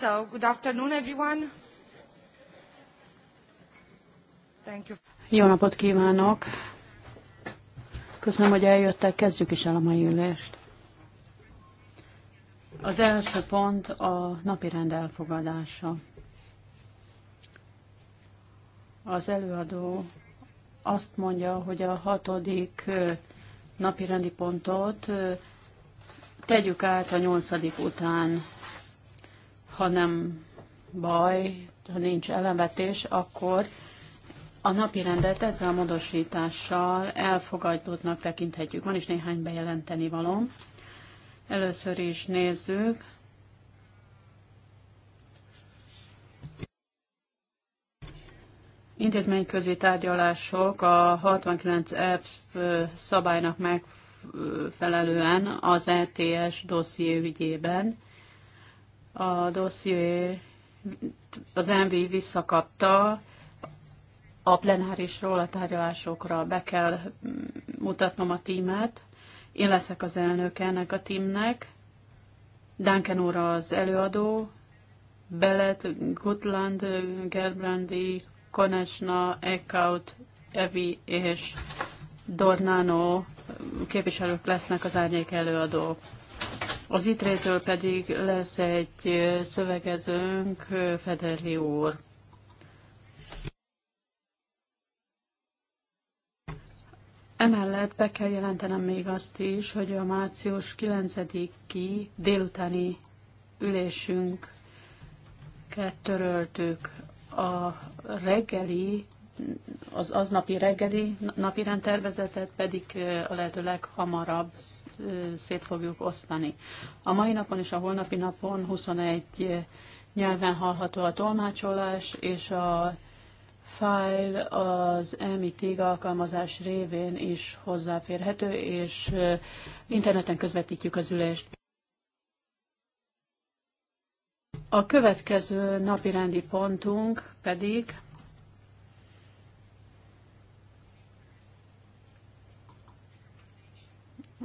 So, good afternoon, everyone. Thank you. Jó napot kívánok! Köszönöm, hogy eljöttek, kezdjük is el a mai ülést. Az első pont a napi rend elfogadása. Az előadó azt mondja, hogy a hatodik napi rendi pontot tegyük át a nyolcadik után ha nem baj, ha nincs elevetés, akkor a napi rendet ezzel a módosítással elfogadottnak tekinthetjük. Van is néhány bejelenteni való. Először is nézzük. Intézményközi tárgyalások a 69F szabálynak megfelelően az ETS dosszié ügyében a dosszié az MV visszakapta, a plenárisról a tárgyalásokra be kell mutatnom a tímet. Én leszek az elnök ennek a tímnek. Duncan úr az előadó, Belet, Gutland, Gerbrandi, Konesna, Eckhout, Evi és Dornano képviselők lesznek az árnyék előadók. Az ITRÉ-től pedig lesz egy szövegezőnk, Federli úr. Emellett be kell jelentenem még azt is, hogy a március 9-i délutáni ülésünk töröltük. A reggeli az napi reggeli napi rendtervezetet pedig a lehető leghamarabb szét fogjuk osztani. A mai napon és a holnapi napon 21 nyelven hallható a tolmácsolás, és a file az MITIG alkalmazás révén is hozzáférhető, és interneten közvetítjük az ülést. A következő napi rendi pontunk pedig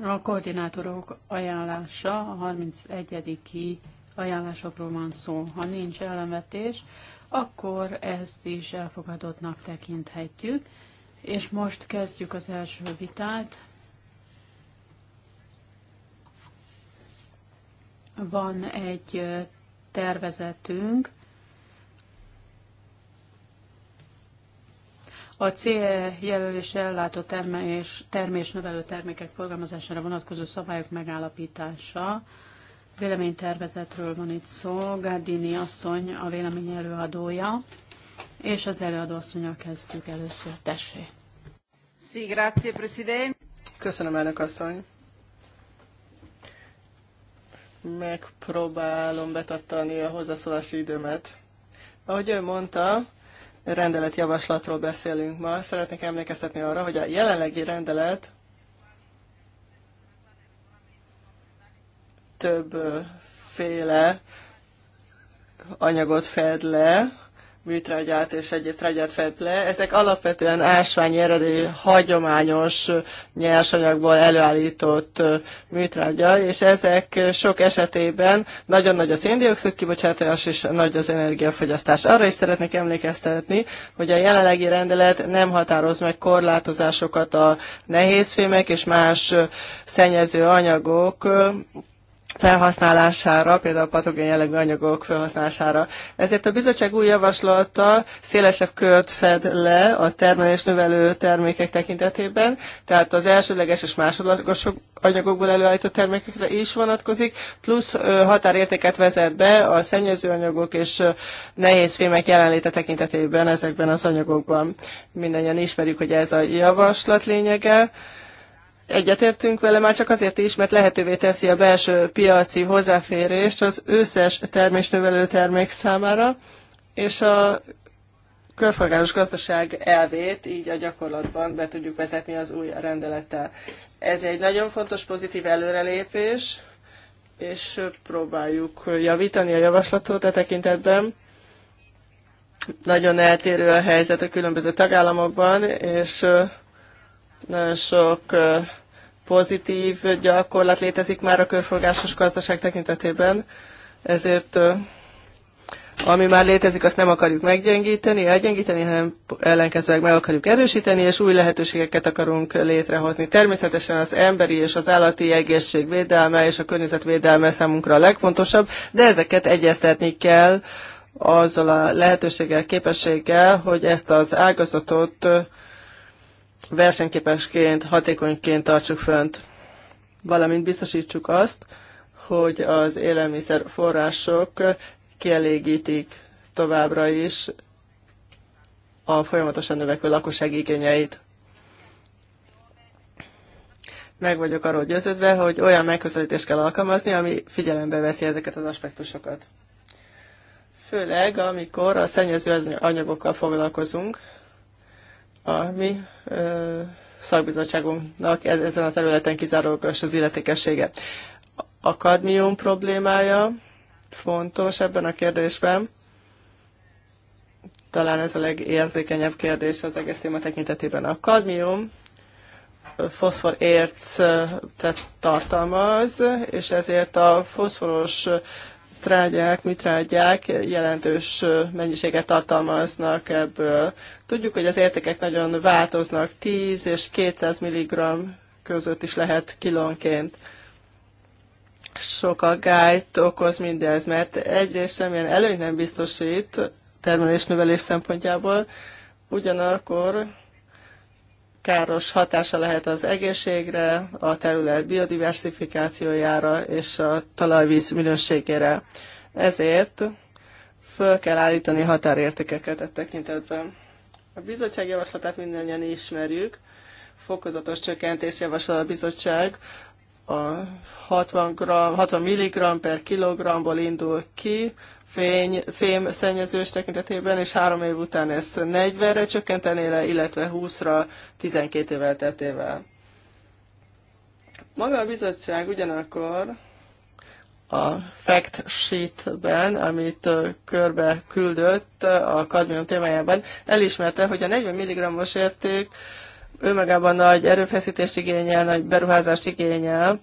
A koordinátorok ajánlása a 31. ajánlásokról van szó. Ha nincs ellenvetés, akkor ezt is elfogadottnak tekinthetjük. És most kezdjük az első vitát. Van egy tervezetünk, a CE jelölésre ellátott termés, termésnövelő termékek forgalmazására vonatkozó szabályok megállapítása. Véleménytervezetről van itt szó. Gárdini asszony a vélemény előadója, és az előadó asszonyal kezdjük először. Tessé! Sí, grazie, Presidente. Köszönöm, elnök asszony. Megpróbálom betartani a hozzászólási időmet. Ahogy ő mondta, rendeletjavaslatról beszélünk ma. Szeretnék emlékeztetni arra, hogy a jelenlegi rendelet többféle anyagot fed le, műtrágyát és egyéb trágyát fed le. Ezek alapvetően ásványi eredő, hagyományos nyersanyagból előállított műtrágya, és ezek sok esetében nagyon nagy a széndiokszid kibocsátás és nagy az energiafogyasztás. Arra is szeretnék emlékeztetni, hogy a jelenlegi rendelet nem határoz meg korlátozásokat a nehézfémek és más szennyező anyagok felhasználására, például patogén jellegű anyagok felhasználására. Ezért a bizottság új javaslata szélesebb kört fed le a termelés növelő termékek tekintetében, tehát az elsődleges és másodlagos anyagokból előállított termékekre is vonatkozik, plusz határértéket vezet be a anyagok és nehéz fémek jelenléte tekintetében ezekben az anyagokban. Mindannyian ismerjük, hogy ez a javaslat lényege Egyetértünk vele már csak azért is, mert lehetővé teszi a belső piaci hozzáférést az összes termésnövelő termék számára, és a körforgásos gazdaság elvét így a gyakorlatban be tudjuk vezetni az új rendelettel. Ez egy nagyon fontos pozitív előrelépés, és próbáljuk javítani a javaslatot a e tekintetben. Nagyon eltérő a helyzet a különböző tagállamokban, és nagyon sok pozitív gyakorlat létezik már a körforgásos gazdaság tekintetében, ezért ami már létezik, azt nem akarjuk meggyengíteni, elgyengíteni, hanem ellenkezőleg meg akarjuk erősíteni, és új lehetőségeket akarunk létrehozni. Természetesen az emberi és az állati egészség védelme és a környezetvédelme számunkra a legfontosabb, de ezeket egyeztetni kell azzal a lehetőséggel, képességgel, hogy ezt az ágazatot versenyképesként, hatékonyként tartsuk fönt. Valamint biztosítsuk azt, hogy az élelmiszer források kielégítik továbbra is a folyamatosan növekvő lakosság igényeit. Meg vagyok arról győződve, hogy olyan megközelítést kell alkalmazni, ami figyelembe veszi ezeket az aspektusokat. Főleg, amikor a szennyező anyagokkal foglalkozunk, a mi ö, szakbizottságunknak ez, ezen a területen kizárólagos az illetékessége. A kadmium problémája fontos ebben a kérdésben. Talán ez a legérzékenyebb kérdés az egész téma tekintetében. A kadmium foszfor ércet tartalmaz, és ezért a foszforos trágyák, műtrágyák jelentős mennyiséget tartalmaznak ebből. Tudjuk, hogy az értékek nagyon változnak, 10 és 200 mg között is lehet kilónként. Sok a gájt okoz mindez, mert egyrészt semmilyen előnyt nem biztosít termelésnövelés szempontjából, ugyanakkor káros hatása lehet az egészségre, a terület biodiversifikációjára és a talajvíz minőségére. Ezért föl kell állítani határértékeket e tekintetben. A bizottság javaslatát mindannyian ismerjük. Fokozatos csökkentés javasol a bizottság. A 60, gram, 60 mg per kilogramból indul ki, fény, fém szennyezős tekintetében, és három év után ezt 40-re csökkentené le, illetve 20-ra 12 évvel tettével. Maga a bizottság ugyanakkor a fact sheet-ben, amit körbe küldött a kadmium témájában, elismerte, hogy a 40 mg-os érték önmagában nagy erőfeszítést igényel, nagy beruházást igényel,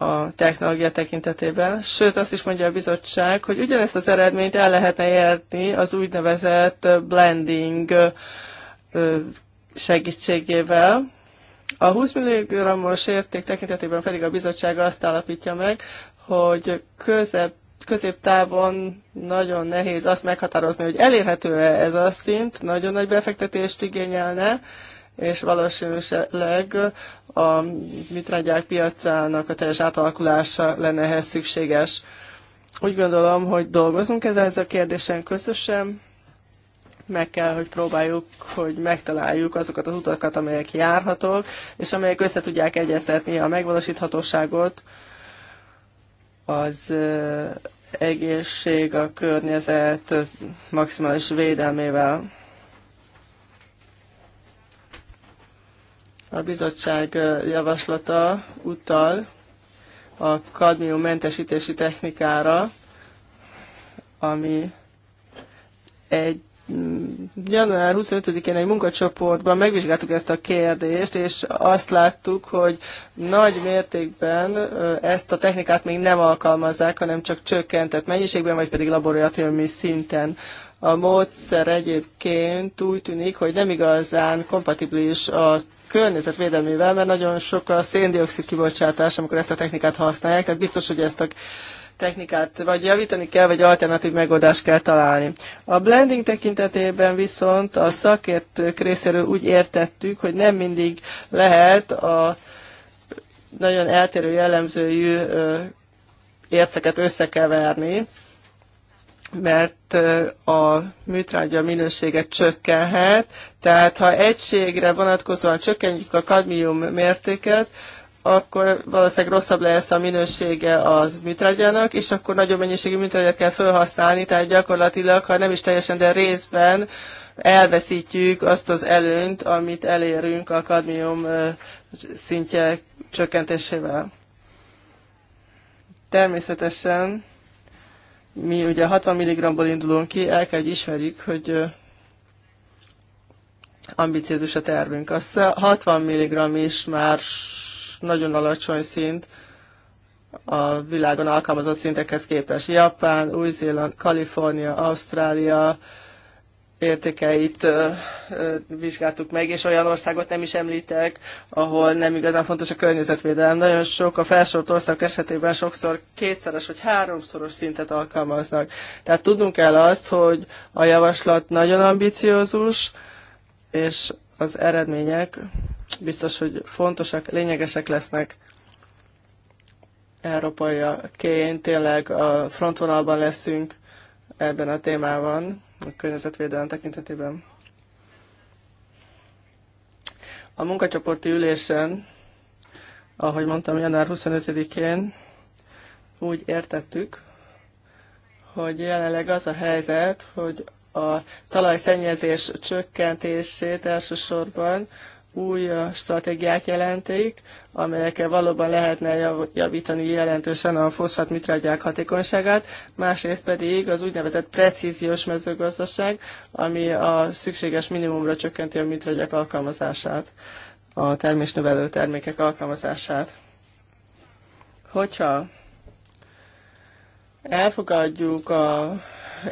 a technológia tekintetében, sőt azt is mondja a bizottság, hogy ugyanezt az eredményt el lehetne érni az úgynevezett blending segítségével. A 20 mg-os érték tekintetében pedig a bizottság azt állapítja meg, hogy közebb, középtávon nagyon nehéz azt meghatározni, hogy elérhető-e ez a szint, nagyon nagy befektetést igényelne, és valószínűleg a műtrágyák piacának a teljes átalakulása lenne ehhez szükséges. Úgy gondolom, hogy dolgozunk ezzel, ez a kérdésen közösen, meg kell, hogy próbáljuk, hogy megtaláljuk azokat az utakat, amelyek járhatók, és amelyek össze tudják egyeztetni a megvalósíthatóságot, az egészség, a környezet maximális védelmével. A bizottság javaslata utal a kadmium mentesítési technikára, ami egy mm, január 25-én egy munkacsoportban megvizsgáltuk ezt a kérdést, és azt láttuk, hogy nagy mértékben ezt a technikát még nem alkalmazzák, hanem csak csökkentett mennyiségben, vagy pedig laboratóriumi szinten. A módszer egyébként úgy tűnik, hogy nem igazán kompatibilis a környezetvédelmével, mert nagyon sok a széndiokszid kibocsátás, amikor ezt a technikát használják, tehát biztos, hogy ezt a technikát vagy javítani kell, vagy alternatív megoldást kell találni. A blending tekintetében viszont a szakértők részéről úgy értettük, hogy nem mindig lehet a nagyon eltérő jellemzőjű érceket összekeverni, mert a műtrágya minősége csökkenhet, tehát ha egységre vonatkozóan csökkentjük a kadmium mértéket, akkor valószínűleg rosszabb lesz a minősége a műtrágyának, és akkor nagyobb mennyiségű műtrágyát kell felhasználni, tehát gyakorlatilag, ha nem is teljesen, de részben elveszítjük azt az előnyt, amit elérünk a kadmium szintje csökkentésével. Természetesen mi ugye 60 mg-ból indulunk ki, el kell, hogy ismerjük, hogy ambiciózus a tervünk. A 60 mg is már nagyon alacsony szint a világon alkalmazott szintekhez képest. Japán, Új-Zéland, Kalifornia, Ausztrália, értékeit vizsgáltuk meg, és olyan országot nem is említek, ahol nem igazán fontos a környezetvédelem. Nagyon sok a felsorolt ország esetében sokszor kétszeres vagy háromszoros szintet alkalmaznak. Tehát tudnunk kell azt, hogy a javaslat nagyon ambiciózus, és az eredmények biztos, hogy fontosak, lényegesek lesznek. Európaiaként tényleg a frontvonalban leszünk ebben a témában a környezetvédelem tekintetében. A munkacsoporti ülésen, ahogy mondtam, január 25-én úgy értettük, hogy jelenleg az a helyzet, hogy a talajszennyezés csökkentését elsősorban új stratégiák jelenték, amelyekkel valóban lehetne javítani jelentősen a mitrágyák hatékonyságát, másrészt pedig az úgynevezett precíziós mezőgazdaság, ami a szükséges minimumra csökkenti a mitrágyák alkalmazását, a termésnövelő termékek alkalmazását. Hogyha elfogadjuk a,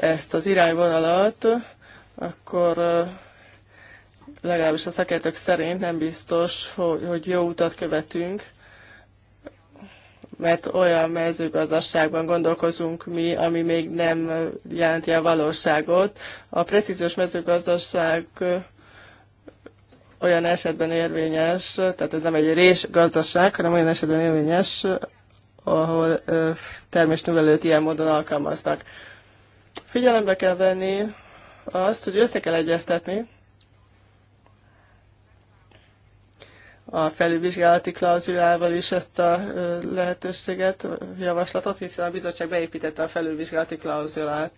ezt az irányvonalat, akkor legalábbis a szakértők szerint nem biztos, hogy hogy jó utat követünk, mert olyan mezőgazdaságban gondolkozunk mi, ami még nem jelenti a valóságot. A precíziós mezőgazdaság olyan esetben érvényes, tehát ez nem egy résgazdaság, hanem olyan esetben érvényes, ahol termésnövelőt ilyen módon alkalmaznak. Figyelembe kell venni azt, hogy össze kell egyeztetni a felülvizsgálati klauzulával is ezt a lehetőséget, javaslatot, hiszen a bizottság beépítette a felülvizsgálati klauzulát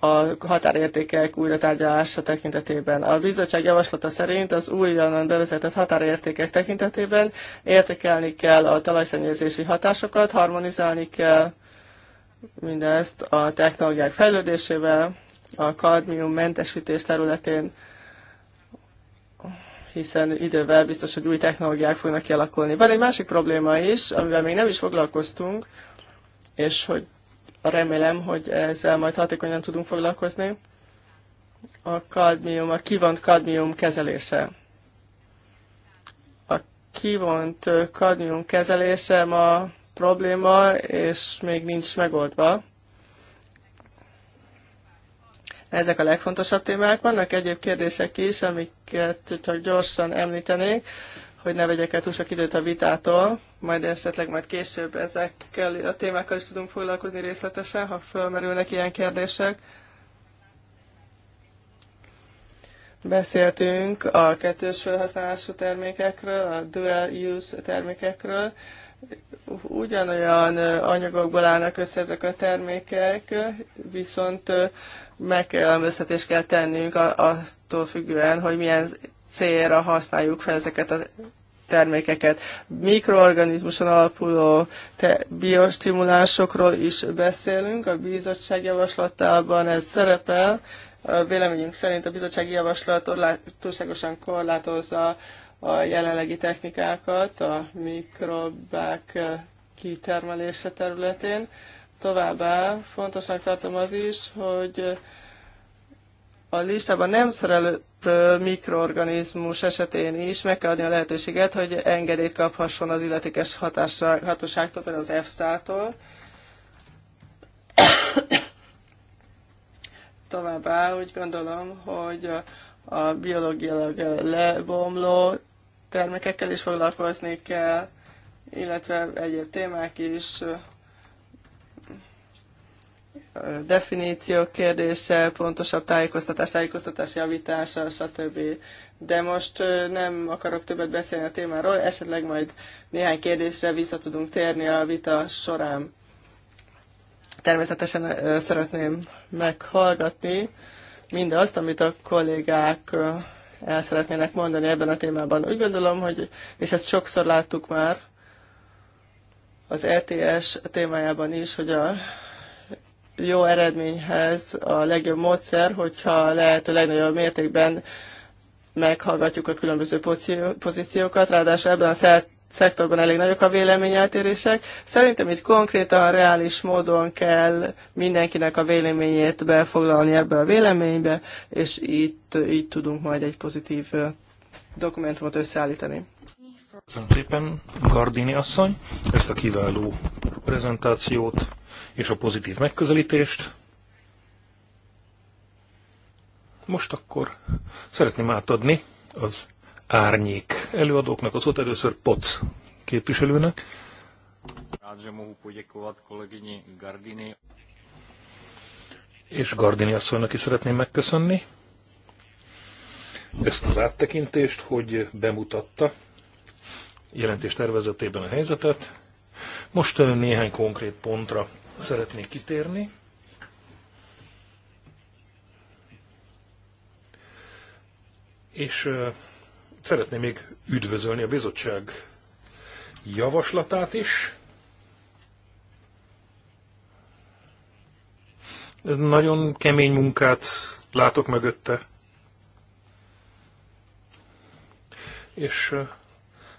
a határértékek újra tárgyalása tekintetében. A bizottság javaslata szerint az újonnan bevezetett határértékek tekintetében értékelni kell a talajszennyezési hatásokat, harmonizálni kell mindezt a technológiák fejlődésével, a kadmium mentesítés területén hiszen idővel biztos, hogy új technológiák fognak kialakulni. Van egy másik probléma is, amivel még nem is foglalkoztunk, és hogy remélem, hogy ezzel majd hatékonyan tudunk foglalkozni, a kadmium, a kivont kadmium kezelése. A kivont kadmium kezelése ma probléma, és még nincs megoldva. Ezek a legfontosabb témák. Vannak egyéb kérdések is, amiket csak gyorsan említenék, hogy ne vegyek el túl sok időt a vitától, majd esetleg majd később ezekkel a témákkal is tudunk foglalkozni részletesen, ha felmerülnek ilyen kérdések. Beszéltünk a kettős felhasználású termékekről, a dual use termékekről, ugyanolyan anyagokból állnak össze ezek a termékek, viszont megkülönböztetést kell tennünk attól függően, hogy milyen célra használjuk fel ezeket a termékeket. Mikroorganizmuson alapuló te- is beszélünk, a bizottság javaslatában ez szerepel. A véleményünk szerint a bizottsági javaslat túlságosan korlátozza a jelenlegi technikákat a mikrobák kitermelése területén. Továbbá fontosnak tartom az is, hogy a listában nem szerelő mikroorganizmus esetén is meg kell adni a lehetőséget, hogy engedélyt kaphasson az illetékes hatásra, hatóságtól, például az EFSA-tól. Továbbá úgy gondolom, hogy a biológiailag lebomló termékekkel is foglalkozni kell, illetve egyéb témák is, definíciók kérdése, pontosabb tájékoztatás, tájékoztatás javítása, stb. De most nem akarok többet beszélni a témáról, esetleg majd néhány kérdésre vissza tudunk térni a vita során. Természetesen szeretném meghallgatni mindazt, amit a kollégák el szeretnének mondani ebben a témában. Úgy gondolom, hogy, és ezt sokszor láttuk már az ETS témájában is, hogy a jó eredményhez a legjobb módszer, hogyha lehető legnagyobb mértékben meghallgatjuk a különböző pozíciókat, ráadásul ebben a szektorban elég nagyok a véleményeltérések. Szerintem itt konkrétan, reális módon kell mindenkinek a véleményét befoglalni ebbe a véleménybe, és itt így tudunk majd egy pozitív dokumentumot összeállítani. Köszönöm szépen, Gardini asszony, ezt a kiváló prezentációt és a pozitív megközelítést. Most akkor szeretném átadni az árnyék előadóknak, az volt először POC képviselőnek. És Gardini asszonynak is szeretném megköszönni ezt az áttekintést, hogy bemutatta jelentés tervezetében a helyzetet. Most néhány konkrét pontra szeretnék kitérni. És Szeretném még üdvözölni a bizottság javaslatát is. nagyon kemény munkát látok mögötte. És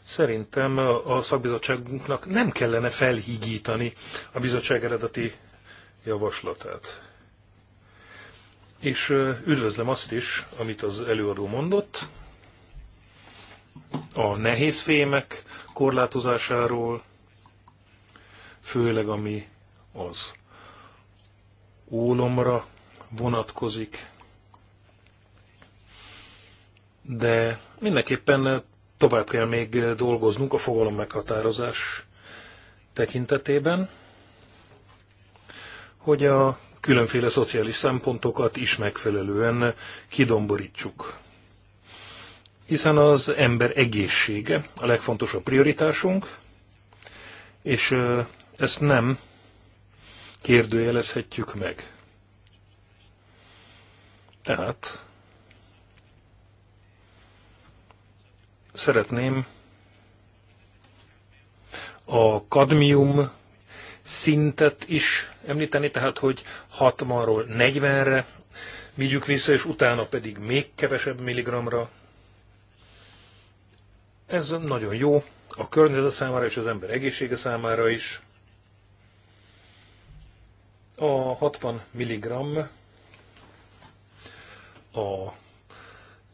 szerintem a szakbizottságunknak nem kellene felhigítani a bizottság eredeti javaslatát. És üdvözlöm azt is, amit az előadó mondott, a nehéz fémek korlátozásáról, főleg ami az ólomra vonatkozik, de mindenképpen tovább kell még dolgoznunk a fogalom meghatározás tekintetében, hogy a különféle szociális szempontokat is megfelelően kidomborítsuk hiszen az ember egészsége a legfontosabb prioritásunk, és ezt nem kérdőjelezhetjük meg. Tehát szeretném a kadmium szintet is említeni, tehát hogy 60-ról 40-re vigyük vissza, és utána pedig még kevesebb milligramra ez nagyon jó a környezet számára és az ember egészsége számára is. A 60 mg a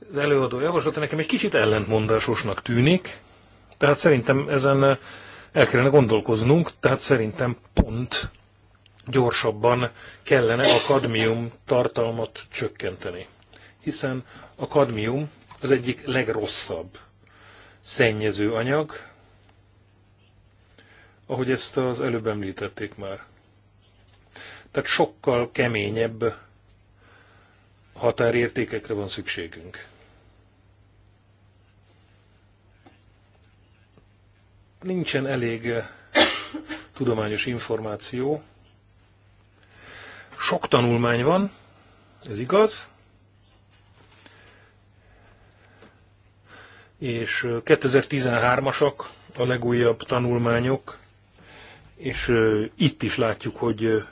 az előadó javaslata nekem egy kicsit ellentmondásosnak tűnik, tehát szerintem ezen el kellene gondolkoznunk, tehát szerintem pont gyorsabban kellene a kadmium tartalmat csökkenteni. Hiszen a kadmium az egyik legrosszabb szennyező anyag, ahogy ezt az előbb említették már. Tehát sokkal keményebb határértékekre van szükségünk. Nincsen elég eh, tudományos információ. Sok tanulmány van, ez igaz, és 2013-asak a legújabb tanulmányok, és itt is látjuk, hogy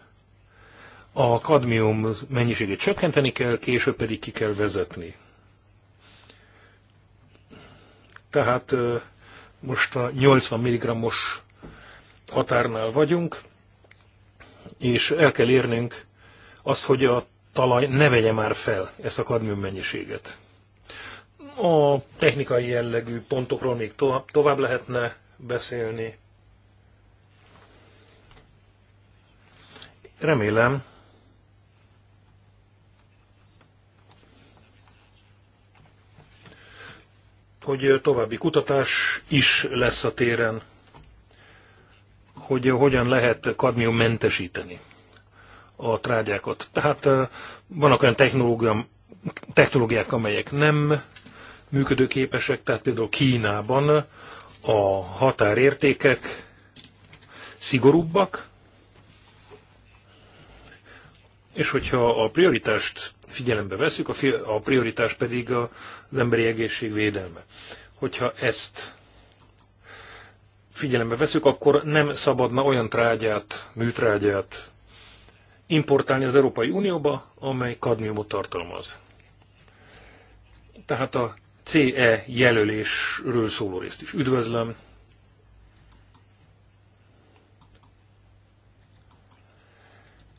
a kadmium mennyiségét csökkenteni kell, később pedig ki kell vezetni. Tehát most a 80 mg-os határnál vagyunk, és el kell érnünk azt, hogy a talaj ne vegye már fel ezt a kadmium mennyiséget. A technikai jellegű pontokról még tovább, tovább lehetne beszélni. Remélem, hogy további kutatás is lesz a téren, hogy hogyan lehet kadmium mentesíteni a trágyákat. Tehát eh, vannak olyan technológiák, amelyek nem működőképesek, tehát például Kínában a határértékek szigorúbbak, és hogyha a prioritást figyelembe veszük, a prioritás pedig az emberi egészség védelme. Hogyha ezt figyelembe veszük, akkor nem szabadna olyan trágyát, műtrágyát importálni az Európai Unióba, amely kadmiumot tartalmaz. Tehát a CE jelölésről szóló részt is üdvözlöm.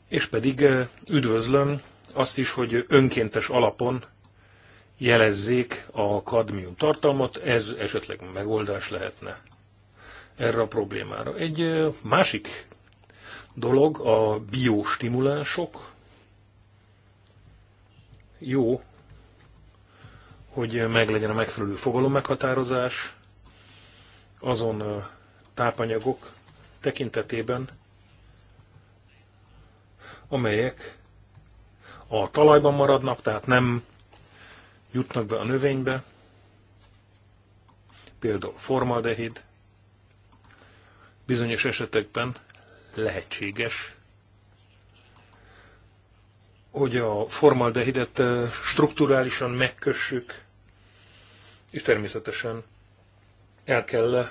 És pedig eh, üdvözlöm azt is, hogy önkéntes alapon jelezzék a kadmium tartalmat, ez esetleg megoldás lehetne erre a problémára. Egy eh, másik dolog a biostimulánsok. Jó, hogy meglegyen a megfelelő fogalommeghatározás azon tápanyagok tekintetében, amelyek a talajban maradnak, tehát nem jutnak be a növénybe, például formaldehid, bizonyos esetekben lehetséges, hogy a formaldehidet strukturálisan megkössük és természetesen el kell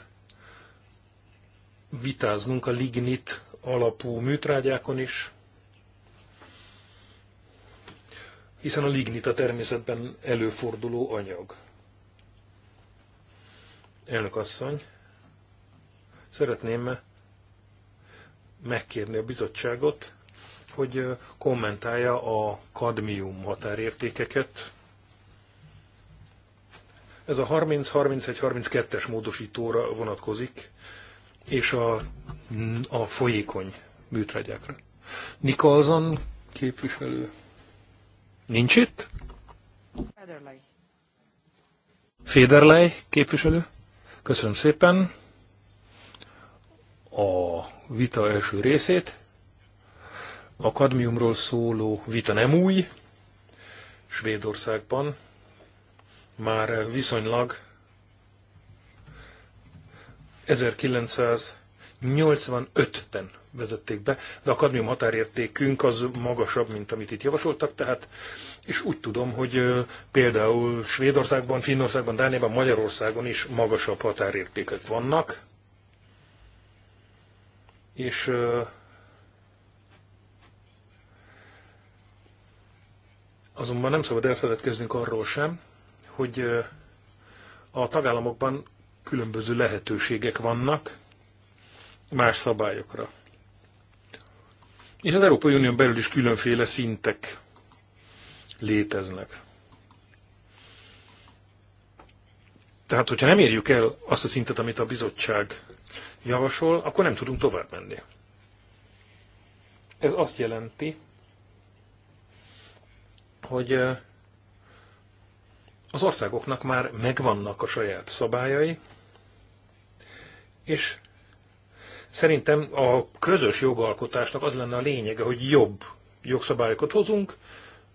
vitáznunk a lignit alapú műtrágyákon is, hiszen a lignit a természetben előforduló anyag. Elnök asszony, szeretném megkérni a bizottságot, hogy kommentálja a kadmium határértékeket, ez a 30-31-32-es módosítóra vonatkozik, és a, a folyékony műtrágyákra. Nikolson képviselő. Nincs itt? Federley. Federley képviselő. Köszönöm szépen a vita első részét. A kadmiumról szóló vita nem új. Svédországban már viszonylag 1985-ben vezették be, de a kadmium határértékünk az magasabb, mint amit itt javasoltak, tehát, és úgy tudom, hogy például Svédországban, Finnországban, Dániában, Magyarországon is magasabb határértékek vannak, és azonban nem szabad elfeledkeznünk arról sem, hogy a tagállamokban különböző lehetőségek vannak más szabályokra. És az Európai Unión belül is különféle szintek léteznek. Tehát, hogyha nem érjük el azt a szintet, amit a bizottság javasol, akkor nem tudunk tovább menni. Ez azt jelenti, hogy az országoknak már megvannak a saját szabályai, és szerintem a közös jogalkotásnak az lenne a lényege, hogy jobb jogszabályokat hozunk,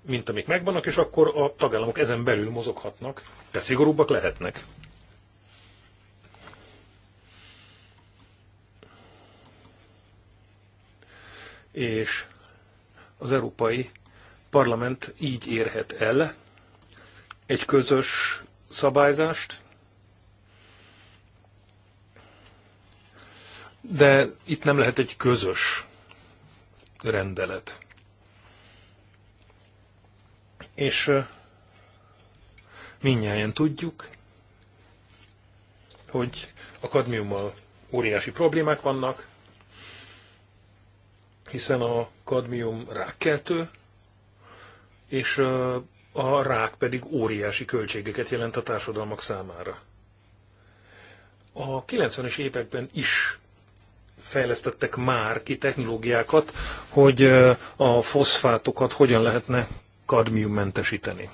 mint amik megvannak, és akkor a tagállamok ezen belül mozoghatnak, de szigorúbbak lehetnek. És az Európai Parlament így érhet el egy közös szabályzást, de itt nem lehet egy közös rendelet. És mindjárt tudjuk, hogy a kadmiummal óriási problémák vannak, hiszen a kadmium rákkeltő, és a rák pedig óriási költségeket jelent a társadalmak számára. A 90-es években is fejlesztettek már ki technológiákat, hogy a foszfátokat hogyan lehetne kadmiummentesíteni.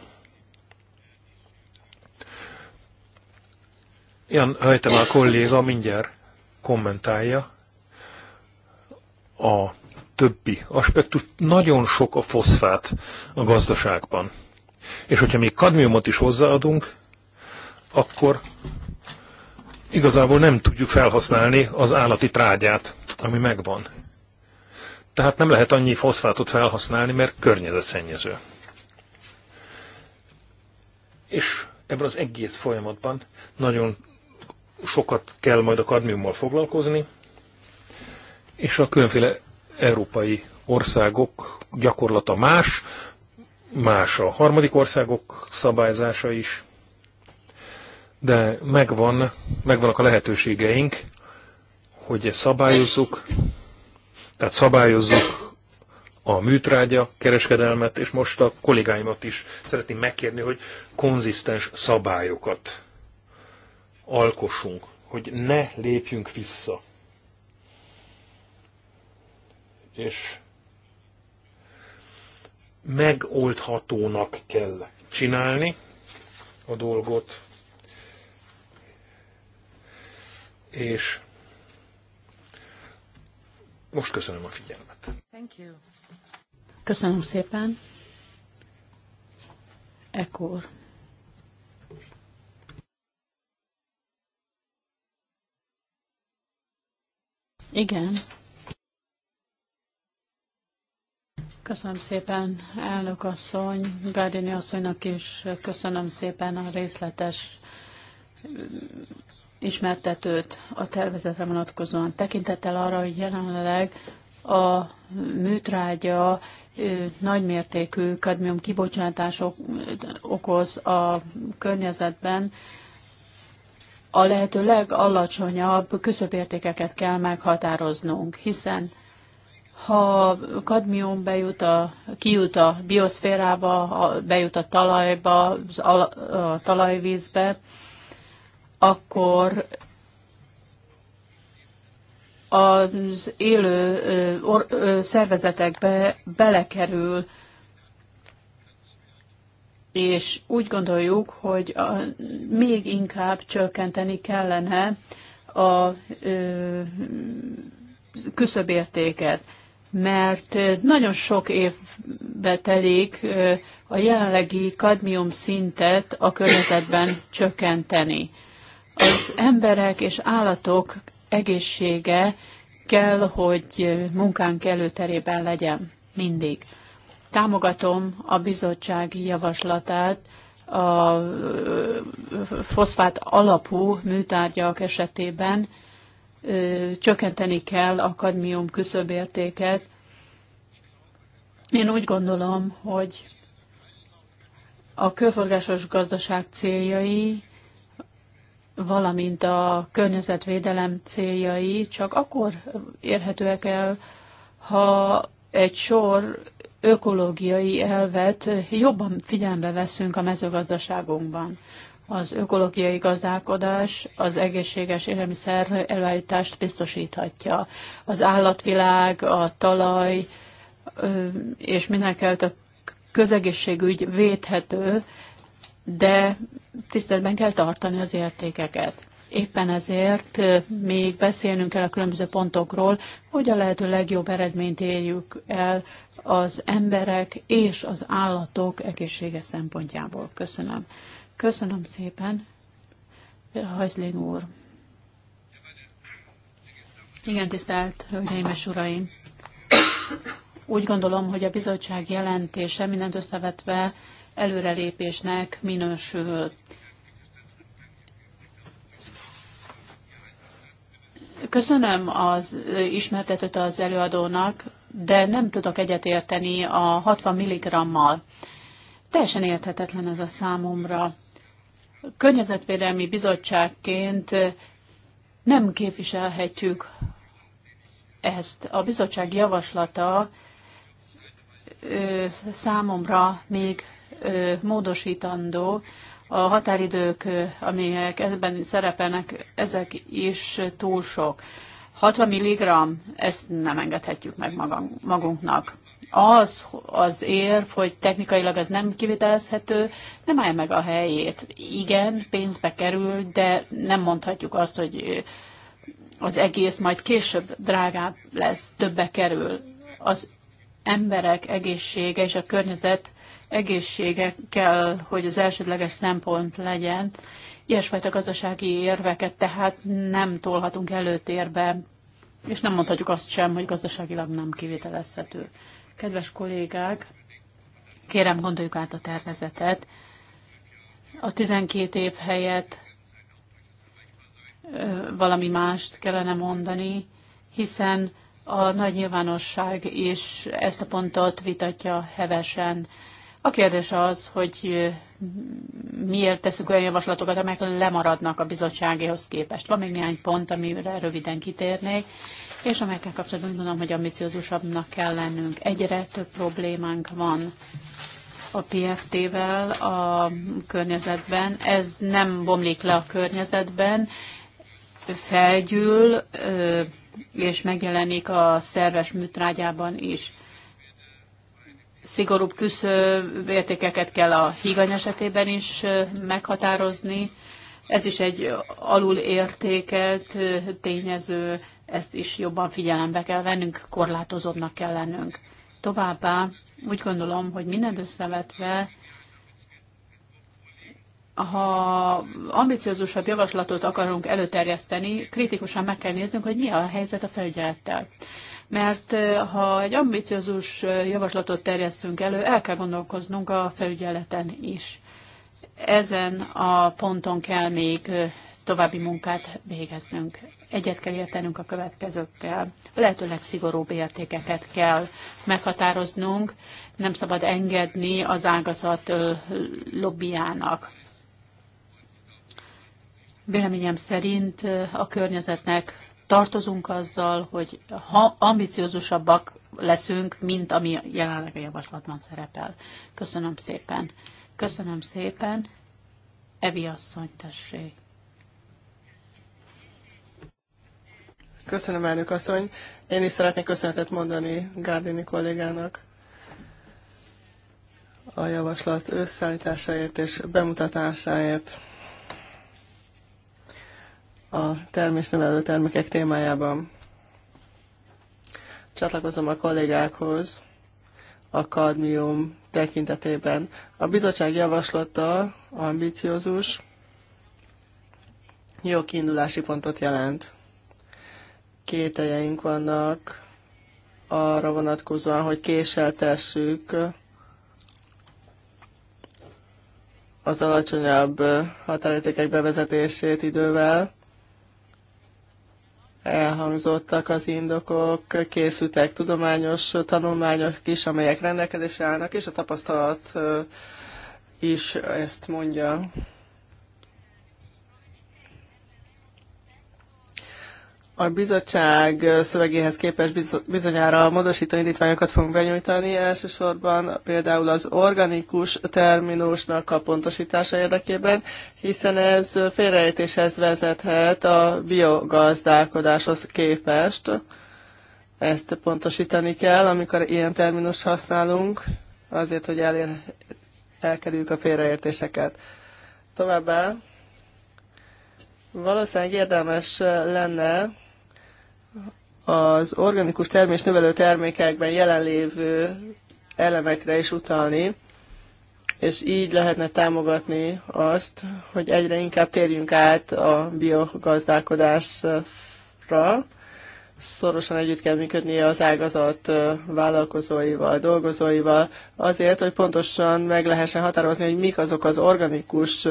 Jan Hajtemá kolléga mindjárt kommentálja a többi aspektus. Nagyon sok a foszfát a gazdaságban. És hogyha még kadmiumot is hozzáadunk, akkor igazából nem tudjuk felhasználni az állati trágyát, ami megvan. Tehát nem lehet annyi foszfátot felhasználni, mert környezetszennyező. És ebben az egész folyamatban nagyon sokat kell majd a kadmiummal foglalkozni, és a különféle európai országok gyakorlata más, más a harmadik országok szabályzása is, de megvan, megvannak a lehetőségeink, hogy ezt szabályozzuk, tehát szabályozzuk a műtrágya kereskedelmet, és most a kollégáimat is szeretném megkérni, hogy konzisztens szabályokat alkossunk, hogy ne lépjünk vissza. És megoldhatónak kell csinálni a dolgot, és most köszönöm a figyelmet. Thank you. Köszönöm szépen. Ekkor. Igen. Köszönöm szépen, elnök asszony, Gárdini asszonynak is köszönöm szépen a részletes ismertetőt a tervezetre vonatkozóan. Tekintettel arra, hogy jelenleg a műtrágya nagymértékű kadmium kibocsátások okoz a környezetben, a lehető legalacsonyabb küszöbértékeket kell meghatároznunk, hiszen ha kadmium bejut a, kijut a bioszférába, a, bejut a talajba, az al, a talajvízbe, akkor az élő or, ö, szervezetekbe belekerül, és úgy gondoljuk, hogy a, még inkább csökkenteni kellene a ö, küszöbértéket mert nagyon sok évbe telik a jelenlegi kadmium szintet a környezetben csökkenteni. Az emberek és állatok egészsége kell, hogy munkánk előterében legyen mindig. Támogatom a bizottsági javaslatát a foszfát alapú műtárgyak esetében, csökkenteni kell a kadmium küszöbértéket. Én úgy gondolom, hogy a körforgásos gazdaság céljai, valamint a környezetvédelem céljai csak akkor érhetőek el, ha egy sor ökológiai elvet jobban figyelembe veszünk a mezőgazdaságunkban az ökológiai gazdálkodás az egészséges élelmiszer előállítást biztosíthatja. Az állatvilág, a talaj és mindenkelőtt a közegészségügy védhető, de tiszteletben kell tartani az értékeket. Éppen ezért még beszélnünk kell a különböző pontokról, hogy a lehető legjobb eredményt érjük el az emberek és az állatok egészsége szempontjából. Köszönöm. Köszönöm szépen, Hajszling úr. Igen, tisztelt Hölgyeim és Uraim! Úgy gondolom, hogy a bizottság jelentése mindent összevetve előrelépésnek minősül. Köszönöm az ismertetőt az előadónak, de nem tudok egyetérteni a 60 mg-mal. Teljesen érthetetlen ez a számomra. Környezetvédelmi bizottságként eh, nem képviselhetjük ezt. A bizottság javaslata eh, számomra még eh, módosítandó. A határidők, amelyek ebben szerepelnek, ezek is túl sok. 60 mg, ezt nem engedhetjük meg magunknak az az érv, hogy technikailag ez nem kivitelezhető, nem állja meg a helyét. Igen, pénzbe kerül, de nem mondhatjuk azt, hogy az egész majd később drágább lesz, többe kerül. Az emberek egészsége és a környezet egészsége kell, hogy az elsődleges szempont legyen. Ilyesfajta gazdasági érveket tehát nem tolhatunk előtérbe, és nem mondhatjuk azt sem, hogy gazdaságilag nem kivitelezhető. Kedves kollégák, kérem gondoljuk át a tervezetet. A 12 év helyett valami mást kellene mondani, hiszen a nagy nyilvánosság is ezt a pontot vitatja hevesen. A kérdés az, hogy miért teszünk olyan javaslatokat, amelyek lemaradnak a bizottságéhoz képest. Van még néhány pont, amire röviden kitérnék és amelyekkel kapcsolatban gondolom, hogy ambiciózusabbnak kell lennünk. Egyre több problémánk van a PFT-vel a környezetben. Ez nem bomlik le a környezetben, felgyűl, és megjelenik a szerves műtrágyában is. Szigorúbb küszöb kell a higany esetében is meghatározni. Ez is egy alulértékelt tényező ezt is jobban figyelembe kell vennünk, korlátozóbbnak kell lennünk. Továbbá úgy gondolom, hogy mindent összevetve, ha ambiciózusabb javaslatot akarunk előterjeszteni, kritikusan meg kell néznünk, hogy mi a helyzet a felügyelettel. Mert eh, ha egy ambiciózus eh, javaslatot terjesztünk elő, el kell gondolkoznunk a felügyeleten is. Ezen a ponton kell még eh, további munkát végeznünk egyet kell értenünk a következőkkel. A lehető legszigorúbb értékeket kell meghatároznunk, nem szabad engedni az ágazat lobbyának. Véleményem szerint a környezetnek tartozunk azzal, hogy ha ambiciózusabbak leszünk, mint ami jelenleg a javaslatban szerepel. Köszönöm szépen. Köszönöm szépen. Evi asszony, tessék. Köszönöm, elnök asszony. Én is szeretnék köszönetet mondani Gárdini kollégának a javaslat összeállításáért és bemutatásáért a termésnövelő termékek témájában. Csatlakozom a kollégákhoz a kadmium tekintetében. A bizottság javaslata ambiciózus, jó kiindulási pontot jelent kételjeink vannak arra vonatkozóan, hogy tessük az alacsonyabb határértékek bevezetését idővel. Elhangzottak az indokok, készültek tudományos tanulmányok is, amelyek rendelkezésre állnak, és a tapasztalat is ezt mondja. A bizottság szövegéhez képest bizonyára módosító indítványokat fogunk benyújtani, elsősorban például az organikus terminusnak a pontosítása érdekében, hiszen ez félrejtéshez vezethet a biogazdálkodáshoz képest. Ezt pontosítani kell, amikor ilyen terminust használunk, azért, hogy elér, elkerüljük a félreértéseket. Továbbá valószínűleg érdemes lenne az organikus termés növelő termékekben jelenlévő elemekre is utalni, és így lehetne támogatni azt, hogy egyre inkább térjünk át a biogazdálkodásra, szorosan együtt kell működnie az ágazat vállalkozóival, dolgozóival, azért, hogy pontosan meg lehessen határozni, hogy mik azok az organikus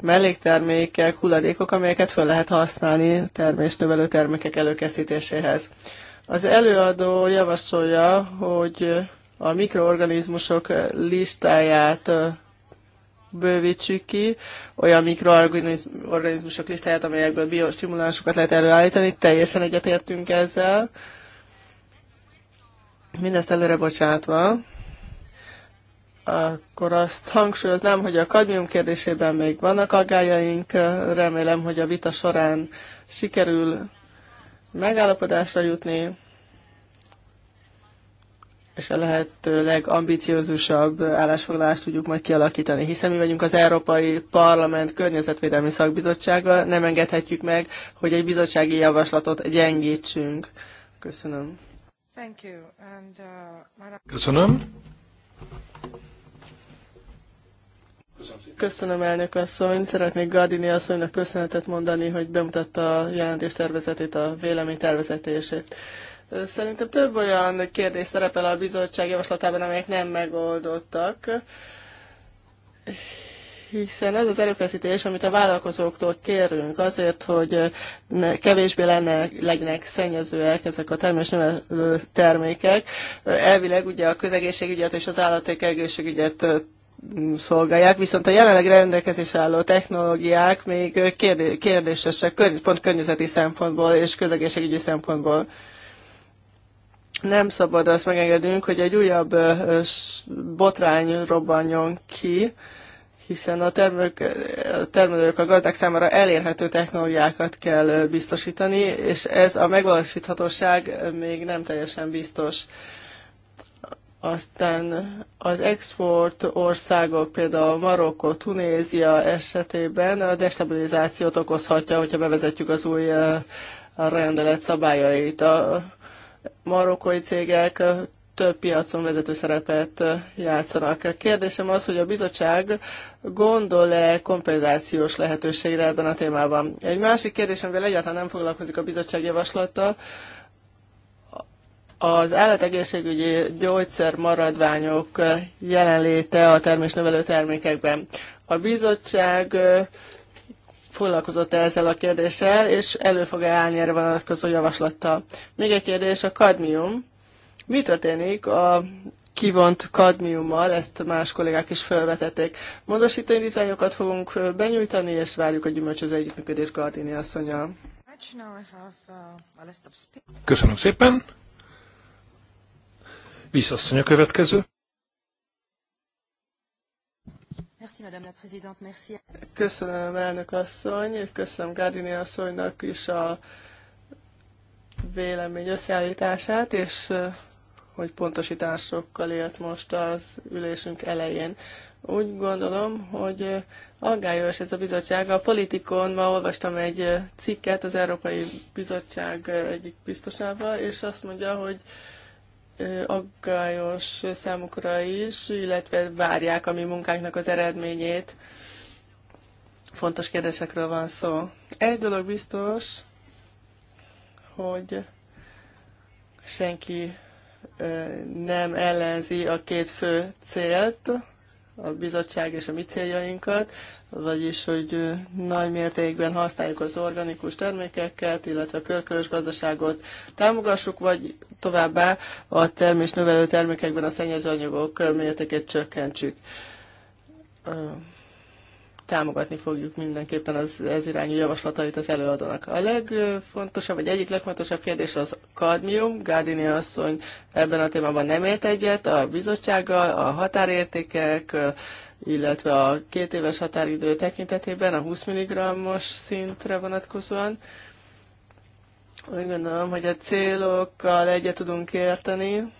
melléktermékek, hulladékok, amelyeket fel lehet használni termésnövelő termékek előkészítéséhez. Az előadó javasolja, hogy a mikroorganizmusok listáját bővítsük ki olyan mikroorganizmusok listáját, amelyekből biostimulánsokat lehet előállítani. Teljesen egyetértünk ezzel. Mindezt előre bocsátva akkor azt hangsúlyoznám, hogy a kadmium kérdésében még vannak aggájaink. Remélem, hogy a vita során sikerül megállapodásra jutni és a lehető legambiciózusabb állásfoglalást tudjuk majd kialakítani, hiszen mi vagyunk az Európai Parlament Környezetvédelmi Szakbizottsága, nem engedhetjük meg, hogy egy bizottsági javaslatot gyengítsünk. Köszönöm. Thank you. And, uh, Köszönöm. Köszönöm elnök asszony. Szeretnék Gardini asszonynak köszönetet mondani, hogy bemutatta a jelentés tervezetét, a vélemény tervezetését. Szerintem több olyan kérdés szerepel a bizottság javaslatában, amelyek nem megoldottak, hiszen ez az erőfeszítés, amit a vállalkozóktól kérünk azért, hogy ne, kevésbé lenne, legyenek szennyezőek ezek a termés növelő termékek. Elvileg ugye a közegészségügyet és az állaték egészségügyet szolgálják, viszont a jelenleg rendelkezés álló technológiák még kérdésesek, pont környezeti szempontból és közegészségügyi szempontból nem szabad azt megengednünk, hogy egy újabb botrány robbanjon ki, hiszen a, termelők, a termelők, a gazdák számára elérhető technológiákat kell biztosítani, és ez a megvalósíthatóság még nem teljesen biztos. Aztán az export országok, például Marokko, Tunézia esetében a destabilizációt okozhatja, hogyha bevezetjük az új rendelet szabályait. A marokkói cégek több piacon vezető szerepet játszanak. A kérdésem az, hogy a bizottság gondol-e kompenzációs lehetőségre ebben a témában. Egy másik kérdésem, amivel egyáltalán nem foglalkozik a bizottság javaslata, az állategészségügyi gyógyszer maradványok jelenléte a termésnövelő termékekben. A bizottság foglalkozott -e ezzel a kérdéssel, és elő fog -e állni erre vonatkozó javaslattal. Még egy kérdés, a kadmium. Mi történik a kivont kadmiummal, ezt más kollégák is felvetették. Módosító indítványokat fogunk benyújtani, és várjuk a gyümölcsöző együttműködés Gardini asszonya. Köszönöm szépen. Visszasszony a következő. Köszönöm, elnök asszony, és köszönöm Gardini asszonynak is a vélemény összeállítását, és hogy pontosításokkal élt most az ülésünk elején. Úgy gondolom, hogy aggályos ez a bizottság. A politikon ma olvastam egy cikket az Európai Bizottság egyik biztosával, és azt mondja, hogy aggályos számukra is, illetve várják a mi munkánknak az eredményét. Fontos kérdésekről van szó. Egy dolog biztos, hogy senki nem ellenzi a két fő célt, a bizottság és a mi céljainkat, vagyis, hogy nagy mértékben használjuk az organikus termékeket, illetve a körkörös gazdaságot támogassuk, vagy továbbá a termés növelő termékekben a szennyező anyagok mértékét csökkentsük támogatni fogjuk mindenképpen az ez irányú javaslatait az előadónak. A legfontosabb, vagy egyik legfontosabb kérdés az kadmium. Gárdini asszony ebben a témában nem ért egyet, a bizottsággal, a határértékek, illetve a két éves határidő tekintetében a 20 mg-os szintre vonatkozóan. Úgy gondolom, hogy a célokkal egyet tudunk érteni,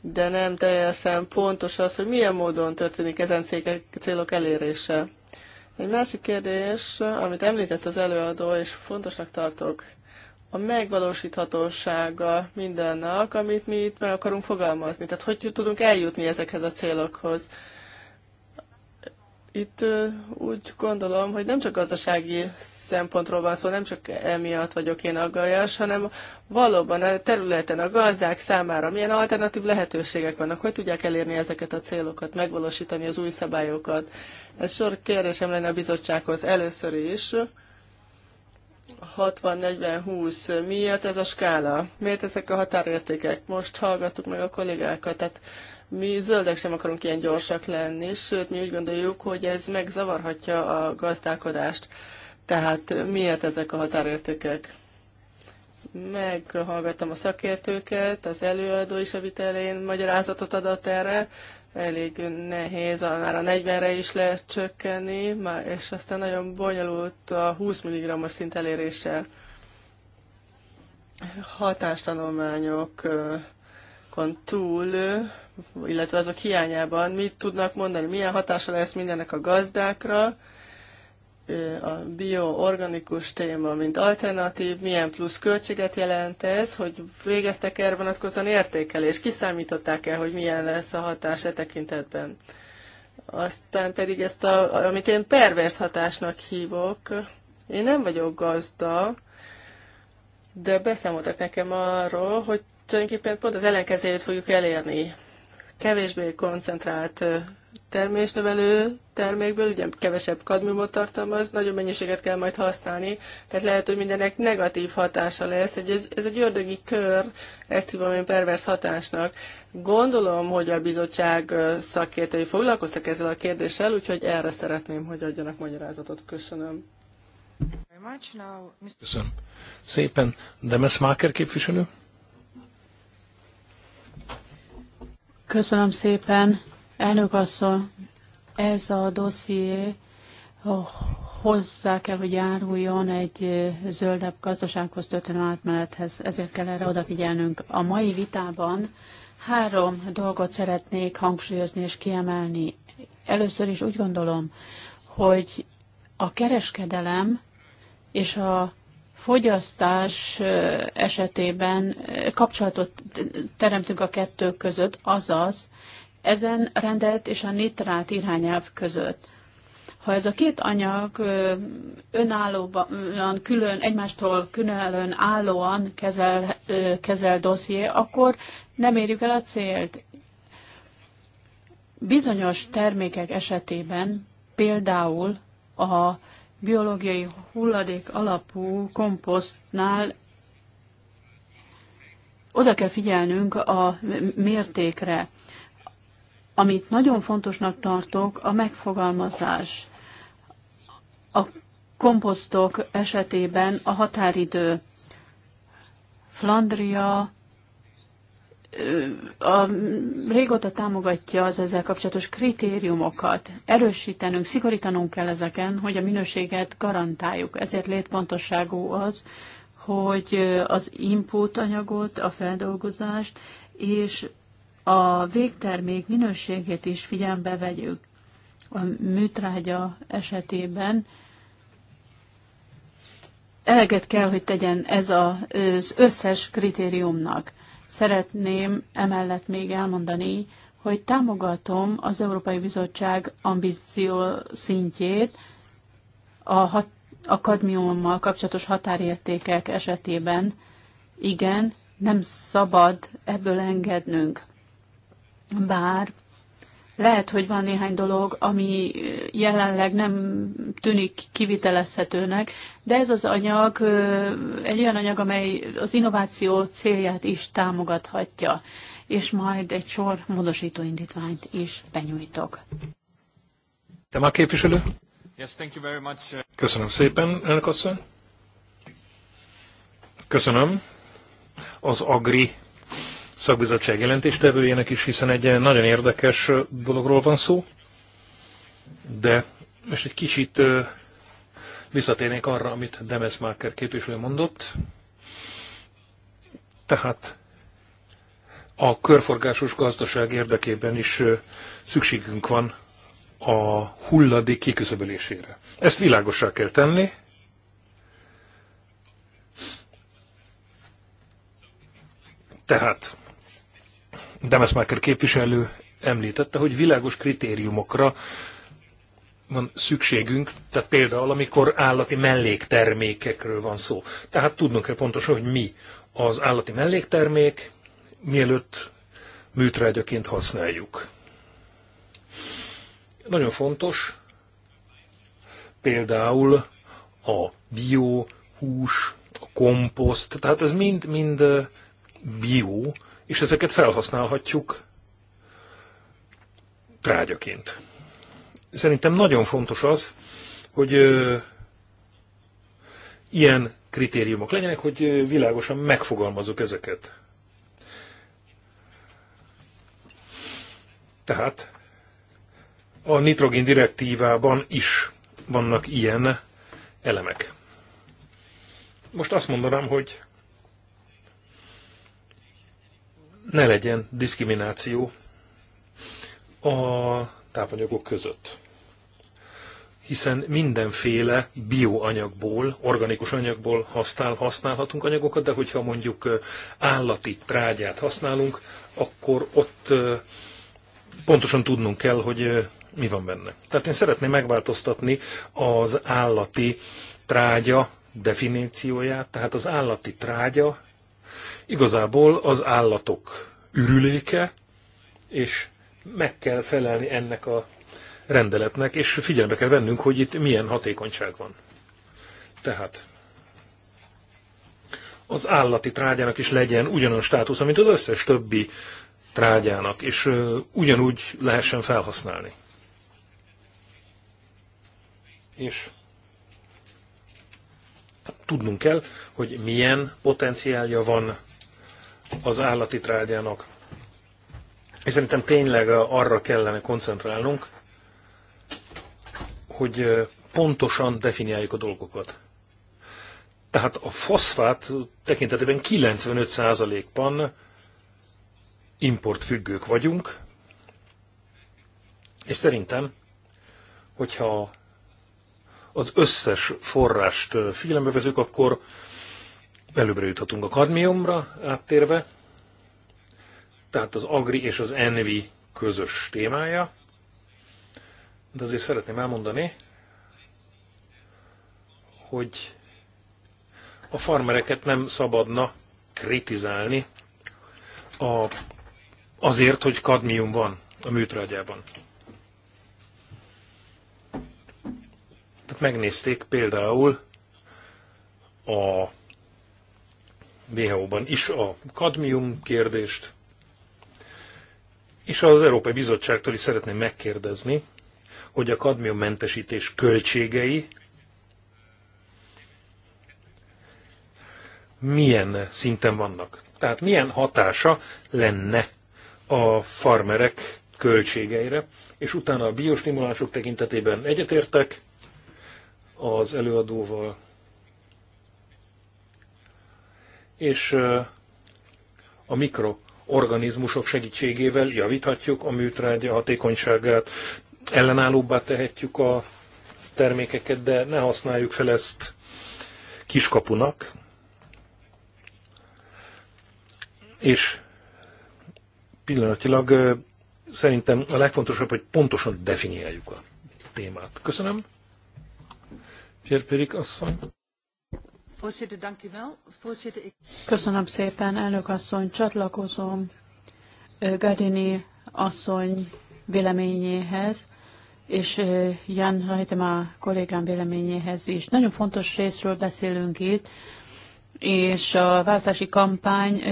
de nem teljesen pontos az, hogy milyen módon történik ezen célok elérése. Egy másik kérdés, amit említett az előadó, és fontosnak tartok, a megvalósíthatósága mindennek, amit mi itt meg akarunk fogalmazni. Tehát hogy tudunk eljutni ezekhez a célokhoz. Itt úgy gondolom, hogy nem csak gazdasági szempontról van szó, nem csak emiatt vagyok én aggályos, hanem valóban a területen a gazdák számára milyen alternatív lehetőségek vannak, hogy tudják elérni ezeket a célokat, megvalósítani az új szabályokat. Ez sor kérdésem lenne a bizottsághoz először is. 60-40-20, miért ez a skála? Miért ezek a határértékek? Most hallgattuk meg a kollégákat, tehát mi zöldek sem akarunk ilyen gyorsak lenni, sőt, mi úgy gondoljuk, hogy ez megzavarhatja a gazdálkodást. Tehát miért ezek a határértékek? Meghallgattam a szakértőket, az előadó is a vitelén elején magyarázatot adott erre, elég nehéz, már a 40-re is lehet csökkenni, és aztán nagyon bonyolult a 20 mg-os szint elérése. Hatástanulmányokon túl, illetve azok hiányában mit tudnak mondani, milyen hatása lesz mindennek a gazdákra, a bioorganikus téma, mint alternatív, milyen plusz költséget jelent ez, hogy végeztek erre vonatkozóan értékelés, kiszámították el, hogy milyen lesz a hatás e tekintetben. Aztán pedig ezt, a, amit én pervers hatásnak hívok, én nem vagyok gazda, de beszámoltak nekem arról, hogy tulajdonképpen pont az ellenkezőjét fogjuk elérni. Kevésbé koncentrált termésnövelő termékből, ugye kevesebb kadmiumot tartalmaz, nagyobb mennyiséget kell majd használni, tehát lehet, hogy mindenek negatív hatása lesz. Egy, ez egy ördögi kör, ezt hívom én pervers hatásnak. Gondolom, hogy a bizottság szakértői foglalkoztak ezzel a kérdéssel, úgyhogy erre szeretném, hogy adjanak magyarázatot. Köszönöm. Köszönöm. Szépen. Demes Máker képviselő? Köszönöm szépen, elnök asszony. Ez a dosszié hozzá kell, hogy járuljon egy zöldebb gazdasághoz történő átmenethez, ezért kell erre odafigyelnünk. A mai vitában három dolgot szeretnék hangsúlyozni és kiemelni. Először is úgy gondolom, hogy a kereskedelem és a fogyasztás esetében kapcsolatot teremtünk a kettő között, azaz ezen rendelt és a nitrát irányelv között. Ha ez a két anyag önállóan, külön, egymástól külön állóan kezel, kezel dosszié, akkor nem érjük el a célt. Bizonyos termékek esetében, például a biológiai hulladék alapú komposztnál oda kell figyelnünk a mértékre. Amit nagyon fontosnak tartok, a megfogalmazás. A komposztok esetében a határidő. Flandria a, régóta támogatja az ezzel kapcsolatos kritériumokat. Erősítenünk, szigorítanunk kell ezeken, hogy a minőséget garantáljuk. Ezért létpontosságú az, hogy az input anyagot, a feldolgozást és a végtermék minőségét is figyelembe vegyük. A műtrágya esetében eleget kell, hogy tegyen ez az összes kritériumnak. Szeretném emellett még elmondani, hogy támogatom az Európai Bizottság ambíció szintjét a, hat, a kadmiummal kapcsolatos határértékek esetében. Igen, nem szabad ebből engednünk bár lehet, hogy van néhány dolog, ami jelenleg nem tűnik kivitelezhetőnek, de ez az anyag egy olyan anyag, amely az innováció célját is támogathatja, és majd egy sor módosítóindítványt indítványt is benyújtok. Te már képviselő? Yes, thank you very much. Uh, Köszönöm szépen, elnök asszony. Köszönöm. Az Agri szakbizottság jelentéstevőjének is, hiszen egy nagyon érdekes dologról van szó, de most egy kicsit visszatérnék arra, amit Demesmaker képviselő mondott. Tehát a körforgásos gazdaság érdekében is szükségünk van a hulladék kiküszöbölésére. Ezt világosá kell tenni. Tehát Demesmaker képviselő említette, hogy világos kritériumokra van szükségünk, tehát például, amikor állati melléktermékekről van szó. Tehát tudnunk kell pontosan, hogy mi az állati melléktermék, mielőtt műtrágyaként használjuk. Nagyon fontos például a biohús, hús, a komposzt, tehát ez mind-mind bio és ezeket felhasználhatjuk trágyaként. Szerintem nagyon fontos az, hogy ö, ilyen kritériumok legyenek, hogy világosan megfogalmazok ezeket. Tehát a nitrogén direktívában is vannak ilyen elemek. Most azt mondanám, hogy ne legyen diszkrimináció a tápanyagok között. Hiszen mindenféle bioanyagból, organikus anyagból használ, használhatunk anyagokat, de hogyha mondjuk állati trágyát használunk, akkor ott pontosan tudnunk kell, hogy mi van benne. Tehát én szeretném megváltoztatni az állati trágya definícióját, tehát az állati trágya igazából az állatok ürüléke, és meg kell felelni ennek a rendeletnek, és figyelembe kell vennünk, hogy itt milyen hatékonyság van. Tehát az állati trágyának is legyen ugyanolyan státusza, mint az összes többi trágyának, és ö, ugyanúgy lehessen felhasználni. És tudnunk kell, hogy milyen potenciálja van az állati trágyának. És szerintem tényleg eh, arra kellene koncentrálnunk, hogy eh, pontosan definiáljuk a dolgokat. Tehát a foszfát tekintetében 95%-ban importfüggők vagyunk, és szerintem, hogyha az összes forrást eh, figyelembe vezük, akkor előbbre juthatunk a kadmiumra áttérve, tehát az Agri és az Envi közös témája, de azért szeretném elmondani, hogy a farmereket nem szabadna kritizálni a, azért, hogy kadmium van a műtrágyában. Tehát megnézték például a WHO-ban is a kadmium kérdést, és az Európai Bizottságtól is szeretném megkérdezni, hogy a kadmium mentesítés költségei milyen szinten vannak. Tehát milyen hatása lenne a farmerek költségeire, és utána a biostimulánsok tekintetében egyetértek az előadóval, és a mikroorganizmusok segítségével javíthatjuk a műtrágya hatékonyságát, ellenállóbbá tehetjük a termékeket, de ne használjuk fel ezt kiskapunak, és pillanatilag szerintem a legfontosabb, hogy pontosan definiáljuk a témát. Köszönöm. Pierre Périk asszony. Köszönöm szépen, elnök asszony, csatlakozom Gardini asszony véleményéhez, és Jan Rajtema kollégám véleményéhez is. Nagyon fontos részről beszélünk itt, és a választási kampány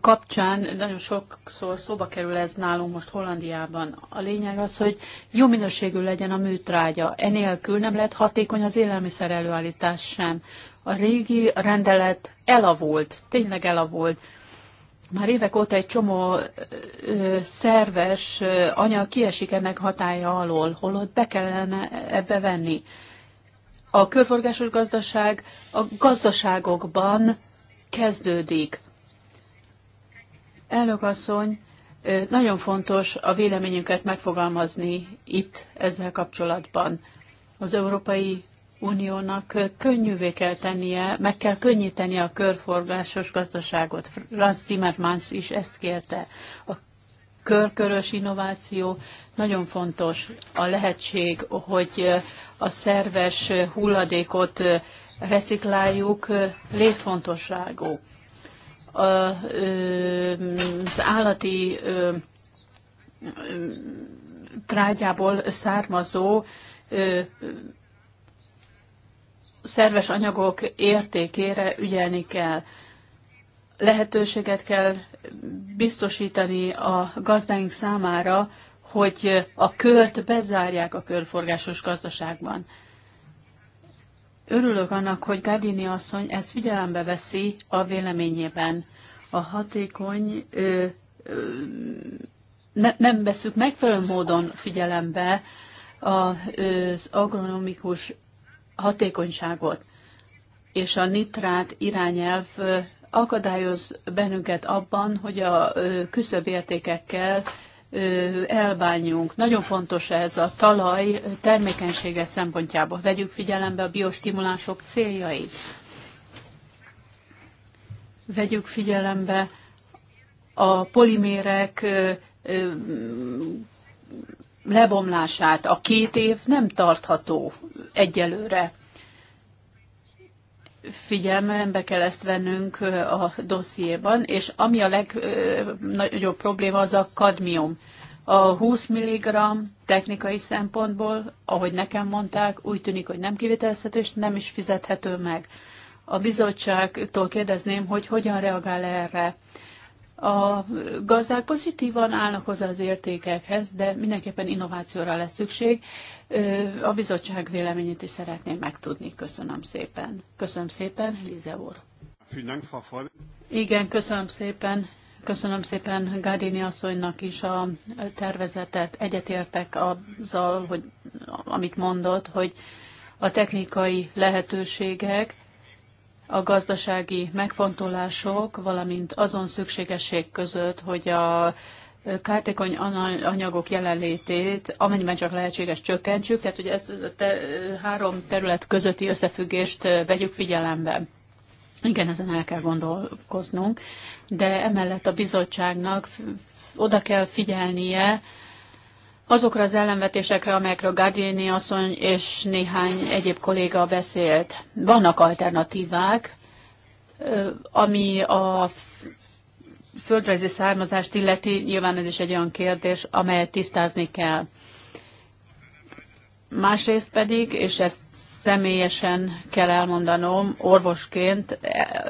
kapcsán nagyon sokszor szóba kerül ez nálunk most Hollandiában. A lényeg az, hogy jó minőségű legyen a műtrágya. Enélkül nem lehet hatékony az élelmiszer előállítás sem. A régi rendelet elavult, tényleg elavult. Már évek óta egy csomó ö, szerves ö, anyag kiesik ennek hatája alól, holott be kellene ebbe venni. A körforgásos gazdaság a gazdaságokban kezdődik. Elnök asszony, nagyon fontos a véleményünket megfogalmazni itt ezzel kapcsolatban. Az Európai Uniónak könnyűvé kell tennie, meg kell könnyíteni a körforgásos gazdaságot. Franz Timmermans is ezt kérte. A körkörös innováció nagyon fontos a lehetség, hogy a szerves hulladékot recikláljuk, létfontosságú. Az állati trágyából származó szerves anyagok értékére ügyelni kell. Lehetőséget kell biztosítani a gazdáink számára hogy a kört bezárják a körforgásos gazdaságban. Örülök annak, hogy Gardini asszony ezt figyelembe veszi a véleményében. A hatékony ö, ö, ne, nem veszük megfelelő módon figyelembe az agronomikus hatékonyságot, és a nitrát irányelv akadályoz bennünket abban, hogy a küszöbértékekkel elbánjunk. Nagyon fontos ez a talaj termékenysége szempontjából. Vegyük figyelembe a biostimulások céljait. Vegyük figyelembe a polimérek lebomlását. A két év nem tartható egyelőre figyelmembe kell ezt vennünk a dossziéban, és ami a legnagyobb probléma, az a kadmium. A 20 mg technikai szempontból, ahogy nekem mondták, úgy tűnik, hogy nem kivitelezhető, és nem is fizethető meg. A bizottságtól kérdezném, hogy hogyan reagál erre. A gazdák pozitívan állnak hozzá az értékekhez, de mindenképpen innovációra lesz szükség. A bizottság véleményét is szeretném megtudni. Köszönöm szépen. Köszönöm szépen, Lize úr. Igen, köszönöm szépen. Köszönöm szépen Gárdini asszonynak is a tervezetet. Egyetértek azzal, hogy, amit mondott, hogy a technikai lehetőségek a gazdasági megfontolások, valamint azon szükségesség között, hogy a kártékony anyagok jelenlétét amennyiben csak lehetséges csökkentsük, tehát hogy ezt a te, három terület közötti összefüggést vegyük figyelembe. Igen, ezen el kell gondolkoznunk, de emellett a bizottságnak oda kell figyelnie azokra az ellenvetésekre, amelyekről Gardini asszony és néhány egyéb kolléga beszélt. Vannak alternatívák, ami a földrajzi származást illeti, nyilván ez is egy olyan kérdés, amelyet tisztázni kell. Másrészt pedig, és ezt személyesen kell elmondanom, orvosként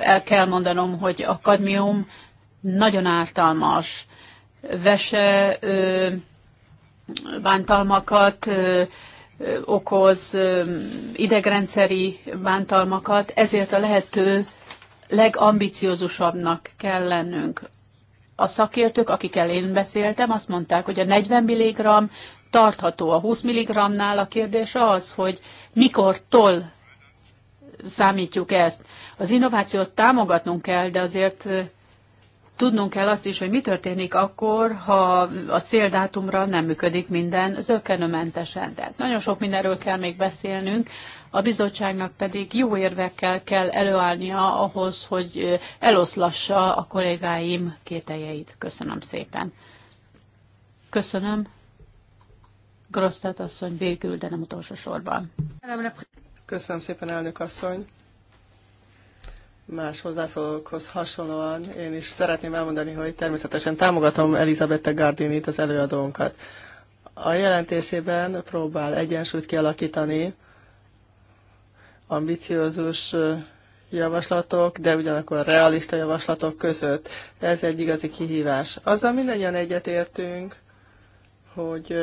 el kell mondanom, hogy a kadmium nagyon ártalmas. Vese, bántalmakat okoz, idegrendszeri bántalmakat, ezért a lehető legambiciózusabbnak kell lennünk. A szakértők, akikkel én beszéltem, azt mondták, hogy a 40 mg tartható. A 20 mg-nál a kérdés az, hogy mikortól számítjuk ezt. Az innovációt támogatnunk kell, de azért tudnunk kell azt is, hogy mi történik akkor, ha a céldátumra nem működik minden zöggenőmentesen. Tehát nagyon sok mindenről kell még beszélnünk, a bizottságnak pedig jó érvekkel kell előállnia ahhoz, hogy eloszlassa a kollégáim kételjeit. Köszönöm szépen. Köszönöm. Grosztát asszony végül, de nem utolsó sorban. Köszönöm szépen, elnök asszony más hozzászólókhoz hasonlóan én is szeretném elmondani, hogy természetesen támogatom Elizabeth Gardinit, az előadónkat. A jelentésében próbál egyensúlyt kialakítani, ambiciózus javaslatok, de ugyanakkor realista javaslatok között. Ez egy igazi kihívás. Azzal mindannyian egyetértünk, hogy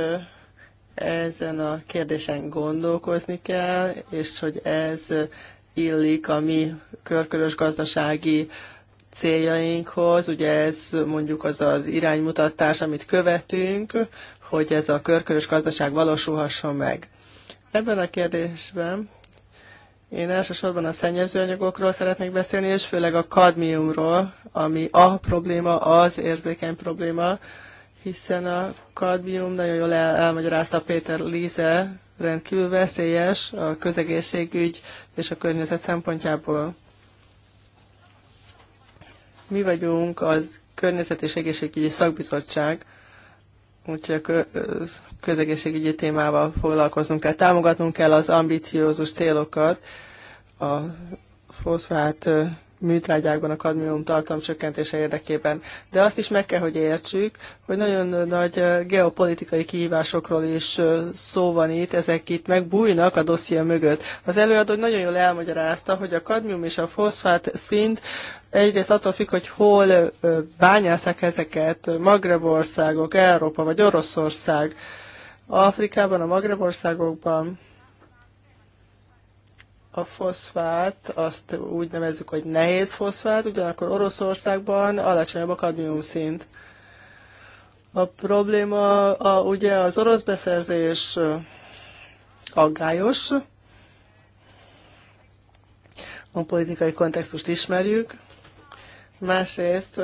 ezen a kérdésen gondolkozni kell, és hogy ez illik a mi körkörös gazdasági céljainkhoz. Ugye ez mondjuk az az iránymutatás, amit követünk, hogy ez a körkörös gazdaság valósulhasson meg. Ebben a kérdésben én elsősorban a szennyezőanyagokról szeretnék beszélni, és főleg a kadmiumról, ami a probléma, az érzékeny probléma, hiszen a kadmium nagyon jól el, elmagyarázta Péter Líze, rendkívül veszélyes a közegészségügy és a környezet szempontjából. Mi vagyunk a Környezet és Egészségügyi Szakbizottság, úgyhogy a közegészségügyi témával foglalkoznunk kell. Támogatnunk kell az ambiciózus célokat, a foszfát műtrágyákban a kadmium tartalom csökkentése érdekében. De azt is meg kell, hogy értsük, hogy nagyon nagy geopolitikai kihívásokról is szó van itt, ezek itt megbújnak a dosszia mögött. Az előadó nagyon jól elmagyarázta, hogy a kadmium és a foszfát szint egyrészt attól függ, hogy hol bányászák ezeket, Magrebországok, Európa vagy Oroszország, Afrikában, a Magrebországokban, a foszfát, azt úgy nevezzük, hogy nehéz foszfát, ugyanakkor Oroszországban alacsonyabb a kadmium szint. A probléma a, ugye az orosz beszerzés aggályos, a politikai kontextust ismerjük, másrészt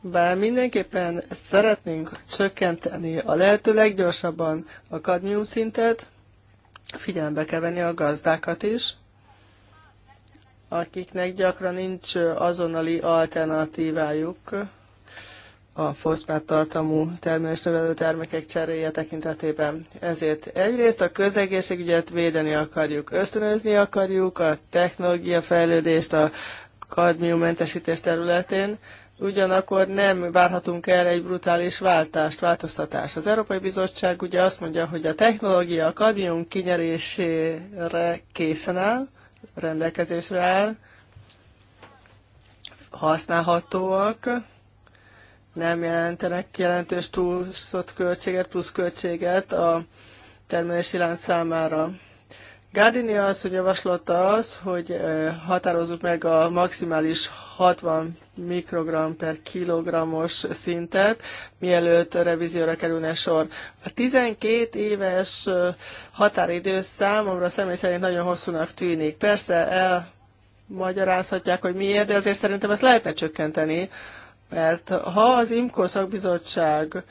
bár mindenképpen szeretnénk csökkenteni a lehető leggyorsabban a kadmium szintet, Figyelembe kell venni a gazdákat is, akiknek gyakran nincs azonnali alternatívájuk a foszfát tartalmú termésnövelő termékek cseréje tekintetében. Ezért egyrészt a közegészségügyet védeni akarjuk, ösztönözni akarjuk a technológia fejlődést a kadmiummentesítés területén, ugyanakkor nem várhatunk el egy brutális váltást, változtatást. Az Európai Bizottság ugye azt mondja, hogy a technológia a kadmium kinyerésére készen áll, rendelkezésre áll, használhatóak, nem jelentenek jelentős túlszott költséget, plusz költséget a termelési lánc számára. Gardini az, hogy javaslata az, hogy eh, határozzuk meg a maximális 60 mikrogram per kilogrammos szintet, mielőtt revízióra kerülne sor. A 12 éves eh, határidő számomra személy szerint nagyon hosszúnak tűnik. Persze elmagyarázhatják, hogy miért, de azért szerintem ezt lehetne csökkenteni, mert ha az IMCO szakbizottság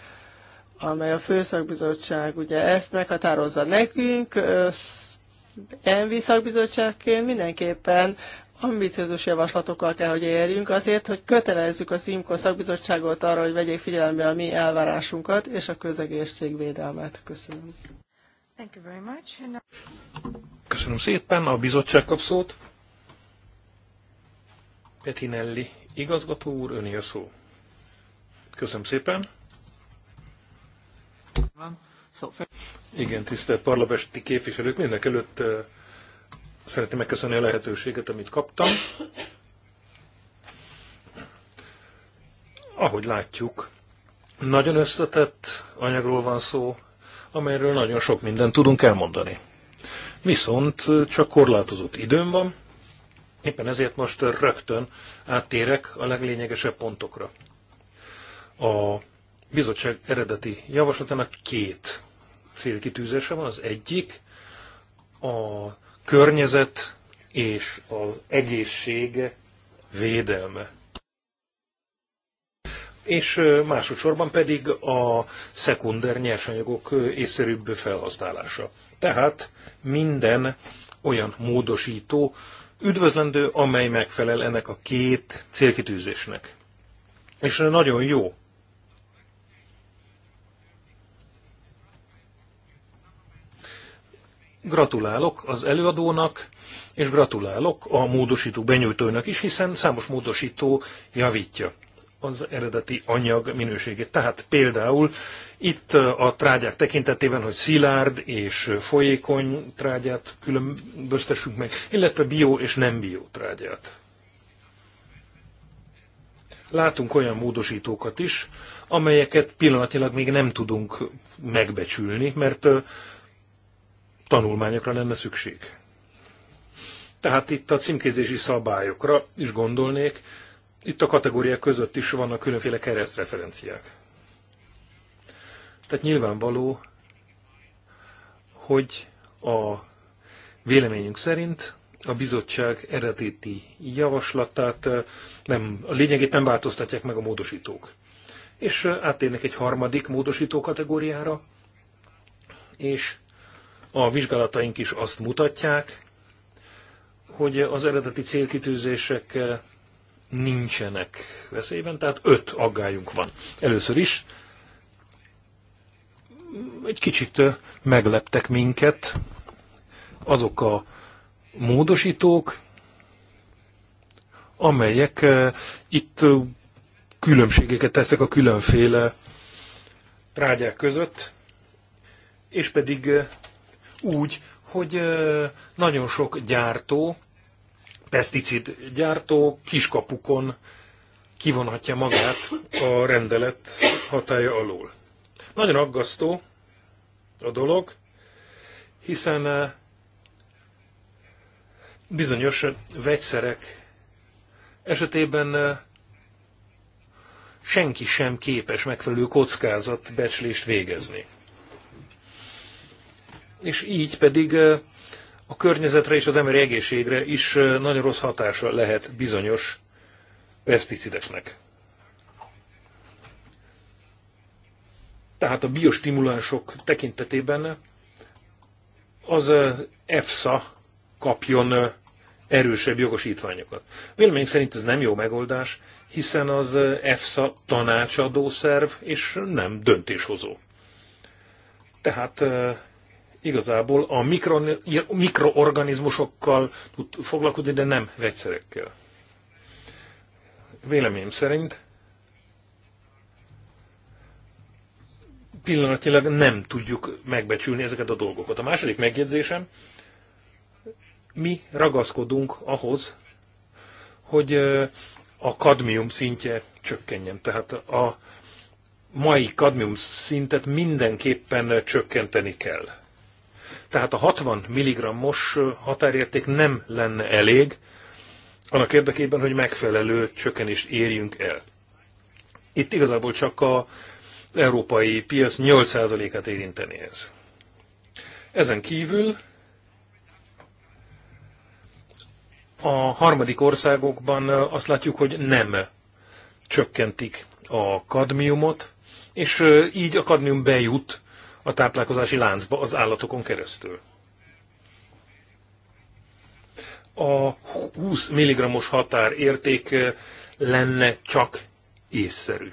amely a főszakbizottság ugye ezt meghatározza nekünk, eh, ENVI szakbizottságként mindenképpen ambiciózus javaslatokkal kell, hogy érjünk azért, hogy kötelezzük az IMKO szakbizottságot arra, hogy vegyék figyelembe a mi elvárásunkat és a közegészségvédelmet. Köszönöm. Thank you very much. Köszönöm szépen. A bizottság kapszót. Petinelli igazgató úr, öné a szó. Köszönöm szépen. Van. Igen, tisztelt parlamenti képviselők, mindenek előtt szeretném megköszönni a lehetőséget, amit kaptam. Ahogy látjuk, nagyon összetett anyagról van szó, amelyről nagyon sok mindent tudunk elmondani. Viszont csak korlátozott időm van, éppen ezért most rögtön áttérek a leglényegesebb pontokra. A bizottság eredeti javaslatának két célkitűzése van. Az egyik a környezet és az egészség védelme. És másodszorban pedig a szekunder nyersanyagok észszerűbb felhasználása. Tehát minden olyan módosító üdvözlendő, amely megfelel ennek a két célkitűzésnek. És nagyon jó, Gratulálok az előadónak, és gratulálok a módosító benyújtónak is, hiszen számos módosító javítja az eredeti anyag minőségét. Tehát például itt a trágyák tekintetében, hogy szilárd és folyékony trágyát különböztessünk meg, illetve bio és nem bio trágyát. Látunk olyan módosítókat is, amelyeket pillanatilag még nem tudunk megbecsülni, mert tanulmányokra lenne szükség. Tehát itt a címkézési szabályokra is gondolnék, itt a kategóriák között is vannak különféle keresztreferenciák. Tehát nyilvánvaló, hogy a véleményünk szerint a bizottság eredeti javaslatát nem, a lényegét nem változtatják meg a módosítók. És áttérnek egy harmadik módosító kategóriára, és a vizsgálataink is azt mutatják, hogy az eredeti célkitűzések nincsenek veszélyben, tehát öt aggályunk van. Először is egy kicsit megleptek minket azok a módosítók, amelyek eh, itt különbségeket teszek a különféle trágyák között, és pedig eh, úgy, hogy nagyon sok gyártó, peszticid gyártó kiskapukon kivonhatja magát a rendelet hatája alól. Nagyon aggasztó a dolog, hiszen bizonyos vegyszerek esetében senki sem képes megfelelő kockázatbecslést végezni és így pedig a környezetre és az emberi egészségre is nagyon rossz hatása lehet bizonyos peszticideknek. Tehát a biostimulánsok tekintetében az EFSA kapjon erősebb jogosítványokat. Véleményem szerint ez nem jó megoldás, hiszen az EFSA tanácsadó szerv és nem döntéshozó. Tehát igazából a mikro, mikroorganizmusokkal tud foglalkozni, de nem vegyszerekkel. Véleményem szerint pillanatnyilag nem tudjuk megbecsülni ezeket a dolgokat. A második megjegyzésem, mi ragaszkodunk ahhoz, hogy a kadmium szintje csökkenjen. Tehát a mai kadmium szintet mindenképpen csökkenteni kell. Tehát a 60 mg-os határérték nem lenne elég, annak érdekében, hogy megfelelő csökkenést érjünk el. Itt igazából csak a európai piac 8%-át érinteni ez. Ezen kívül a harmadik országokban azt látjuk, hogy nem csökkentik a kadmiumot, és így a kadmium bejut a táplálkozási láncba az állatokon keresztül. A 20 mg-os érték eh, lenne csak észszerű.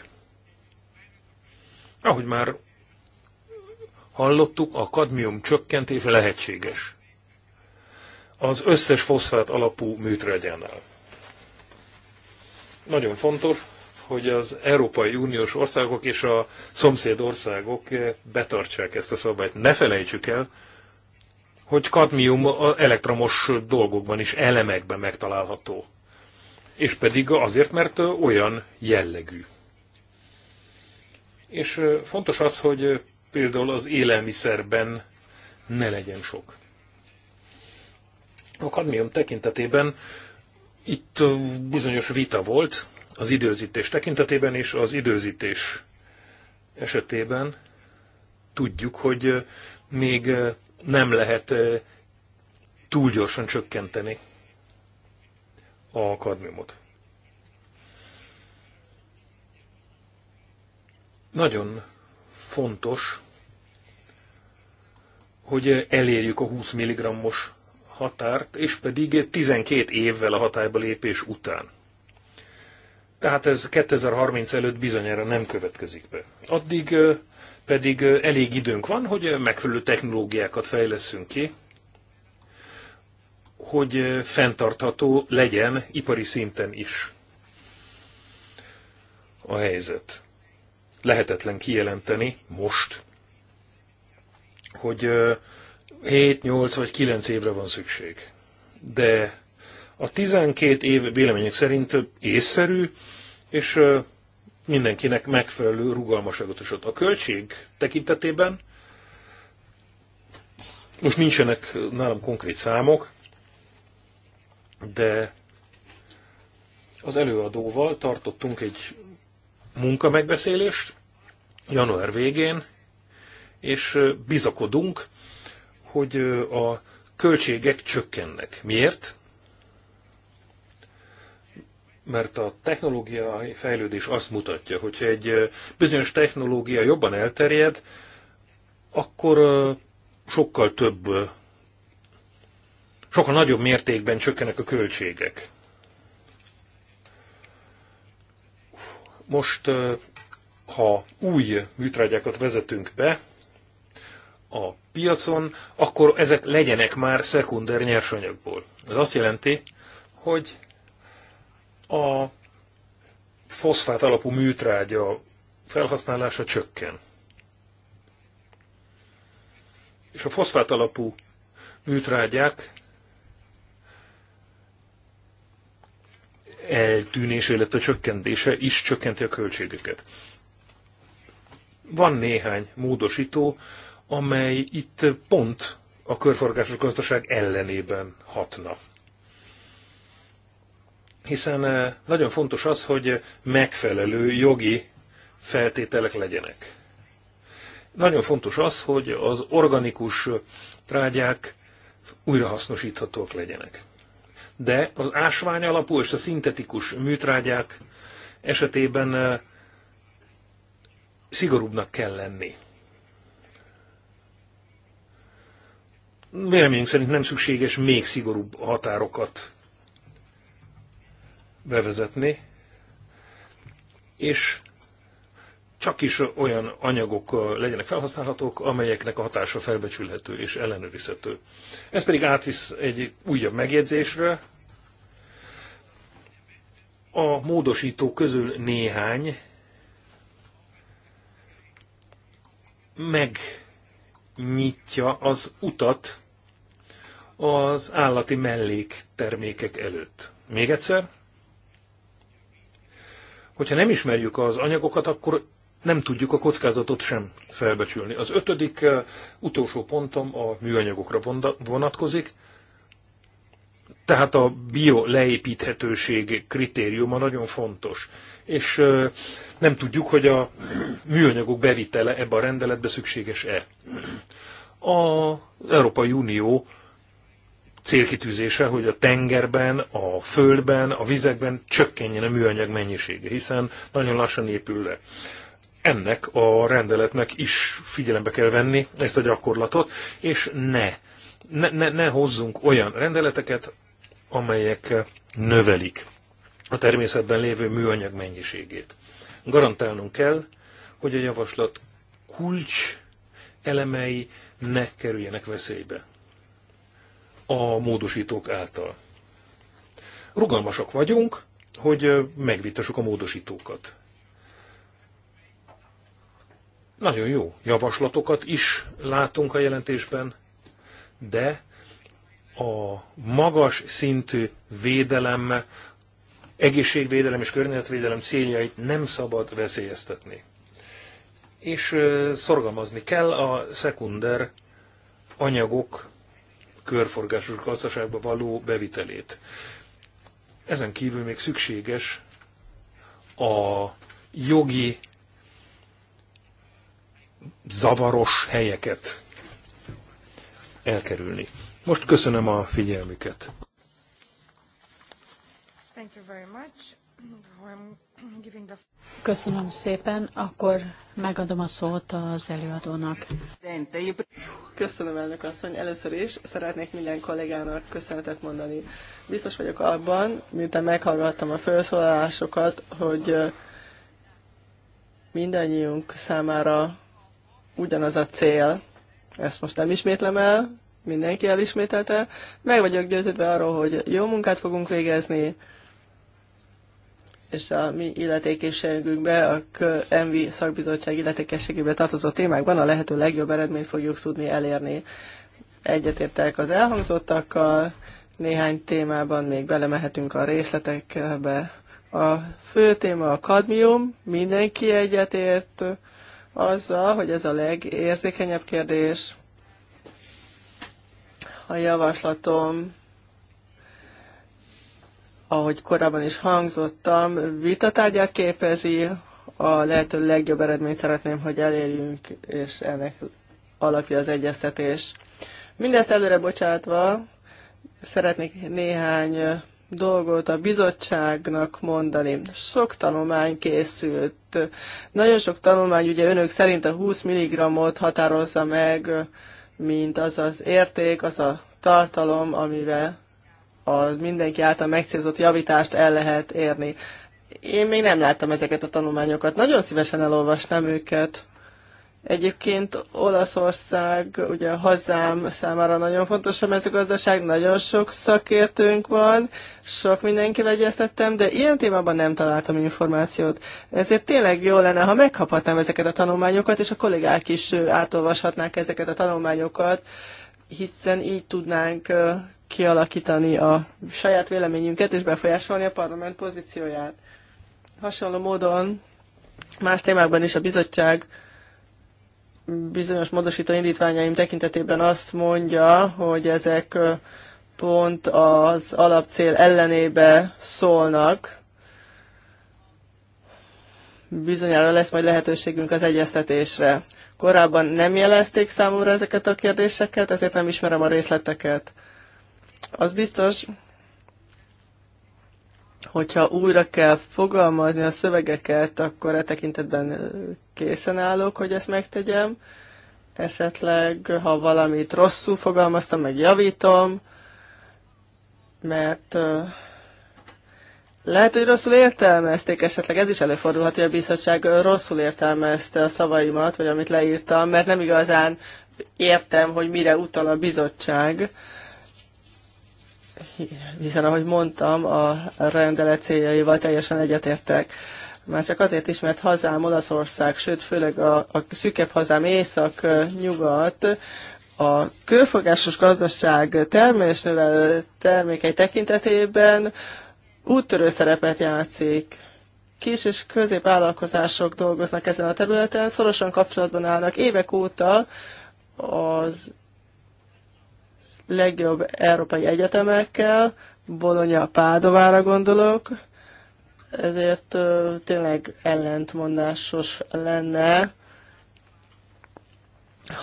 Ahogy már hallottuk, a kadmium csökkentése lehetséges. Az összes foszfát alapú műtrágyánál. Nagyon fontos, hogy az Európai Uniós országok és a szomszéd országok eh, betartsák ezt a szabályt. Ne felejtsük el, hogy kadmium elektromos dolgokban is, elemekben megtalálható. És pedig azért, mert eh, olyan jellegű. És eh, fontos az, hogy például az élelmiszerben ne legyen sok. A kadmium tekintetében itt bizonyos vita volt, az időzítés tekintetében és az időzítés esetében tudjuk, hogy még nem lehet túl gyorsan csökkenteni a kadmiumot. Nagyon fontos, hogy elérjük a 20 mg-os határt, és pedig 12 évvel a hatályba lépés után. Tehát ez 2030 előtt bizonyára nem következik be. Addig pedig elég időnk van, hogy megfelelő technológiákat fejleszünk ki, hogy fenntartható legyen ipari szinten is a helyzet. Lehetetlen kijelenteni most, hogy 7, 8 vagy 9 évre van szükség. De a 12 év vélemények szerint észszerű, és mindenkinek megfelelő rugalmaságot is ott. A költség tekintetében most nincsenek nálam konkrét számok, de az előadóval tartottunk egy munkamegbeszélést január végén, és bizakodunk, hogy a költségek csökkennek. Miért? mert a technológiai fejlődés azt mutatja, hogyha egy bizonyos technológia jobban elterjed, akkor sokkal több, sokkal nagyobb mértékben csökkenek a költségek. Most, ha új műtrágyákat vezetünk be a piacon, akkor ezek legyenek már szekunder nyersanyagból. Ez azt jelenti, hogy a foszfát alapú műtrágya felhasználása csökken. És a foszfát alapú műtrágyák eltűnés, illetve csökkentése is csökkenti a költségeket. Van néhány módosító, amely itt pont a körforgásos gazdaság ellenében hatna hiszen eh, nagyon fontos az, hogy megfelelő jogi feltételek legyenek. Nagyon fontos az, hogy az organikus trágyák újrahasznosíthatók legyenek. De az ásvány alapú és a szintetikus műtrágyák esetében eh, szigorúbbnak kell lenni. Véleményünk szerint nem szükséges még szigorúbb határokat bevezetni, és csak is olyan anyagok legyenek felhasználhatók, amelyeknek a hatása felbecsülhető és ellenőrizhető. Ez pedig átvisz egy újabb megjegyzésre. A módosító közül néhány megnyitja az utat az állati melléktermékek előtt. Még egyszer, hogyha nem ismerjük az anyagokat, akkor nem tudjuk a kockázatot sem felbecsülni. Az ötödik eh, utolsó pontom a műanyagokra vonatkozik, tehát a bio leépíthetőség kritériuma nagyon fontos. És eh, nem tudjuk, hogy a műanyagok bevitele ebbe a rendeletbe szükséges-e. Az Európai Unió célkitűzése, hogy a tengerben, a földben, a vizekben csökkenjen a műanyag mennyisége, hiszen nagyon lassan épül le. Ennek a rendeletnek is figyelembe kell venni ezt a gyakorlatot, és ne, ne, ne, ne hozzunk olyan rendeleteket, amelyek növelik a természetben lévő műanyag mennyiségét. Garantálnunk kell, hogy a javaslat kulcs elemei ne kerüljenek veszélybe a módosítók által. Rugalmasak vagyunk, hogy megvitassuk a módosítókat. Nagyon jó javaslatokat is látunk a jelentésben, de a magas szintű védelem, egészségvédelem és környezetvédelem céljait nem szabad veszélyeztetni. És szorgalmazni kell a szekunder anyagok körforgásos gazdaságba való bevitelét. Ezen kívül még szükséges a jogi zavaros helyeket elkerülni. Most köszönöm a figyelmüket. Thank you very much. I'm giving the... Köszönöm szépen, akkor megadom a szót az előadónak. Köszönöm, elnök asszony. Először is szeretnék minden kollégának köszönetet mondani. Biztos vagyok abban, miután meghallgattam a felszólalásokat, hogy mindannyiunk számára ugyanaz a cél, ezt most nem ismétlem el, mindenki elismételte, meg vagyok győződve arról, hogy jó munkát fogunk végezni, és a mi illetékességünkbe, a MV szakbizottság illetékességébe tartozó témákban a lehető legjobb eredményt fogjuk tudni elérni. Egyetértek az elhangzottakkal, néhány témában még belemehetünk a részletekbe. A fő téma a kadmium, mindenki egyetért azzal, hogy ez a legérzékenyebb kérdés. A javaslatom ahogy korábban is hangzottam, vitatárgyát képezi, a lehető legjobb eredményt szeretném, hogy elérjünk, és ennek alapja az egyeztetés. Mindezt előre bocsátva, szeretnék néhány dolgot a bizottságnak mondani. Sok tanulmány készült. Nagyon sok tanulmány, ugye önök szerint a 20 mg-ot határozza meg, mint az az érték, az a tartalom, amivel a mindenki által megcélzott javítást el lehet érni. Én még nem láttam ezeket a tanulmányokat. Nagyon szívesen elolvasnám őket. Egyébként Olaszország, ugye hazám számára nagyon fontos a mezőgazdaság, nagyon sok szakértőnk van, sok mindenki egyeztettem, de ilyen témában nem találtam információt. Ezért tényleg jó lenne, ha megkaphatnám ezeket a tanulmányokat, és a kollégák is átolvashatnák ezeket a tanulmányokat, hiszen így tudnánk kialakítani a saját véleményünket és befolyásolni a parlament pozícióját. Hasonló módon más témákban is a bizottság bizonyos módosító indítványaim tekintetében azt mondja, hogy ezek pont az alapcél ellenébe szólnak. Bizonyára lesz majd lehetőségünk az egyeztetésre. Korábban nem jelezték számomra ezeket a kérdéseket, ezért nem ismerem a részleteket. Az biztos, hogyha újra kell fogalmazni a szövegeket, akkor e tekintetben készen állok, hogy ezt megtegyem. Esetleg, ha valamit rosszul fogalmaztam, megjavítom, mert lehet, hogy rosszul értelmezték esetleg, ez is előfordulhat, hogy a bizottság rosszul értelmezte a szavaimat, vagy amit leírtam, mert nem igazán értem, hogy mire utal a bizottság hiszen ahogy mondtam, a rendelet céljaival teljesen egyetértek. Már csak azért is, mert hazám Olaszország, sőt, főleg a, a szükebb hazám észak-nyugat, a körforgásos gazdaság termésnövel termékei tekintetében úttörő szerepet játszik. Kis és középvállalkozások dolgoznak ezen a területen, szorosan kapcsolatban állnak évek óta az legjobb európai egyetemekkel, Bologna Pádovára gondolok, ezért ö, tényleg ellentmondásos lenne,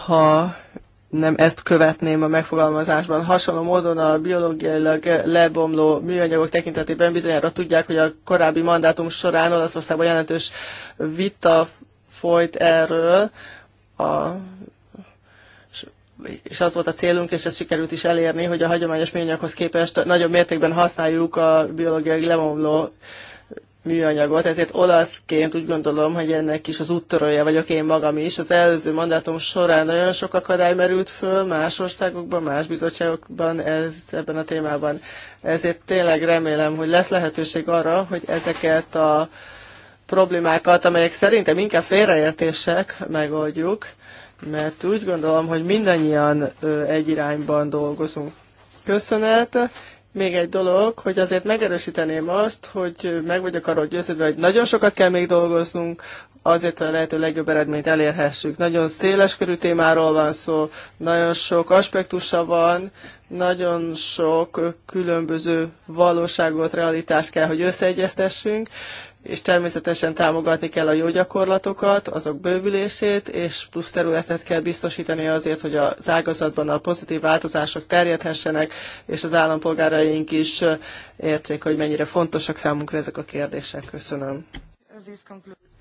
ha nem ezt követném a megfogalmazásban. Hasonló módon a biológiailag lebomló műanyagok tekintetében bizonyára tudják, hogy a korábbi mandátum során Olaszországban jelentős vita folyt erről. A és az volt a célunk, és ezt sikerült is elérni, hogy a hagyományos műanyaghoz képest nagyobb mértékben használjuk a biológiai lemomló műanyagot, ezért olaszként úgy gondolom, hogy ennek is az úttörője vagyok én magam is. Az előző mandátum során nagyon sok akadály merült föl más országokban, más bizottságokban ez, ebben a témában. Ezért tényleg remélem, hogy lesz lehetőség arra, hogy ezeket a problémákat, amelyek szerintem inkább félreértések, megoldjuk mert úgy gondolom, hogy mindannyian egy irányban dolgozunk. Köszönet. Még egy dolog, hogy azért megerősíteném azt, hogy meg vagyok arról győződve, hogy nagyon sokat kell még dolgoznunk, azért, hogy a lehető legjobb eredményt elérhessük. Nagyon széles körű témáról van szó, nagyon sok aspektusa van, nagyon sok különböző valóságot, realitást kell, hogy összeegyeztessünk, és természetesen támogatni kell a jó gyakorlatokat, azok bővülését, és plusz területet kell biztosítani azért, hogy az ágazatban a pozitív változások terjedhessenek, és az állampolgáraink is értsék, hogy mennyire fontosak számunkra ezek a kérdések. Köszönöm.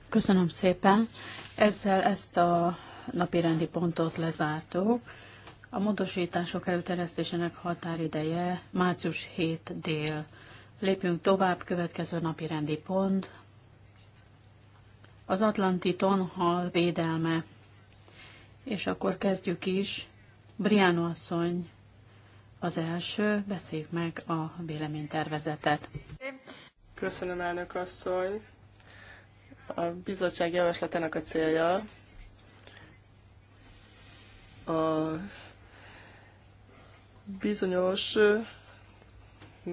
Köszönöm szépen. Ezzel ezt a napirendi pontot lezártuk. A módosítások előterjesztésének határideje március 7 dél. Lépjünk tovább, következő napi rendi pont. Az Atlanti tonhal védelme. És akkor kezdjük is. Briano asszony az első, beszéljük meg a véleménytervezetet. Köszönöm, elnök asszony. A bizottság javaslatának a célja a bizonyos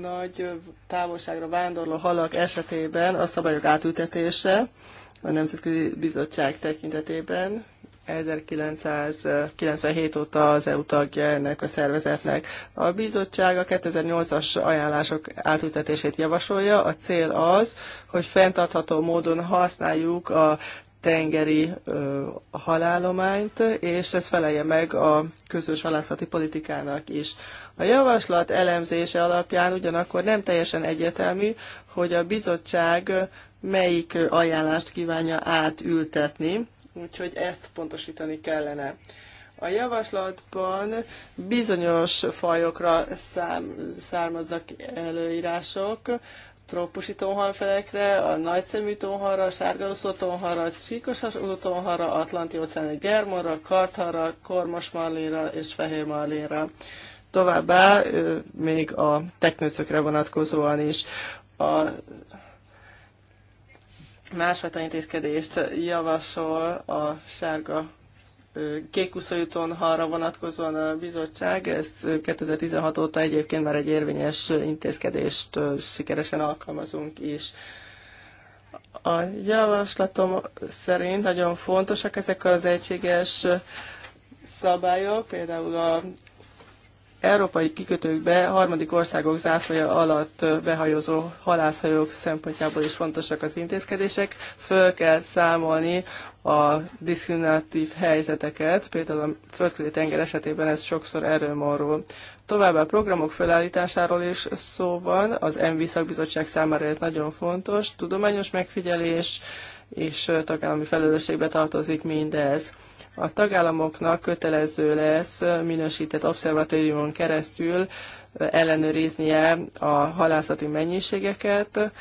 nagy távolságra vándorló halak esetében a szabályok átültetése a Nemzetközi Bizottság tekintetében 1997 óta az EU tagja ennek a szervezetnek. A bizottság a 2008-as ajánlások átültetését javasolja. A cél az, hogy fenntartható módon használjuk a tengeri ö, halálományt, és ez felelje meg a közös halászati politikának is. A javaslat elemzése alapján ugyanakkor nem teljesen egyetemű, hogy a bizottság melyik ajánlást kívánja átültetni, úgyhogy ezt pontosítani kellene. A javaslatban bizonyos fajokra szám, származnak előírások, trópusi tonhalfelekre, a nagyszemű tonhalra, a sárga úszó tonhalra, a csíkos úszó tonhalra, atlanti óceáni germonra, kartharra, kormos marlinra és fehér marlinra. Továbbá még a teknőcökre vonatkozóan is a másfajta intézkedést javasol a sárga kékuszajúton halra vonatkozóan a bizottság, ez 2016 óta egyébként már egy érvényes intézkedést sikeresen alkalmazunk is. A javaslatom szerint nagyon fontosak ezek az egységes szabályok, például a európai kikötőkbe harmadik országok zászlaja alatt behajózó halászhajók szempontjából is fontosak az intézkedések. Föl kell számolni a diszkriminatív helyzeteket, például a földközi tenger esetében ez sokszor erről marul. Továbbá a programok felállításáról is szó van, az MV szakbizottság számára ez nagyon fontos, tudományos megfigyelés és tagállami felelősségbe tartozik mindez. A tagállamoknak kötelező lesz minősített observatóriumon keresztül ellenőriznie a halászati mennyiségeket,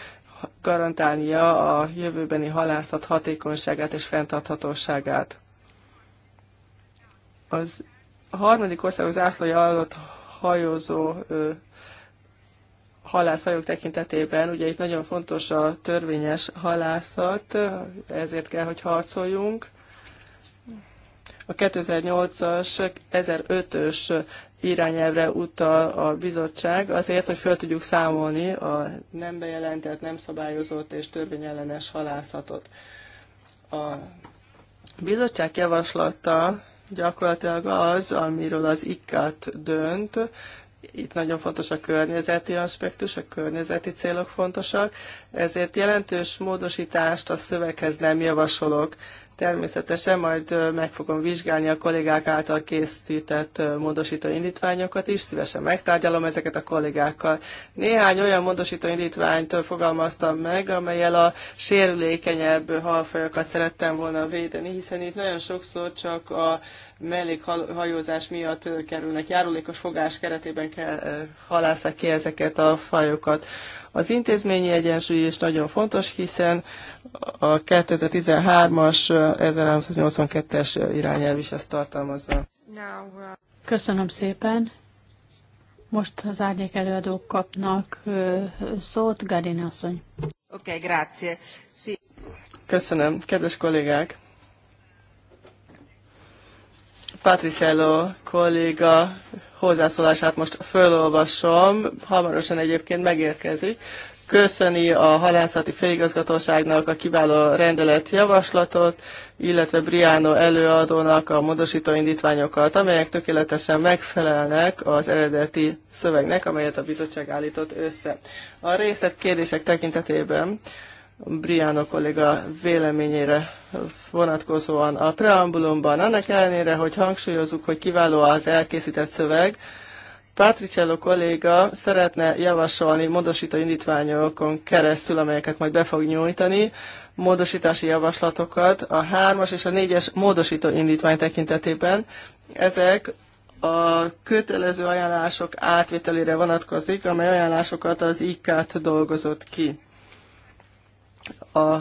garantálnia a jövőbeni halászat hatékonyságát és fenntarthatóságát. Az harmadik az zászlója alatt hajózó halászhajók tekintetében, ugye itt nagyon fontos a törvényes halászat, ezért kell, hogy harcoljunk. A 2008-as, 2005 ös irányelvre utal a bizottság azért, hogy föl tudjuk számolni a nem bejelentett, nem szabályozott és törvényellenes halászatot. A bizottság javaslata gyakorlatilag az, amiről az ikat dönt, itt nagyon fontos a környezeti aspektus, a környezeti célok fontosak, ezért jelentős módosítást a szöveghez nem javasolok. Természetesen majd meg fogom vizsgálni a kollégák által készített módosító indítványokat is, szívesen megtárgyalom ezeket a kollégákkal. Néhány olyan módosító indítványt fogalmaztam meg, amelyel a sérülékenyebb halfajokat szerettem volna védeni, hiszen itt nagyon sokszor csak a mellékhajózás miatt kerülnek, járulékos fogás keretében kell, ki ezeket a fajokat. Az intézményi egyensúly is nagyon fontos, hiszen a 2013-as 1382-es irányelv is ezt tartalmazza. Uh, Köszönöm szépen. Most az árnyék előadók kapnak szót, Garin asszony. Oké, okay, grazie. si Köszönöm, kedves kollégák! Patricello kolléga hozzászólását most fölolvasom, hamarosan egyébként megérkezik. Köszöni a halászati főigazgatóságnak a kiváló rendelet javaslatot, illetve Briano előadónak a módosító indítványokat, amelyek tökéletesen megfelelnek az eredeti szövegnek, amelyet a bizottság állított össze. A részlet kérdések tekintetében Briano kolléga véleményére vonatkozóan a preambulumban. Annak ellenére, hogy hangsúlyozunk, hogy kiváló az elkészített szöveg, Patricello kolléga szeretne javasolni módosító indítványokon keresztül, amelyeket majd be fog nyújtani, módosítási javaslatokat a 3-as és a 4-es módosító indítvány tekintetében. Ezek a kötelező ajánlások átvételére vonatkozik, amely ajánlásokat az IK-t dolgozott ki. A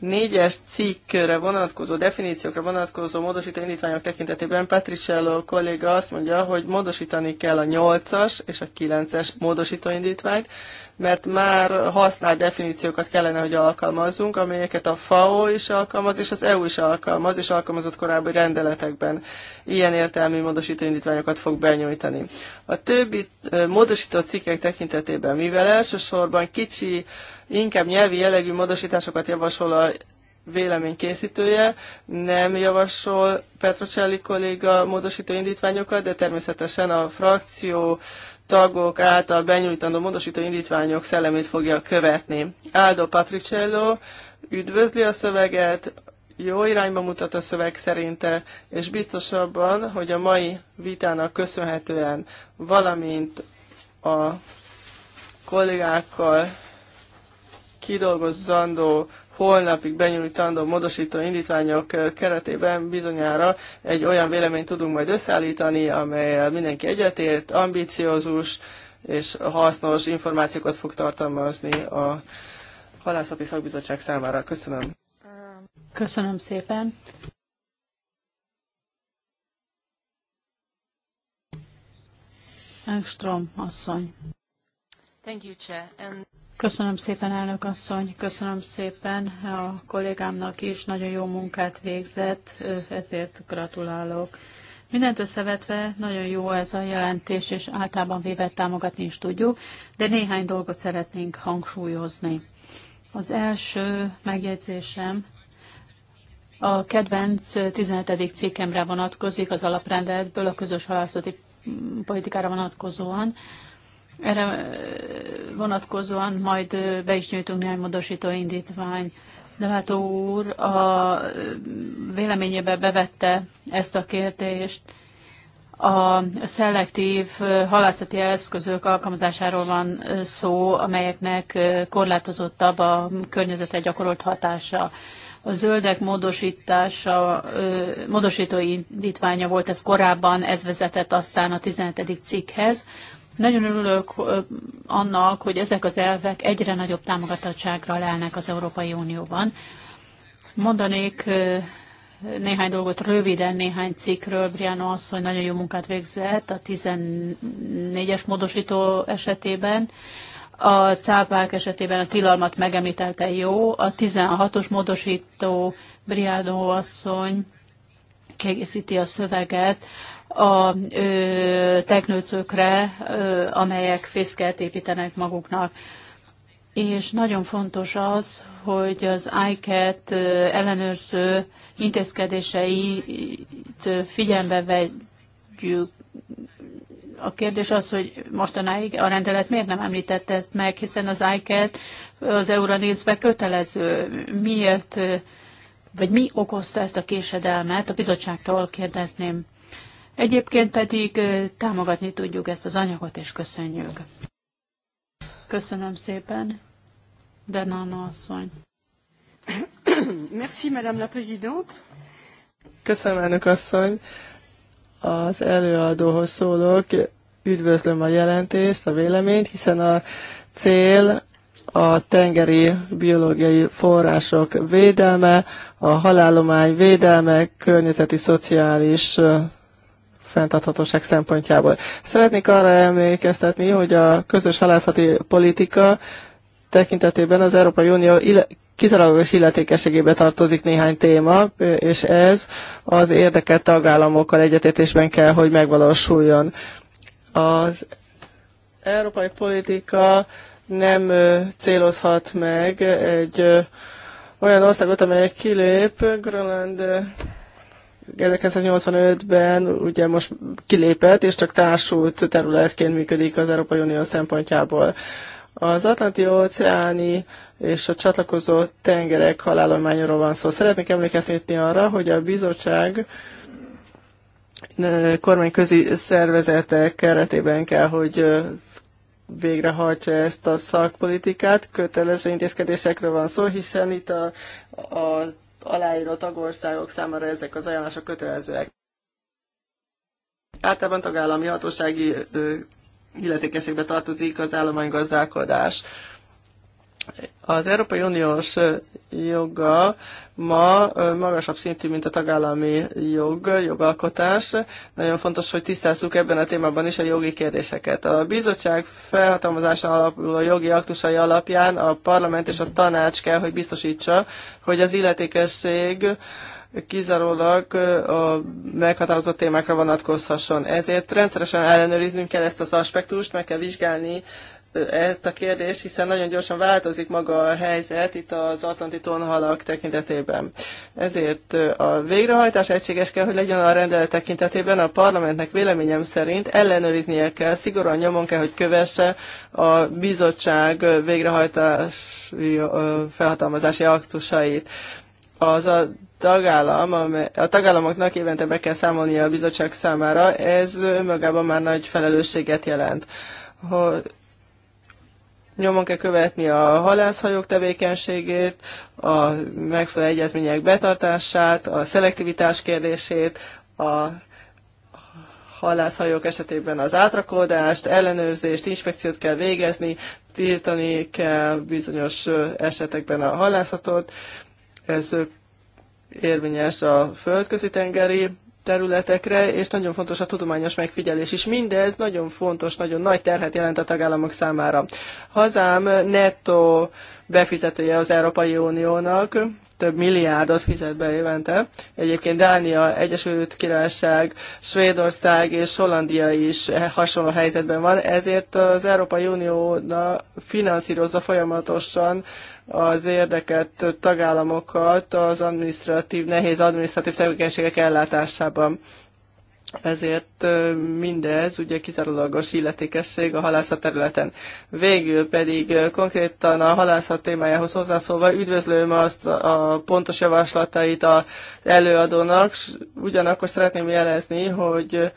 négyes cikkre vonatkozó, definíciókra vonatkozó módosító indítványok tekintetében Patricello kolléga azt mondja, hogy módosítani kell a 8-as és a 9-es módosító indítványt, mert már használt definíciókat kellene, hogy alkalmazzunk, amelyeket a FAO is alkalmaz, és az EU is alkalmaz, és alkalmazott korábbi rendeletekben. Ilyen értelmi módosító indítványokat fog benyújtani. A többi módosított cikkek tekintetében, mivel elsősorban kicsi, inkább nyelvi jellegű módosításokat javasol a vélemény készítője, nem javasol Petrocelli kolléga módosító indítványokat, de természetesen a frakció tagok által benyújtandó módosító indítványok szellemét fogja követni. Aldo Patricello üdvözli a szöveget, jó irányba mutat a szöveg szerinte, és biztosabban, hogy a mai vitának köszönhetően, valamint a kollégákkal kidolgozzandó holnapig benyújtandó módosító indítványok eh, keretében bizonyára egy olyan véleményt tudunk majd összeállítani, amelyel mindenki egyetért, ambiciózus és hasznos információkat fog tartalmazni a Halászati Szakbizottság számára. Köszönöm. Köszönöm szépen. Engström asszony. Thank you, Chair. And... Köszönöm szépen, elnök asszony, köszönöm szépen a kollégámnak is, nagyon jó munkát végzett, ezért gratulálok. Mindent összevetve nagyon jó ez a jelentés, és általában véve támogatni is tudjuk, de néhány dolgot szeretnénk hangsúlyozni. Az első megjegyzésem a kedvenc 17. cikkemre vonatkozik az alaprendeletből a közös halászati politikára vonatkozóan. Erre vonatkozóan majd be is nyújtunk néhány módosító indítvány. De hát úr a véleményébe bevette ezt a kérdést. A szelektív halászati eszközök alkalmazásáról van szó, amelyeknek korlátozottabb a környezetre gyakorolt hatása. A zöldek módosítása, módosító indítványa volt ez korábban, ez vezetett aztán a 17. cikkhez, nagyon örülök annak, hogy ezek az elvek egyre nagyobb támogatottságra lelnek az Európai Unióban. Mondanék néhány dolgot röviden, néhány cikkről. Briano asszony nagyon jó munkát végzett a 14-es módosító esetében. A cápák esetében a tilalmat megemlítelte jó. A 16-os módosító Briano asszony kiegészíti a szöveget a ö, teknőcökre, ö, amelyek fészkelt építenek maguknak. És nagyon fontos az, hogy az ICAT ellenőrző intézkedéseit figyelembe vegyük. A kérdés az, hogy mostanáig a rendelet miért nem említette ezt meg, hiszen az ICAT az eu nézve kötelező. Miért, vagy mi okozta ezt a késedelmet? A bizottságtól kérdezném. Egyébként pedig támogatni tudjuk ezt az anyagot, és köszönjük. Köszönöm szépen, Bernana asszony. Merci, Madame la Présidente. Köszönöm, elnök asszony. Az előadóhoz szólok. Üdvözlöm a jelentést, a véleményt, hiszen a cél a tengeri biológiai források védelme, a halálomány védelme, környezeti, szociális fenntarthatóság szempontjából. Szeretnék arra emlékeztetni, hogy a közös halászati politika tekintetében az Európai Unió kizárólagos illetékességébe tartozik néhány téma, és ez az érdekelt tagállamokkal egyetértésben kell, hogy megvalósuljon. Az európai politika nem célozhat meg egy olyan országot, amely kilép, Grönland 1985-ben ugye most kilépett, és csak társult területként működik az Európai Unió szempontjából. Az Atlanti óceáni és a csatlakozó tengerek halálományról van szó. Szeretnék emlékeztetni arra, hogy a bizottság kormányközi szervezetek keretében kell, hogy végrehajtsa ezt a szakpolitikát. Kötelező intézkedésekről van szó, hiszen itt a, a aláíró tagországok számára ezek az ajánlások kötelezőek. Általában tagállami hatósági illetékességbe tartozik az állománygazdálkodás. Az Európai Uniós joga ma magasabb szintű, mint a tagállami jog, jogalkotás. Nagyon fontos, hogy tisztázzuk ebben a témában is a jogi kérdéseket. A bizottság felhatalmazása alapuló jogi aktusai alapján a parlament és a tanács kell, hogy biztosítsa, hogy az illetékesség kizárólag a meghatározott témákra vonatkozhasson. Ezért rendszeresen ellenőriznünk kell ezt az aspektust, meg kell vizsgálni ezt a kérdést, hiszen nagyon gyorsan változik maga a helyzet itt az atlanti tonhalak tekintetében. Ezért a végrehajtás egységes kell, hogy legyen a rendelet tekintetében. A parlamentnek véleményem szerint ellenőriznie kell, szigorúan nyomon kell, hogy kövesse a bizottság végrehajtási felhatalmazási aktusait. Az a tagállam, a tagállamoknak évente be kell számolnia a bizottság számára, ez önmagában már nagy felelősséget jelent. Hogy nyomon kell követni a halászhajók tevékenységét, a megfelelő egyezmények betartását, a szelektivitás kérdését, a halászhajók esetében az átrakódást, ellenőrzést, inspekciót kell végezni, tiltani kell bizonyos esetekben a halászatot. Ez érvényes a földközi tengeri területekre, és nagyon fontos a tudományos megfigyelés is. Mindez nagyon fontos, nagyon nagy terhet jelent a tagállamok számára. Hazám netto befizetője az Európai Uniónak, több milliárdot fizet be évente. Egyébként Dánia, Egyesült Királyság, Svédország és Hollandia is e hasonló helyzetben van, ezért az Európai Unió finanszírozza folyamatosan az érdeket tagállamokat az administratív, nehéz administratív tevékenységek ellátásában. Ezért mindez ugye kizárólagos illetékesség a halászat területen. Végül pedig konkrétan a halászat témájához hozzászólva üdvözlöm azt a pontos javaslatait az előadónak, ugyanakkor szeretném jelezni, hogy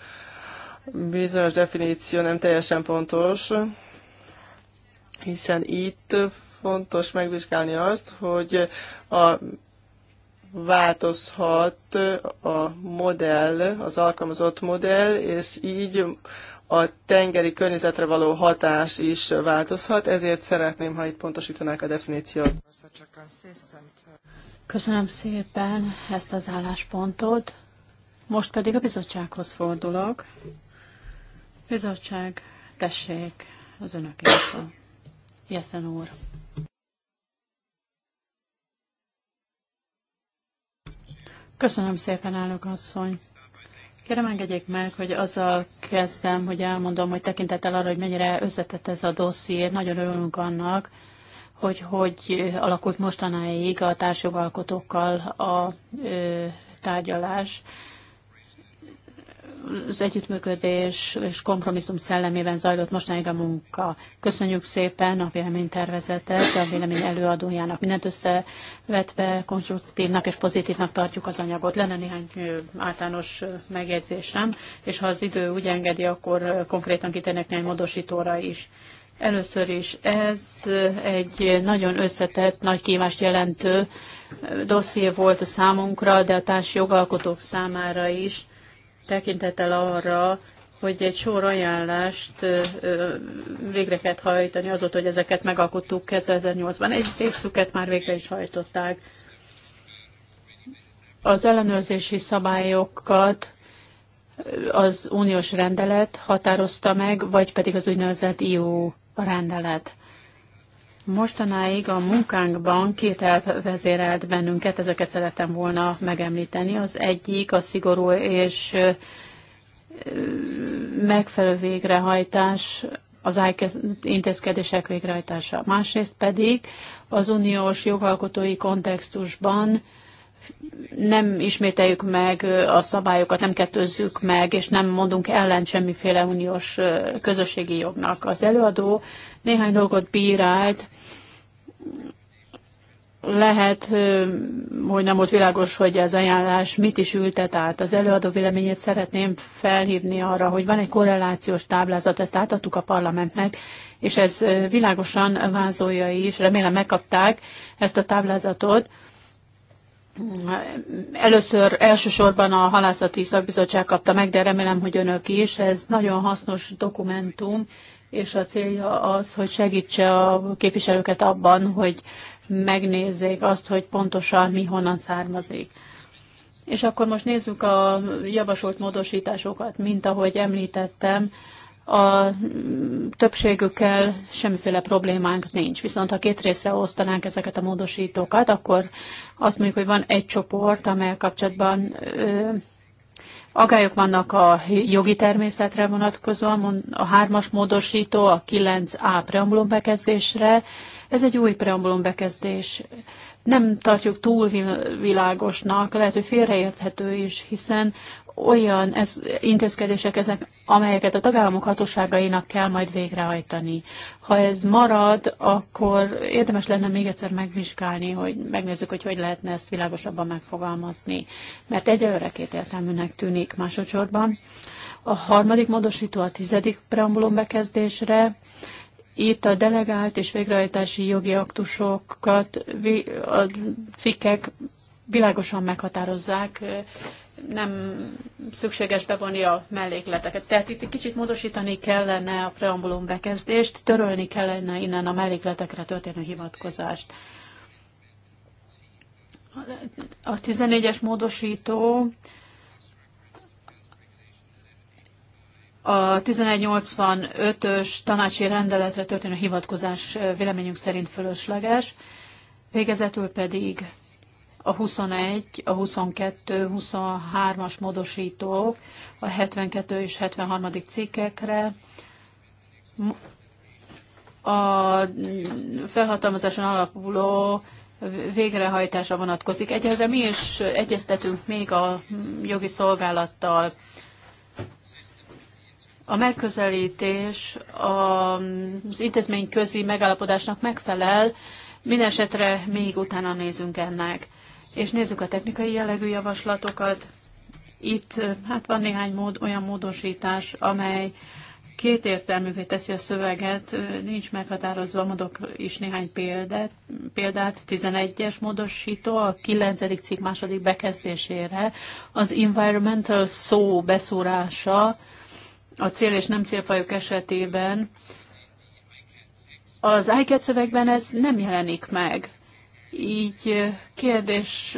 bizonyos definíció nem teljesen pontos, hiszen itt fontos megvizsgálni azt, hogy a változhat a modell, az alkalmazott modell, és így a tengeri környezetre való hatás is változhat, ezért szeretném, ha itt pontosítanák a definíciót. Köszönöm szépen ezt az álláspontot. Most pedig a bizottsághoz fordulok. Bizottság, tessék, az önök szó. Jeszen úr. Köszönöm szépen, elnök asszony. Kérem, engedjék meg, hogy azzal kezdem, hogy elmondom, hogy tekintettel arra, hogy mennyire összetett ez a dosszié, nagyon örülünk annak, hogy hogy alakult mostanáig a társjogalkotókkal a ö, tárgyalás az együttműködés és kompromisszum szellemében zajlott mostanáig a munka. Köszönjük szépen a véleménytervezetet, a vélemény előadójának mindent összevetve konstruktívnak és pozitívnak tartjuk az anyagot. Lenne néhány általános megjegyzésem, és ha az idő úgy engedi, akkor konkrétan kitennek néhány módosítóra is. Először is ez egy nagyon összetett, nagy kívást jelentő dosszié volt a számunkra, de a társ jogalkotók számára is tekintettel arra, hogy egy sor ajánlást végre kellett hajtani azóta, hogy ezeket megalkottuk 2008-ban. Egy részüket már végre is hajtották. Az ellenőrzési szabályokat az uniós rendelet határozta meg, vagy pedig az úgynevezett EU rendelet. Mostanáig a munkánkban két elv vezérelt bennünket, ezeket szerettem volna megemlíteni. Az egyik a szigorú és megfelelő végrehajtás, az intézkedések végrehajtása. Másrészt pedig az uniós jogalkotói kontextusban nem ismételjük meg a szabályokat, nem kettőzzük meg, és nem mondunk ellen semmiféle uniós közösségi jognak. Az előadó néhány dolgot bírált, lehet, hogy nem volt világos, hogy az ajánlás mit is ültet át. Az előadó véleményét szeretném felhívni arra, hogy van egy korrelációs táblázat, ezt átadtuk a parlamentnek, és ez világosan vázolja is, remélem megkapták ezt a táblázatot. Először elsősorban a halászati szakbizottság kapta meg, de remélem, hogy önök is. Ez nagyon hasznos dokumentum, és a célja az, hogy segítse a képviselőket abban, hogy megnézzék azt, hogy pontosan mi honnan származik. És akkor most nézzük a javasolt módosításokat, mint ahogy említettem, a többségükkel semmiféle problémánk nincs. Viszont ha két részre osztanánk ezeket a módosítókat, akkor azt mondjuk, hogy van egy csoport, amely kapcsolatban Agályok vannak a jogi természetre vonatkozóan, a hármas módosító, a 9A preambulum bekezdésre. Ez egy új preambulum bekezdés. Nem tartjuk túl világosnak, lehet, hogy félreérthető is, hiszen olyan ez, intézkedések ezek, amelyeket a tagállamok hatóságainak kell majd végrehajtani. Ha ez marad, akkor érdemes lenne még egyszer megvizsgálni, hogy megnézzük, hogy hogy lehetne ezt világosabban megfogalmazni. Mert egyelőre kétértelműnek tűnik másodszorban. A harmadik módosító a tizedik preambulum bekezdésre. Itt a delegált és végrehajtási jogi aktusokat a cikkek világosan meghatározzák, nem szükséges bevonni a mellékleteket. Tehát itt egy kicsit módosítani kellene a preambulum bekezdést, törölni kellene innen a mellékletekre történő hivatkozást. A 14-es módosító a 1185-ös tanácsi rendeletre történő hivatkozás eh, véleményünk szerint fölösleges, végezetül pedig a 21, a 22, 23-as módosítók, a 72 és 73. cikkekre, a felhatalmazáson alapuló végrehajtásra vonatkozik. Egyelőre mi is egyeztetünk még a jogi szolgálattal. A megközelítés az intézmény megállapodásnak megfelel, esetre még utána nézünk ennek és nézzük a technikai jellegű javaslatokat. Itt hát van néhány mód, olyan módosítás, amely két értelművé teszi a szöveget, nincs meghatározva, mondok is néhány példát, példát 11-es módosító a 9. cikk második bekezdésére, az environmental szó beszúrása a cél és nem célfajok esetében, az ICAT e szövegben ez nem jelenik meg. Így kérdés,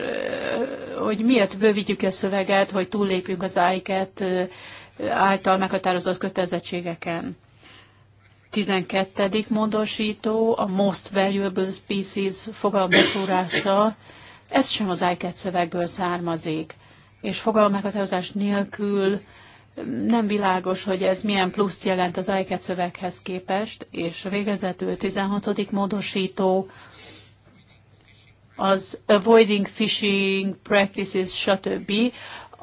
hogy miért bővítjük a szöveget, hogy túllépjünk az AIKET által meghatározott kötelezettségeken. 12. módosító, a Most Valuable Species fogalmazása, ez sem az ICAT szövegből származik, és fogalmazás nélkül nem világos, hogy ez milyen pluszt jelent az ICAT szöveghez képest, és végezetül 16. módosító, az avoiding fishing practices, stb.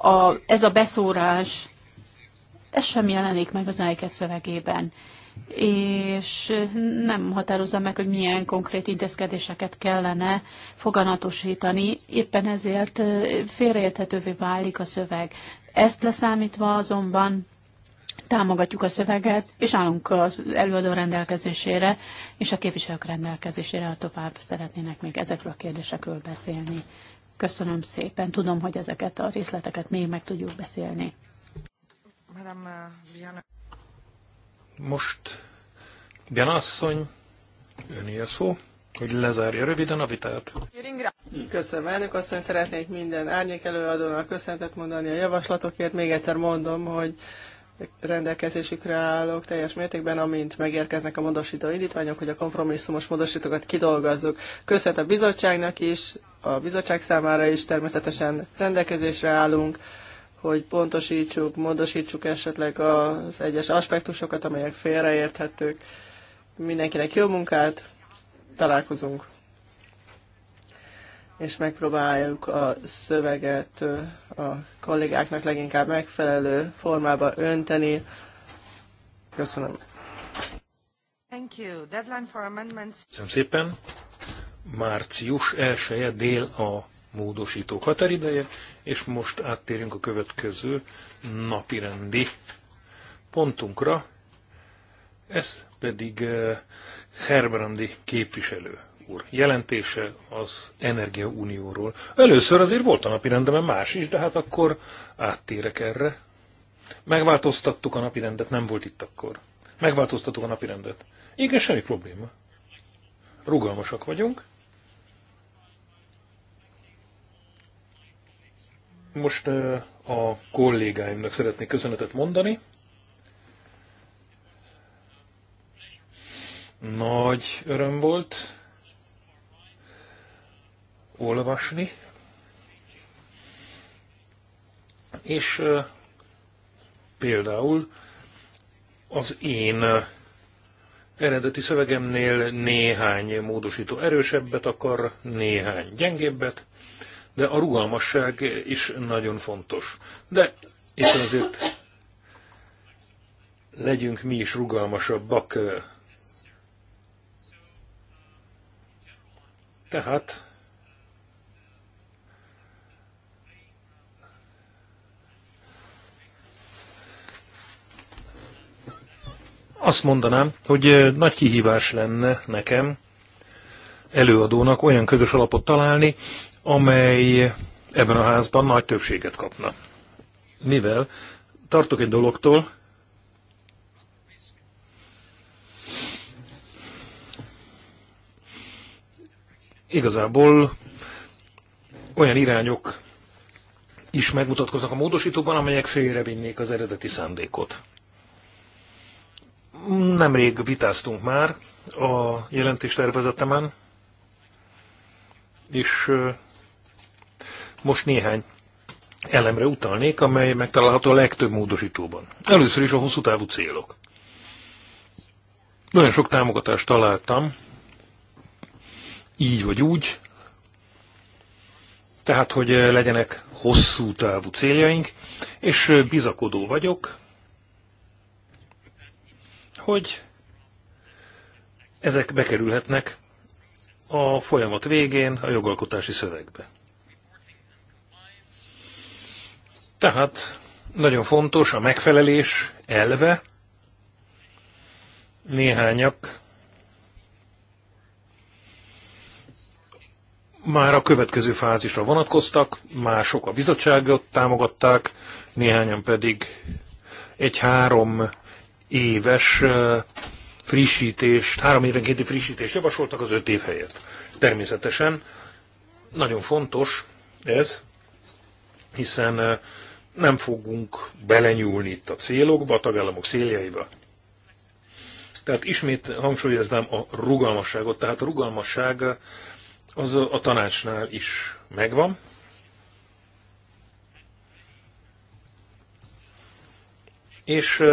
A, ez a beszórás, ez sem jelenik meg az ICAT szövegében és nem határozza meg, hogy milyen konkrét intézkedéseket kellene foganatosítani, éppen ezért félreérthetővé válik a szöveg. Ezt leszámítva azonban támogatjuk a szöveget, és állunk az előadó rendelkezésére, és a képviselők rendelkezésére, ha tovább szeretnének még ezekről a kérdésekről beszélni. Köszönöm szépen, tudom, hogy ezeket a részleteket még meg tudjuk beszélni. Most Diana asszony, öné a szó, hogy lezárja röviden a vitát. Köszönöm, elnök asszony, szeretnék minden árnyék előadónak köszöntet mondani a javaslatokért. Még egyszer mondom, hogy rendelkezésükre állok teljes mértékben, amint megérkeznek a módosító indítványok, hogy a kompromisszumos módosítókat kidolgozzuk. Köszönet a bizottságnak is, a bizottság számára is természetesen rendelkezésre állunk, hogy pontosítsuk, módosítsuk esetleg az egyes aspektusokat, amelyek félreérthetők. Mindenkinek jó munkát, találkozunk! és megpróbáljuk a szöveget a kollégáknak leginkább megfelelő formába önteni. Köszönöm. Thank you. Deadline for amendments. Köszönöm szépen. Március 1 -e dél a módosító határideje, és most áttérünk a következő napirendi pontunkra, ez pedig Herbrandi képviselő úr jelentése az Energiaunióról. Először azért volt a napirendemen más is, de hát akkor áttérek erre. Megváltoztattuk a napirendet, nem volt itt akkor. Megváltoztattuk a napirendet. Igen, semmi probléma. Rugalmasak vagyunk. Most eh, a kollégáimnak szeretnék köszönetet mondani. Nagy öröm volt olvasni, és például az én eredeti szövegemnél néhány módosító erősebbet akar, néhány gyengébbet, de a rugalmasság is nagyon fontos. De éppen azért legyünk mi is rugalmasabbak. Tehát azt mondanám, hogy nagy kihívás lenne nekem előadónak olyan közös alapot találni, amely ebben a házban nagy többséget kapna. Mivel tartok egy dologtól, igazából olyan irányok is megmutatkoznak a módosítóban, amelyek félrevinnék az eredeti szándékot. Nemrég vitáztunk már a jelentéstervezetemen, és most néhány elemre utalnék, amely megtalálható a legtöbb módosítóban. Először is a hosszú távú célok. Nagyon sok támogatást találtam, így vagy úgy, tehát, hogy legyenek hosszú távú céljaink, és bizakodó vagyok, hogy ezek bekerülhetnek a folyamat végén a jogalkotási szövegbe. Tehát nagyon fontos a megfelelés elve. Néhányak már a következő fázisra vonatkoztak, mások a bizottságot támogatták, néhányan pedig egy három éves frissítést, három évenkénti frissítést javasoltak az öt év helyett. Természetesen nagyon fontos ez, hiszen nem fogunk belenyúlni itt a célokba, a tagállamok céljaiba. Tehát ismét hangsúlyoznám a rugalmasságot. Tehát a rugalmasság az a tanácsnál is megvan. És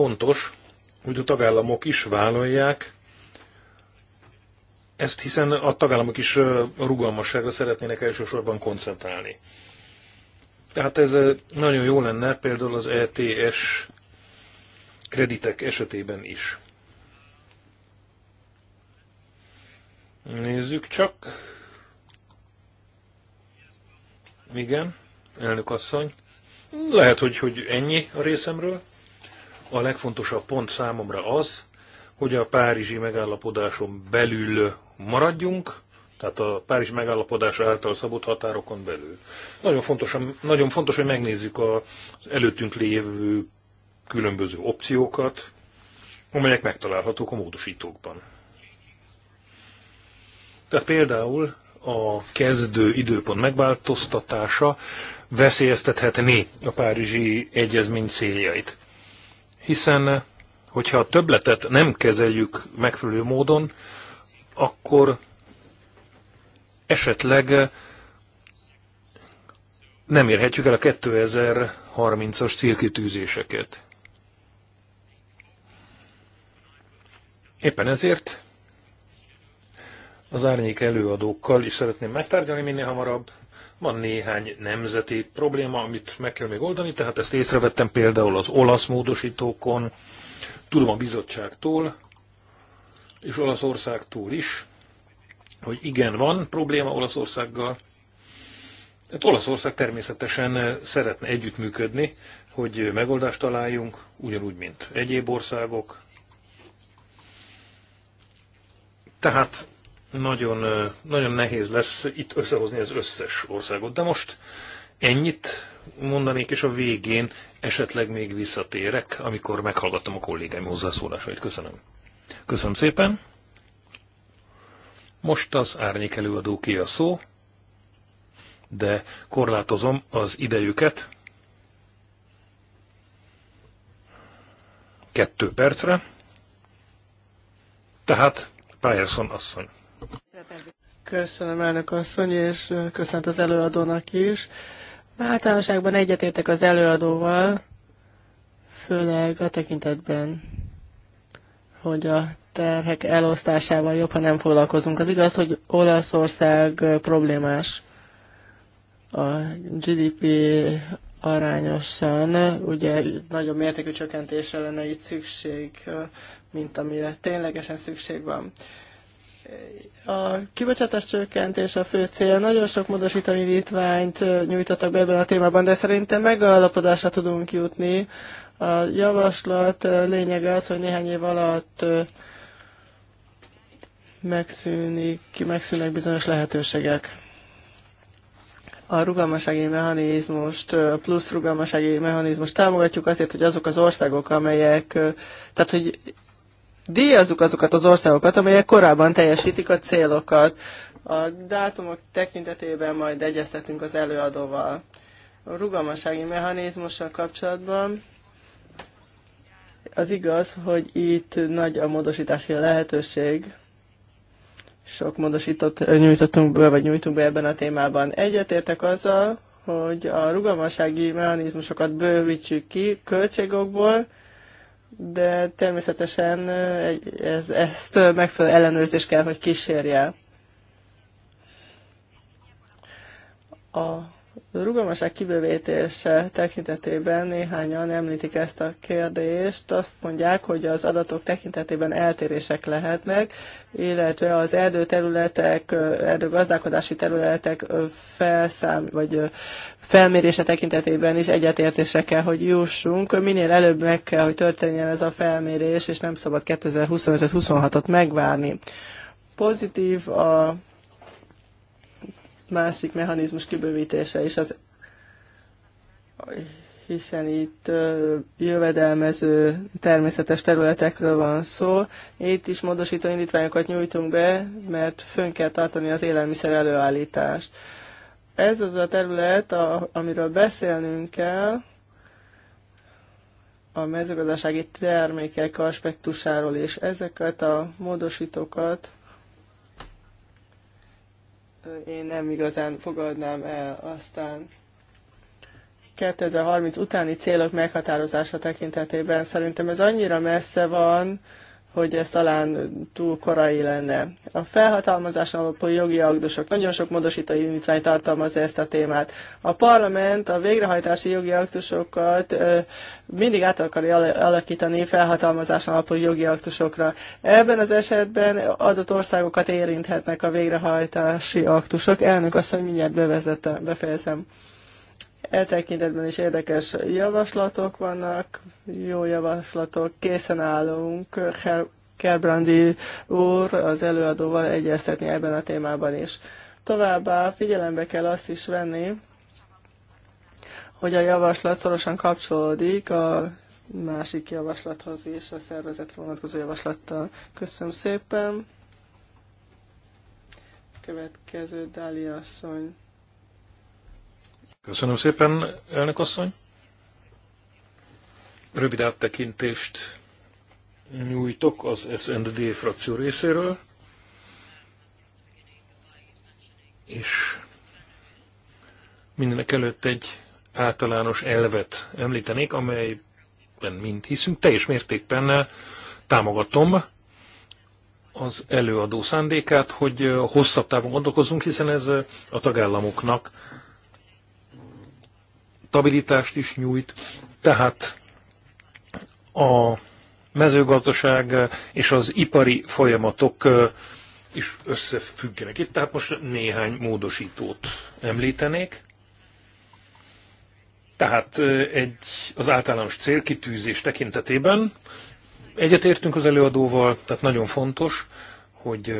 fontos, hogy a tagállamok is vállalják ezt, hiszen a tagállamok is a rugalmasságra szeretnének elsősorban koncentrálni. Tehát ez nagyon jó lenne például az ETS kreditek esetében is. Nézzük csak. Igen, elnök asszony. Lehet, hogy, hogy ennyi a részemről a legfontosabb pont számomra az, hogy a párizsi megállapodáson belül maradjunk, tehát a párizsi megállapodás által szabott határokon belül. Nagyon fontos, nagyon fontos hogy megnézzük az előttünk lévő különböző opciókat, amelyek megtalálhatók a módosítókban. Tehát például a kezdő időpont megváltoztatása veszélyeztethetné a Párizsi Egyezmény céljait hiszen hogyha a többletet nem kezeljük megfelelő módon, akkor esetleg nem érhetjük el a 2030-as célkitűzéseket. Éppen ezért az árnyék előadókkal is szeretném megtárgyalni minél hamarabb, van néhány nemzeti probléma, amit meg kell még oldani, tehát ezt észrevettem például az olasz módosítókon, tudom a bizottságtól, és Olaszországtól is, hogy igen, van probléma Olaszországgal. Hát Olaszország természetesen szeretne együttműködni, hogy megoldást találjunk, ugyanúgy, mint egyéb országok. Tehát nagyon, nagyon nehéz lesz itt összehozni az összes országot, de most ennyit mondanék, és a végén esetleg még visszatérek, amikor meghallgattam a kollégáim hozzászólásait. Köszönöm. Köszönöm szépen. Most az árnyék előadó ki a szó, de korlátozom az idejüket kettő percre. Tehát Pályerson asszony. Köszönöm elnök asszony, és köszönt az előadónak is. Általánosságban egyetértek az előadóval, főleg a tekintetben, hogy a terhek elosztásával jobb, ha nem foglalkozunk. Az igaz, hogy Olaszország problémás a GDP arányosan, ugye nagyobb mértékű csökkentésre lenne itt szükség, mint amire ténylegesen szükség van. A kibocsátás csökkentés a fő cél. Nagyon sok módosító indítványt nyújtottak be ebben a témában, de szerintem megállapodásra tudunk jutni. A javaslat lényege az, hogy néhány év alatt megszűnik, megszűnnek bizonyos lehetőségek. A rugalmasági mechanizmust, plusz rugalmasági mechanizmust támogatjuk azért, hogy azok az országok, amelyek, tehát hogy díjazzuk azokat az országokat, amelyek korábban teljesítik a célokat. A dátumok tekintetében majd egyeztetünk az előadóval. A rugalmassági mechanizmussal kapcsolatban az igaz, hogy itt nagy a módosítási lehetőség. Sok módosított nyújtottunk be, vagy nyújtunk be ebben a témában. Egyetértek azzal, hogy a rugalmassági mechanizmusokat bővítsük ki költségokból, de természetesen ez, ezt megfelelő ellenőrzés kell, hogy kísérje. A rugalmaság kibővítése tekintetében néhányan említik ezt a kérdést. Azt mondják, hogy az adatok tekintetében eltérések lehetnek, illetve az erdőterületek, erdőgazdálkodási területek felszám, vagy felmérése tekintetében is egyetértésre kell, hogy jussunk. Minél előbb meg kell, hogy történjen ez a felmérés, és nem szabad 2025-26-ot megvárni. Pozitív a másik mechanizmus kibővítése is, az, hiszen itt jövedelmező természetes területekről van szó. Itt is módosító indítványokat nyújtunk be, mert fönn kell tartani az élelmiszer előállítást. Ez az a terület, a, amiről beszélnünk kell, a mezőgazdasági termékek aspektusáról, és ezeket a módosítókat én nem igazán fogadnám el. Aztán 2030 utáni célok meghatározása tekintetében szerintem ez annyira messze van, hogy ez talán túl korai lenne. A felhatalmazás alapú jogi aktusok nagyon sok módosítói indítvány tartalmazza ezt a témát. A parlament a végrehajtási jogi aktusokat mindig át akarja alakítani felhatalmazás alapú jogi aktusokra. Ebben az esetben adott országokat érinthetnek a végrehajtási aktusok. Elnök hogy mindjárt bevezette, befejezem. E tekintetben is érdekes javaslatok vannak, jó javaslatok, készen állunk Kerbrandi úr az előadóval egyeztetni ebben a témában is. Továbbá figyelembe kell azt is venni, hogy a javaslat szorosan kapcsolódik a másik javaslathoz és a szervezet vonatkozó javaslattal. Köszönöm szépen. Következő Dália asszony. Köszönöm szépen, elnök asszony. Rövid áttekintést nyújtok az SND frakció részéről, és mindenek előtt egy általános elvet említenék, amelyben mind hiszünk. Teljes mértékben támogatom az előadó szándékát, hogy hosszabb távon gondolkozzunk, hiszen ez a tagállamoknak stabilitást is nyújt, tehát a mezőgazdaság és az ipari folyamatok is összefüggenek. Itt tehát most néhány módosítót említenék. Tehát egy, az általános célkitűzés tekintetében egyetértünk az előadóval, tehát nagyon fontos, hogy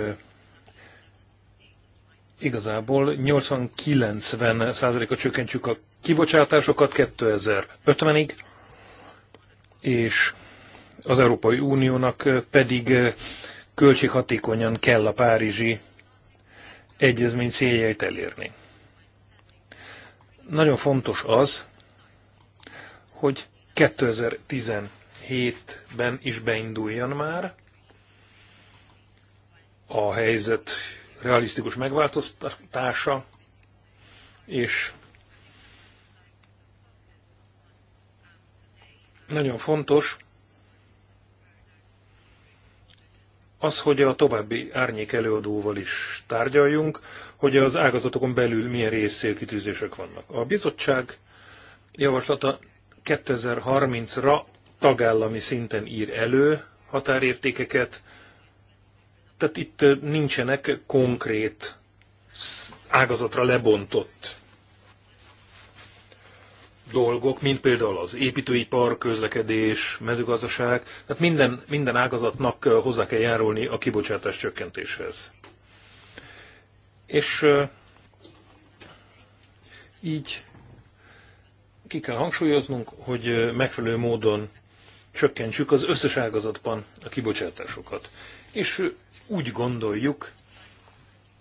igazából 80-90 százaléka csökkentjük a kibocsátásokat 2050-ig, és az Európai Uniónak pedig költséghatékonyan kell a Párizsi egyezmény céljait elérni. Nagyon fontos az, hogy 2017-ben is beinduljon már a helyzet realisztikus megváltoztatása, és nagyon fontos az, hogy a további árnyék előadóval is tárgyaljunk, hogy az ágazatokon belül milyen részszélkitűzések vannak. A bizottság javaslata 2030-ra tagállami szinten ír elő határértékeket, tehát itt nincsenek konkrét ágazatra lebontott dolgok, mint például az építőipar, közlekedés, mezőgazdaság, tehát minden, minden ágazatnak hozzá kell járulni a kibocsátás csökkentéshez. És így ki kell hangsúlyoznunk, hogy megfelelő módon csökkentsük az összes ágazatban a kibocsátásokat és úgy gondoljuk,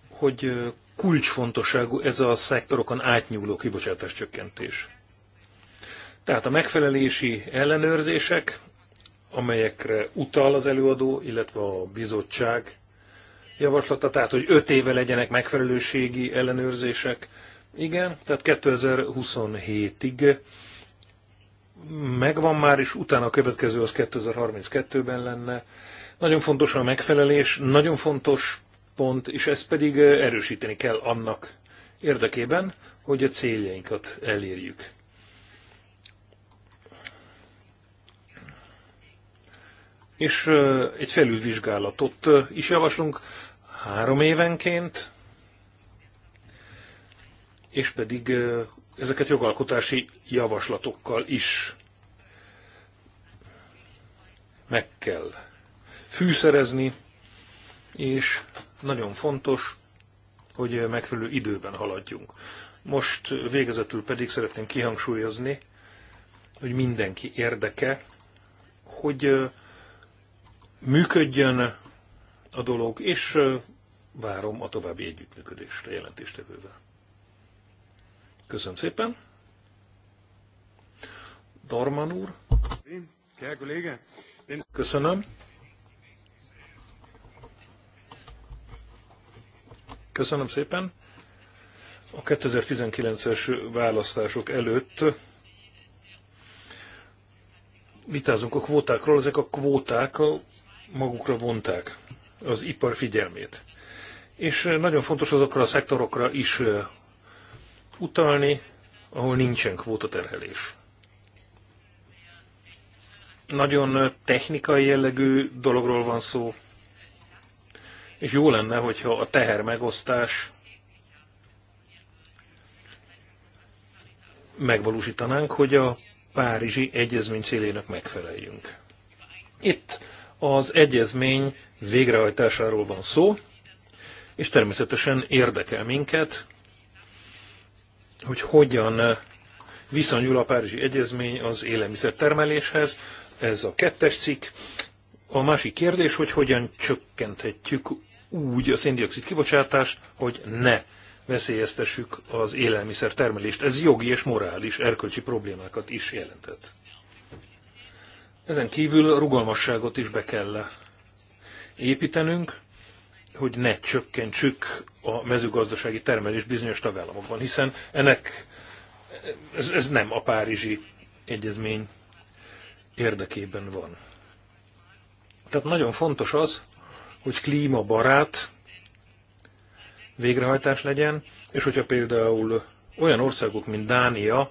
hogy kulcsfontosságú ez a szektorokon átnyúló kibocsátás csökkentés. Tehát a megfelelési ellenőrzések, amelyekre utal az előadó, illetve a bizottság javaslata, tehát hogy öt éve legyenek megfelelőségi ellenőrzések. Igen, tehát 2027-ig megvan már, és utána a következő az 2032-ben lenne, nagyon fontos a megfelelés, nagyon fontos pont, és ezt pedig erősíteni kell annak érdekében, hogy a céljainkat elérjük. És egy felülvizsgálatot is javaslunk három évenként, és pedig ezeket jogalkotási javaslatokkal is meg kell fűszerezni, és nagyon fontos, hogy megfelelő időben haladjunk. Most végezetül pedig szeretném kihangsúlyozni, hogy mindenki érdeke, hogy működjön a dolog, és várom a további együttműködést a jelentéstevővel. Köszönöm szépen. Dorman úr. Köszönöm. Köszönöm szépen. A 2019-es választások előtt vitázunk a kvótákról, ezek a kvóták magukra vonták az ipar figyelmét. És nagyon fontos azokra a szektorokra is utalni, ahol nincsen kvótaterhelés. Nagyon technikai jellegű dologról van szó, és jó lenne, hogyha a teher megosztás megvalósítanánk, hogy a Párizsi Egyezmény célének megfeleljünk. Itt az egyezmény végrehajtásáról van szó, és természetesen érdekel minket, hogy hogyan viszonyul a Párizsi Egyezmény az élelmiszertermeléshez, ez a kettes cikk. A másik kérdés, hogy hogyan csökkenthetjük úgy a széndiokszid kibocsátást, hogy ne veszélyeztessük az élelmiszer termelést. Ez jogi és morális erkölcsi problémákat is jelentett. Ezen kívül rugalmasságot is be kell építenünk, hogy ne csökkentsük a mezőgazdasági termelés bizonyos tagállamokban, hiszen ennek ez, ez nem a Párizsi Egyezmény érdekében van. Tehát nagyon fontos az, hogy klímabarát végrehajtás legyen, és hogyha például olyan országok, mint Dánia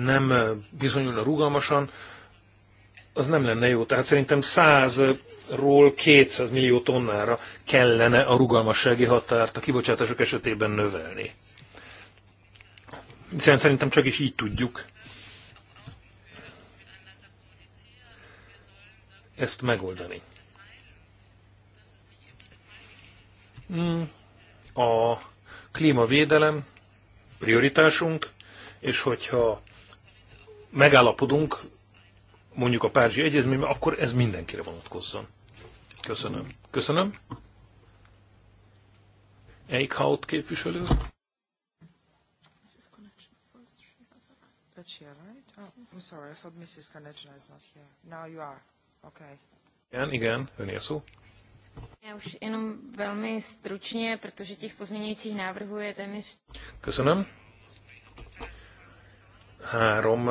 nem bizonyulna rugalmasan, az nem lenne jó. Tehát szerintem 100-ról 200 millió tonnára kellene a rugalmassági határt a kibocsátások esetében növelni. szerintem csak is így tudjuk ezt megoldani. Hmm. A klímavédelem prioritásunk, és hogyha megállapodunk mondjuk a Párizsi Egyezményben, akkor ez mindenkire vonatkozzon. Köszönöm. Köszönöm. Eichhaut képviselő. But she arrived? Oh, I'm sorry, I thought Mrs. Connection is not here. Now you are. Okay. Igen, igen, ön a szó. Já už jenom velmi stručně, protože těch pozměňujících návrhů je téměř... Köszönöm. Három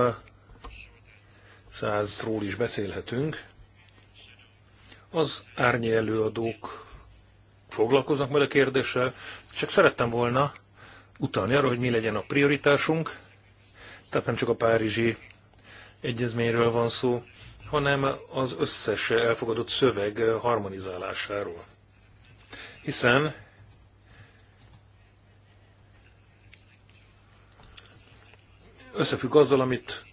százról is beszélhetünk. Az árnyi előadók foglalkoznak majd a kérdéssel, csak szerettem volna utalni arra, hogy mi legyen a prioritásunk, tehát nem csak a párizsi egyezményről van szó, hanem az összes elfogadott szöveg harmonizálásáról. Hiszen összefügg azzal, amit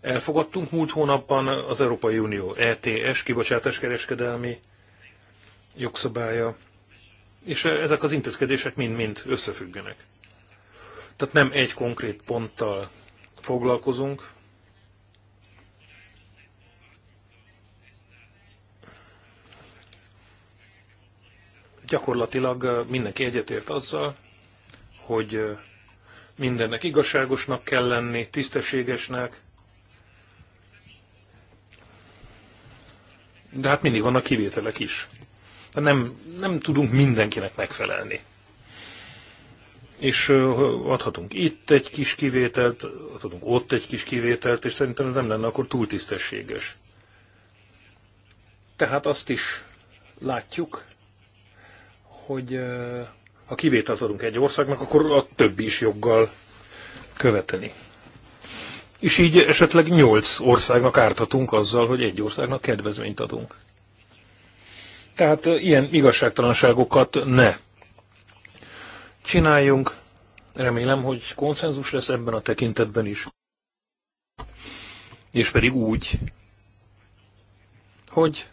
elfogadtunk múlt hónapban az Európai Unió ETS, kibocsátáskereskedelmi jogszabálya, és ezek az intézkedések mind-mind összefüggenek. Tehát nem egy konkrét ponttal foglalkozunk, gyakorlatilag mindenki egyetért azzal, hogy mindennek igazságosnak kell lenni, tisztességesnek, de hát mindig vannak kivételek is. De nem, nem tudunk mindenkinek megfelelni. És adhatunk itt egy kis kivételt, adhatunk ott egy kis kivételt, és szerintem ez nem lenne akkor túl tisztességes. Tehát azt is látjuk, hogy ha kivételt adunk egy országnak, akkor a többi is joggal követeli. És így esetleg nyolc országnak ártatunk azzal, hogy egy országnak kedvezményt adunk. Tehát ilyen igazságtalanságokat ne csináljunk. Remélem, hogy konszenzus lesz ebben a tekintetben is. És pedig úgy, hogy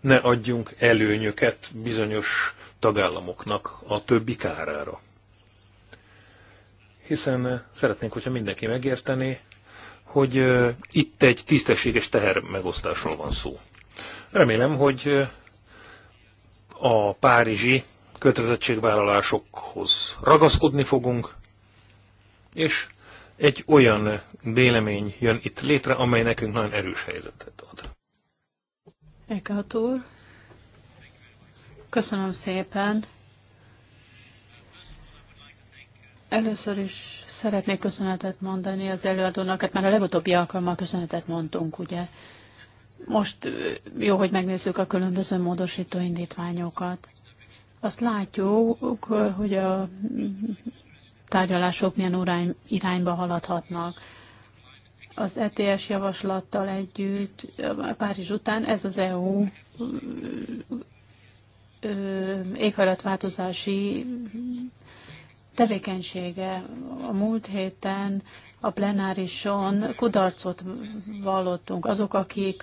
ne adjunk előnyöket bizonyos tagállamoknak a többi kárára. Hiszen eh, szeretnénk, hogyha mindenki megértené, hogy eh, itt egy tisztességes teher megosztásról van szó. Remélem, hogy eh, a párizsi kötelezettségvállalásokhoz ragaszkodni fogunk, és egy olyan vélemény jön itt létre, amely nekünk nagyon erős helyzetet ad. Eckhout úr, köszönöm szépen. Először is szeretnék köszönetet mondani az előadónak, hát már a legutóbbi alkalommal köszönetet mondtunk, ugye. Most jó, hogy megnézzük a különböző módosító indítványokat. Azt látjuk, hogy a tárgyalások milyen irányba haladhatnak az ETS javaslattal együtt Párizs után ez az EU éghajlatváltozási tevékenysége. A múlt héten a plenárison kudarcot vallottunk. Azok, akik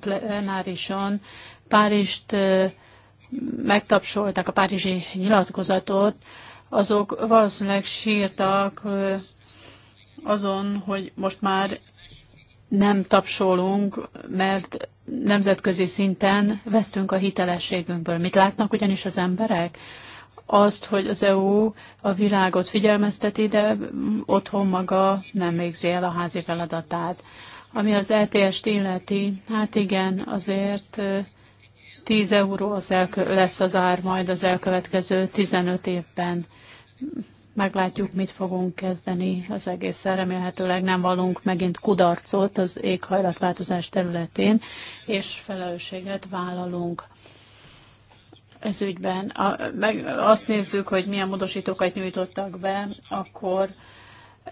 plenárison Párizst megtapsolták a párizsi nyilatkozatot, azok valószínűleg sírtak azon, hogy most már nem tapsolunk, mert nemzetközi szinten vesztünk a hitelességünkből. Mit látnak ugyanis az emberek? Azt, hogy az EU a világot figyelmezteti, de otthon maga nem végzi el a házi feladatát. Ami az ETS-t illeti, hát igen, azért 10 euró az elkö- lesz az ár majd az elkövetkező 15 évben meglátjuk, mit fogunk kezdeni az egészen. Remélhetőleg nem valunk megint kudarcot az éghajlatváltozás területén, és felelősséget vállalunk ez ügyben. A, meg azt nézzük, hogy milyen módosítókat nyújtottak be, akkor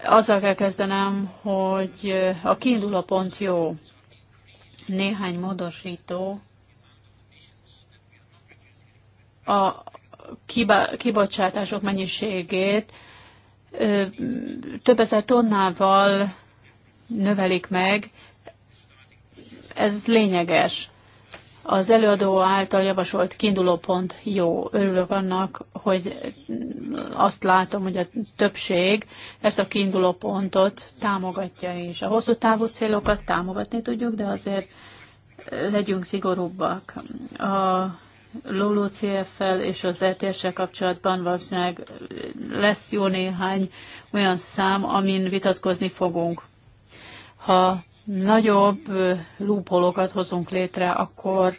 azzal kell kezdenem, hogy a kiinduló pont jó. Néhány módosító a, kibocsátások mennyiségét több ezer tonnával növelik meg. Ez lényeges. Az előadó által javasolt kiindulópont jó. Örülök annak, hogy azt látom, hogy a többség ezt a kiindulópontot támogatja is. A hosszú távú célokat támogatni tudjuk, de azért legyünk szigorúbbak. A LULUCF-fel és az ETS-sel kapcsolatban valószínűleg lesz jó néhány olyan szám, amin vitatkozni fogunk. Ha nagyobb lúpolókat hozunk létre, akkor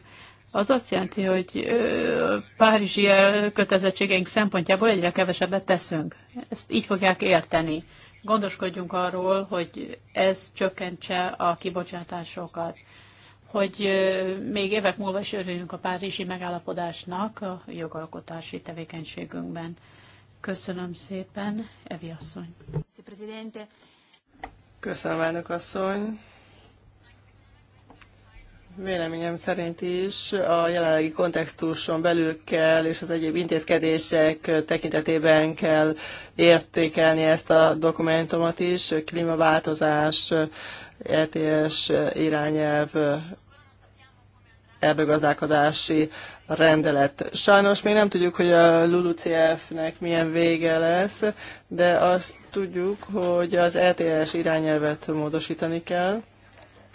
az azt jelenti, hogy párizsi kötelezettségeink szempontjából egyre kevesebbet teszünk. Ezt így fogják érteni. Gondoskodjunk arról, hogy ez csökkentse a kibocsátásokat hogy még évek múlva is örüljünk a párizsi megállapodásnak a jogalkotási tevékenységünkben. Köszönöm szépen, Evi asszony. Köszönöm, elnök asszony. Véleményem szerint is a jelenlegi kontextuson belül kell és az egyéb intézkedések tekintetében kell értékelni ezt a dokumentumot is, klímaváltozás, ETS irányelv, erdőgazdálkodási rendelet. Sajnos még nem tudjuk, hogy a LULUCF-nek milyen vége lesz, de azt tudjuk, hogy az ETS irányelvet módosítani kell.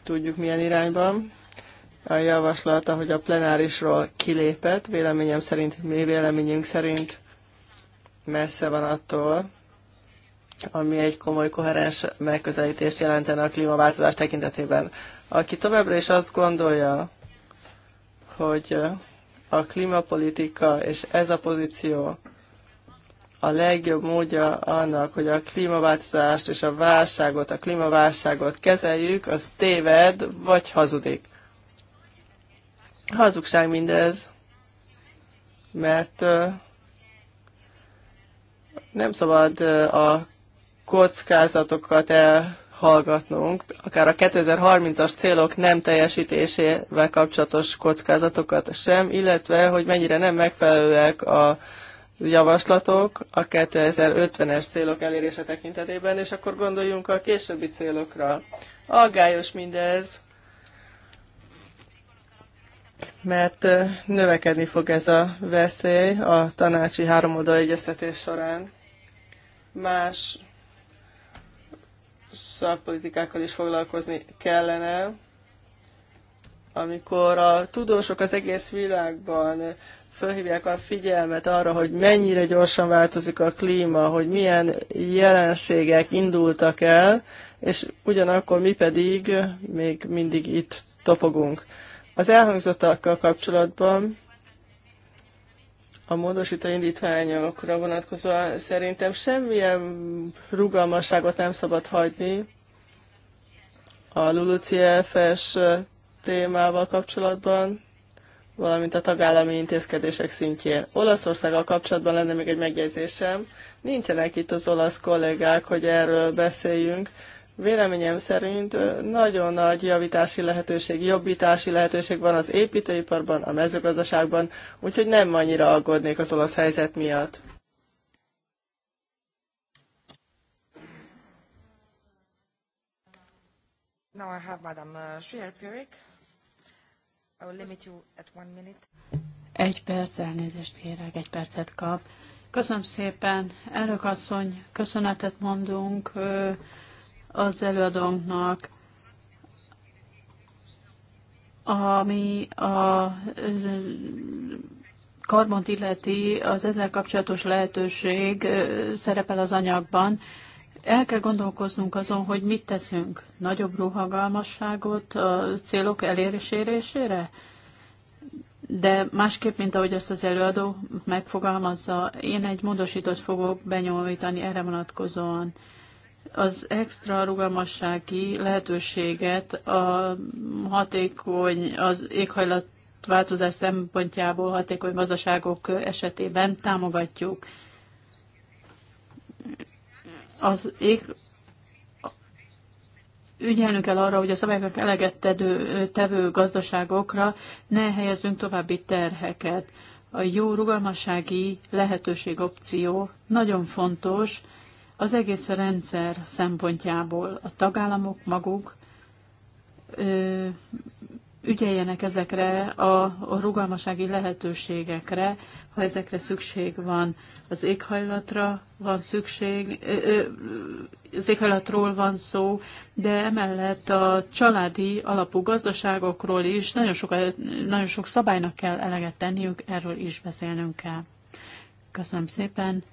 Tudjuk milyen irányban. A javaslat, hogy a plenárisról kilépett, véleményem szerint, mi véleményünk szerint messze van attól, ami egy komoly koherens megközelítést jelentene a klímaváltozás tekintetében. Aki továbbra is azt gondolja, hogy a klímapolitika és ez a pozíció a legjobb módja annak, hogy a klímaváltozást és a válságot, a klímaválságot kezeljük, az téved vagy hazudik. Hazugság mindez, mert nem szabad a kockázatokat elhallgatnunk, akár a 2030-as célok nem teljesítésével kapcsolatos kockázatokat sem, illetve hogy mennyire nem megfelelőek a javaslatok a 2050-es célok elérése tekintetében, és akkor gondoljunk a későbbi célokra. Aggályos mindez, mert növekedni fog ez a veszély a tanácsi háromoldal egyeztetés során. Más szakpolitikákkal is foglalkozni kellene. Amikor a tudósok az egész világban fölhívják a figyelmet arra, hogy mennyire gyorsan változik a klíma, hogy milyen jelenségek indultak el, és ugyanakkor mi pedig még mindig itt topogunk. Az elhangzottakkal kapcsolatban a módosító indítványokra vonatkozóan szerintem semmilyen rugalmasságot nem szabad hagyni a LULUCF-es témával kapcsolatban, valamint a tagállami intézkedések szintjén. Olaszországgal kapcsolatban lenne még egy megjegyzésem. Nincsenek itt az olasz kollégák, hogy erről beszéljünk, Véleményem szerint nagyon nagy javítási lehetőség, jobbítási lehetőség van az építőiparban, a mezőgazdaságban, úgyhogy nem annyira aggódnék az olasz helyzet miatt. Now I have Madame uh, I will limit you at one minute. Egy perc elnézést kérek, egy percet kap. Köszönöm szépen, elnök asszony, köszönetet mondunk az előadónknak, ami a karbont illeti, az ezzel kapcsolatos lehetőség szerepel az anyagban. El kell gondolkoznunk azon, hogy mit teszünk. Nagyobb ruhagalmasságot a célok elérésére? De másképp, mint ahogy ezt az előadó megfogalmazza, én egy módosítót fogok benyomítani erre vonatkozóan az extra rugalmassági lehetőséget a hatékony, az éghajlat változás szempontjából hatékony gazdaságok esetében támogatjuk. Az ég, ügyelnünk kell arra, hogy a szabályoknak eleget tedő, tevő gazdaságokra ne helyezzünk további terheket. A jó rugalmassági lehetőség opció nagyon fontos, az egész rendszer szempontjából a tagállamok maguk ö, ügyeljenek ezekre a, a rugalmasági lehetőségekre, ha ezekre szükség van. Az éghajlatra van szükség, ö, ö, az éghajlatról van szó, de emellett a családi alapú gazdaságokról is nagyon sok, nagyon sok szabálynak kell eleget tenniük, erről is beszélnünk kell. Köszönöm szépen!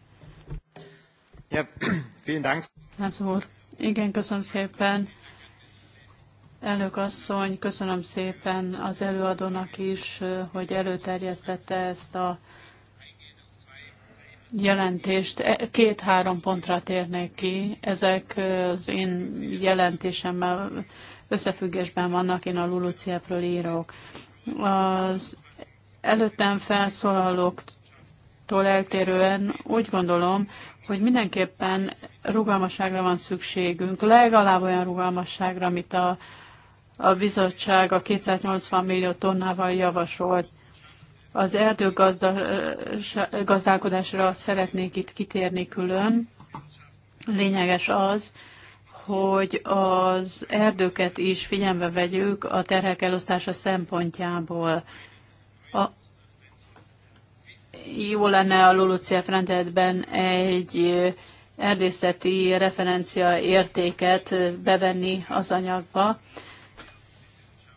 Ja, vielen Dank. úr. Igen, köszönöm szépen. Elnök asszony, köszönöm szépen az előadónak is, hogy előterjesztette ezt a jelentést. E, két-három pontra térnék ki. Ezek az én jelentésemmel összefüggésben vannak, én a Luluciepről írok. Az előttem felszólalóktól eltérően úgy gondolom, hogy mindenképpen rugalmasságra van szükségünk, legalább olyan rugalmasságra, amit a, a bizottság a 280 millió tonnával javasolt. Az erdőgazdálkodásra szeretnék itt kitérni külön. Lényeges az, hogy az erdőket is figyelembe vegyük a terhek elosztása szempontjából. A, jó lenne a Lulucia rendeletben egy erdészeti referencia értéket bevenni az anyagba.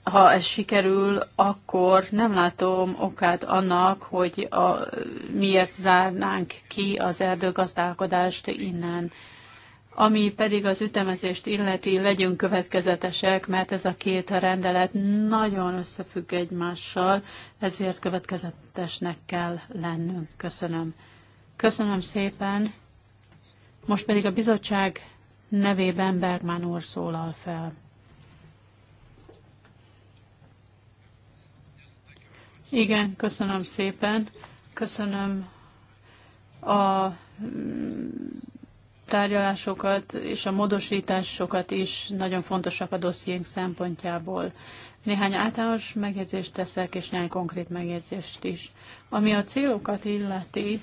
Ha ez sikerül, akkor nem látom okát annak, hogy a, miért zárnánk ki az erdőgazdálkodást innen. Ami pedig az ütemezést illeti, legyünk következetesek, mert ez a két rendelet nagyon összefügg egymással, ezért következetesnek kell lennünk. Köszönöm. Köszönöm szépen. Most pedig a bizottság nevében Bergman úr szólal fel. Igen, köszönöm szépen. Köszönöm a tárgyalásokat és a módosításokat is nagyon fontosak a dossziénk szempontjából. Néhány általános megjegyzést teszek, és néhány konkrét megjegyzést is. Ami a célokat illeti,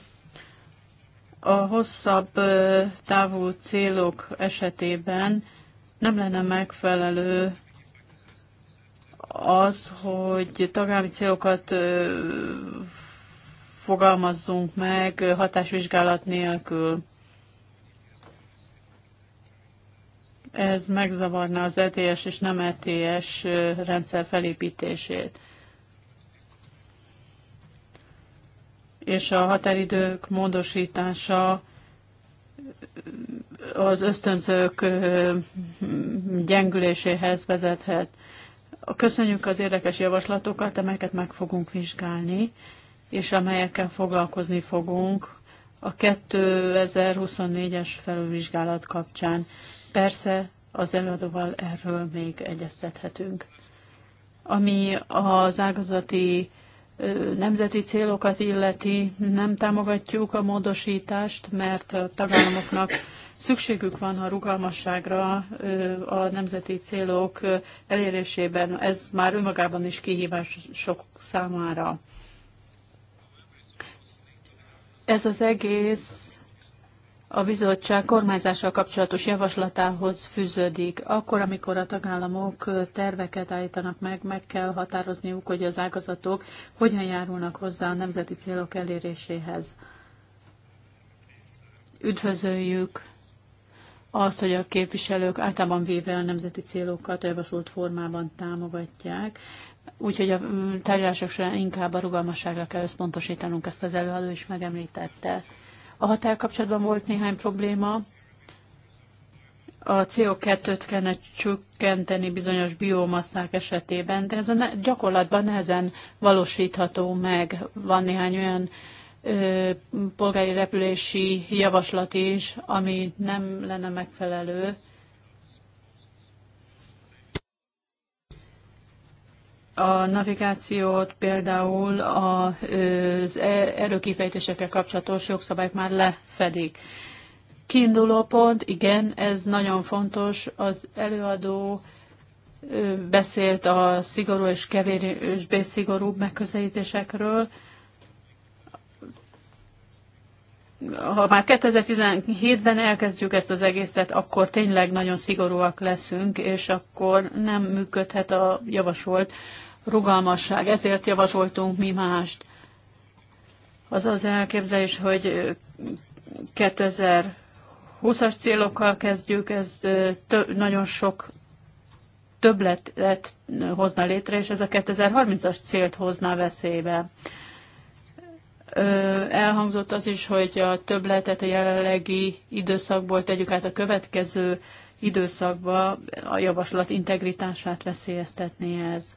a hosszabb távú célok esetében nem lenne megfelelő az, hogy tagállami célokat fogalmazzunk meg hatásvizsgálat nélkül. ez megzavarná az ETS és nem ETS rendszer felépítését. És a határidők módosítása az ösztönzők gyengüléséhez vezethet. Köszönjük az érdekes javaslatokat, amelyeket meg fogunk vizsgálni, és amelyekkel foglalkozni fogunk a 2024-es felülvizsgálat kapcsán. Persze az előadóval erről még egyeztethetünk. Ami az ágazati nemzeti célokat illeti, nem támogatjuk a módosítást, mert a tagállamoknak szükségük van a rugalmasságra a nemzeti célok elérésében. Ez már önmagában is kihívás sok számára. Ez az egész a bizottság kormányzással kapcsolatos javaslatához fűződik. Akkor, amikor a tagállamok terveket állítanak meg, meg kell határozniuk, hogy az ágazatok hogyan járulnak hozzá a nemzeti célok eléréséhez. Üdvözöljük azt, hogy a képviselők általában véve a nemzeti célokat javasolt formában támogatják, úgyhogy a mm, tárgyalások során inkább a rugalmasságra kell összpontosítanunk, ezt az előadó is megemlítette. A határ kapcsolatban volt néhány probléma. A CO2-t kellene csökkenteni bizonyos biomasszák esetében, de ez a ne- gyakorlatban nehezen valósítható meg. Van néhány olyan ö, polgári repülési javaslat is, ami nem lenne megfelelő a navigációt például az e- erőkifejtésekkel kapcsolatos jogszabályok már lefedik. Kiinduló pont, igen, ez nagyon fontos. Az előadó beszélt a szigorú és kevésbé szigorúbb megközelítésekről. Ha már 2017-ben elkezdjük ezt az egészet, akkor tényleg nagyon szigorúak leszünk, és akkor nem működhet a javasolt rugalmasság, ezért javasoltunk mi mást. Az az elképzelés, hogy 2020-as célokkal kezdjük, ez tö- nagyon sok többletet hozna létre, és ez a 2030-as célt hozna veszélybe. Elhangzott az is, hogy a többletet a jelenlegi időszakból tegyük át a következő időszakba, a javaslat integritását veszélyeztetné ez.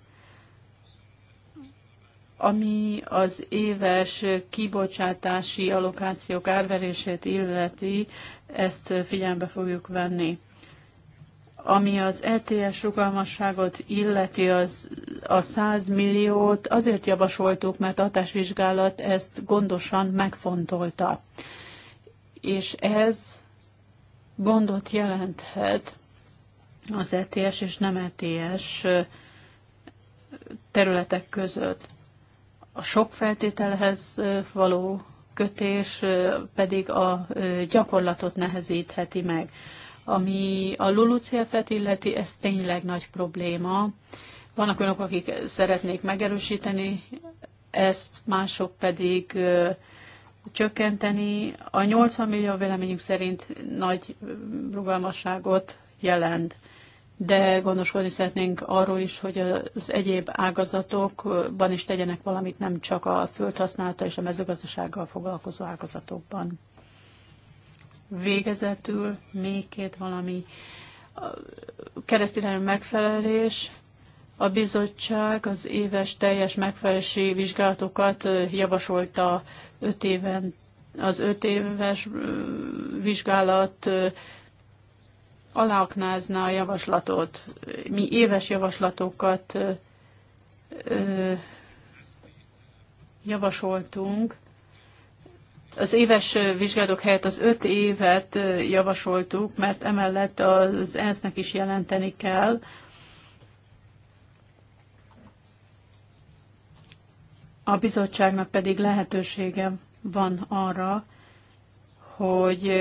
Ami az éves kibocsátási allokációk árverését illeti, ezt figyelembe fogjuk venni. Ami az ETS rugalmasságot illeti, az a 100 milliót azért javasoltuk, mert a hatásvizsgálat ezt gondosan megfontolta. És ez gondot jelenthet az ETS és nem ETS területek között. A sok feltételhez való kötés pedig a gyakorlatot nehezítheti meg. Ami a lulucf illeti, ez tényleg nagy probléma. Vannak olyanok, akik szeretnék megerősíteni ezt, mások pedig csökkenteni. A 80 millió véleményünk szerint nagy rugalmasságot jelent de gondoskodni szeretnénk arról is, hogy az egyéb ágazatokban is tegyenek valamit, nem csak a földhasználata és a mezőgazdasággal foglalkozó ágazatokban. Végezetül még két valami keresztirányú megfelelés. A bizottság az éves teljes megfelelési vizsgálatokat javasolta öt éven, az öt éves vizsgálat aláaknázná a javaslatot. Mi éves javaslatokat javasoltunk. Az éves vizsgálatok helyett az öt évet javasoltuk, mert emellett az ensz is jelenteni kell. A bizottságnak pedig lehetősége van arra, hogy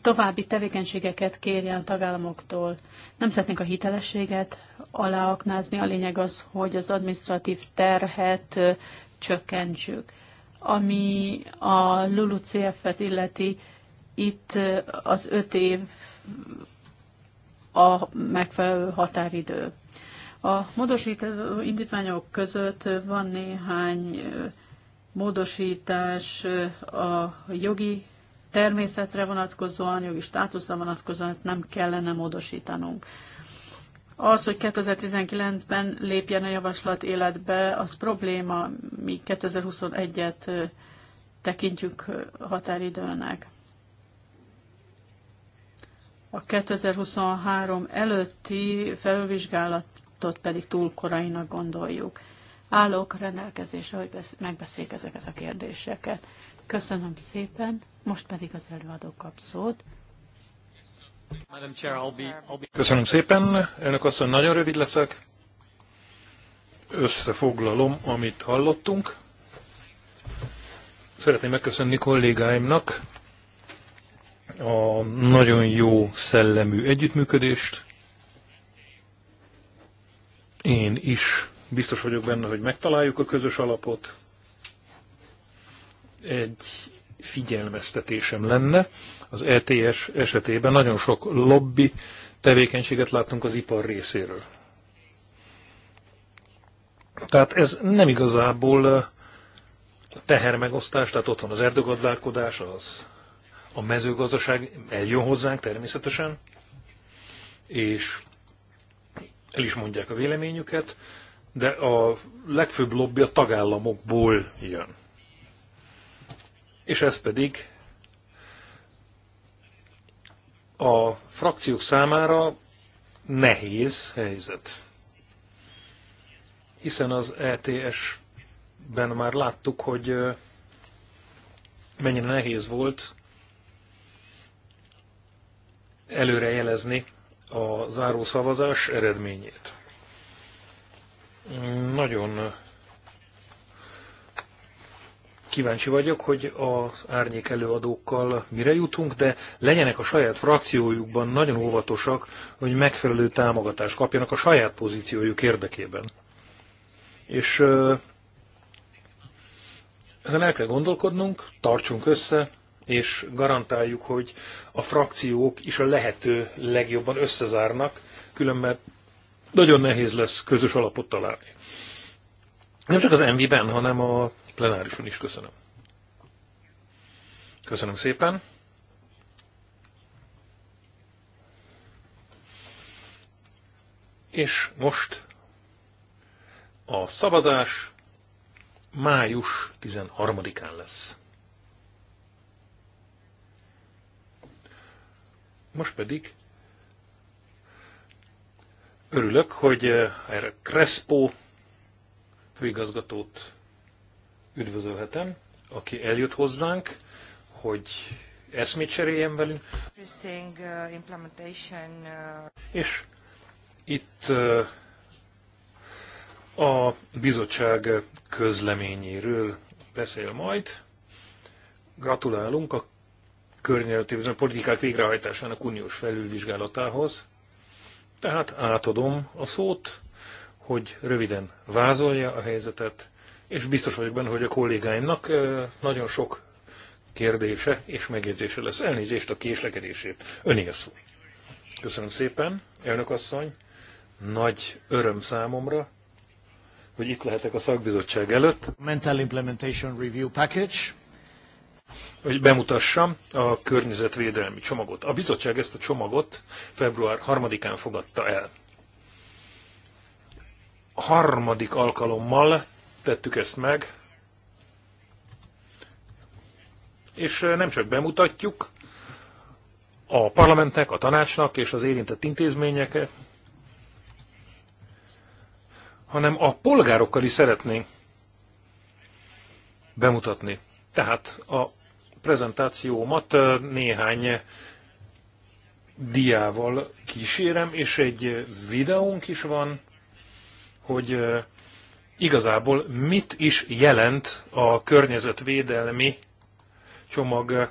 további tevékenységeket kérjen a tagállamoktól. Nem szeretnénk a hitelességet aláaknázni, a lényeg az, hogy az administratív terhet csökkentsük. Ami a LULUCF-et illeti, itt az öt év a megfelelő határidő. A módosító indítványok között van néhány módosítás a jogi természetre vonatkozóan, jogi státuszra vonatkozóan ezt nem kellene módosítanunk. Az, hogy 2019-ben lépjen a javaslat életbe, az probléma, mi 2021-et tekintjük határidőnek. A 2023 előtti felülvizsgálatot pedig túl korainak gondoljuk. Állok rendelkezésre, hogy megbeszéljük ezeket a kérdéseket. Köszönöm szépen! Most pedig az előadó kap szót. Köszönöm szépen, elnök asszony, nagyon rövid leszek. Összefoglalom, amit hallottunk. Szeretném megköszönni kollégáimnak a nagyon jó szellemű együttműködést. Én is biztos vagyok benne, hogy megtaláljuk a közös alapot. Egy figyelmeztetésem lenne. Az ETS esetében nagyon sok lobby tevékenységet láttunk az ipar részéről. Tehát ez nem igazából eh, tehermegosztás, tehát ott van az erdőgazdálkodás, az a mezőgazdaság eljön hozzánk természetesen, és el is mondják a véleményüket, de a legfőbb lobby a tagállamokból jön és ez pedig a frakciók számára nehéz helyzet. Hiszen az ETS-ben már láttuk, hogy mennyire nehéz volt előre jelezni a zárószavazás eredményét. Nagyon kíváncsi vagyok, hogy az árnyék előadókkal mire jutunk, de legyenek a saját frakciójukban nagyon óvatosak, hogy megfelelő támogatást kapjanak a saját pozíciójuk érdekében. És ezen el kell gondolkodnunk, tartsunk össze, és garantáljuk, hogy a frakciók is a lehető legjobban összezárnak, különben nagyon nehéz lesz közös alapot találni. Nem csak az Envi-ben, hanem a plenárison is köszönöm. Köszönöm szépen. És most a szavazás május 13-án lesz. Most pedig örülök, hogy eh, erre Crespo főigazgatót üdvözölhetem, aki eljött hozzánk, hogy eszmét cseréljen velünk. Uh, uh, És itt uh, a bizottság közleményéről beszél majd. Gratulálunk a környezetvédelmi politikák végrehajtásának uniós felülvizsgálatához. Tehát átadom a szót, hogy röviden vázolja a helyzetet, és biztos vagyok benne, hogy a kollégáimnak nagyon sok kérdése és megjegyzése lesz. Elnézést a késlekedésért. Öné a szó. Köszönöm szépen, elnök asszony. Nagy öröm számomra, hogy itt lehetek a szakbizottság előtt. Mental Implementation Review Package. Hogy bemutassam a környezetvédelmi csomagot. A bizottság ezt a csomagot február 3-án fogadta el. Harmadik alkalommal tettük ezt meg, és nem csak bemutatjuk a parlamentnek, a tanácsnak és az érintett intézményeket, hanem a polgárokkal is szeretnénk bemutatni. Tehát a prezentációmat néhány diával kísérem, és egy videónk is van, hogy igazából mit is jelent a környezetvédelmi csomag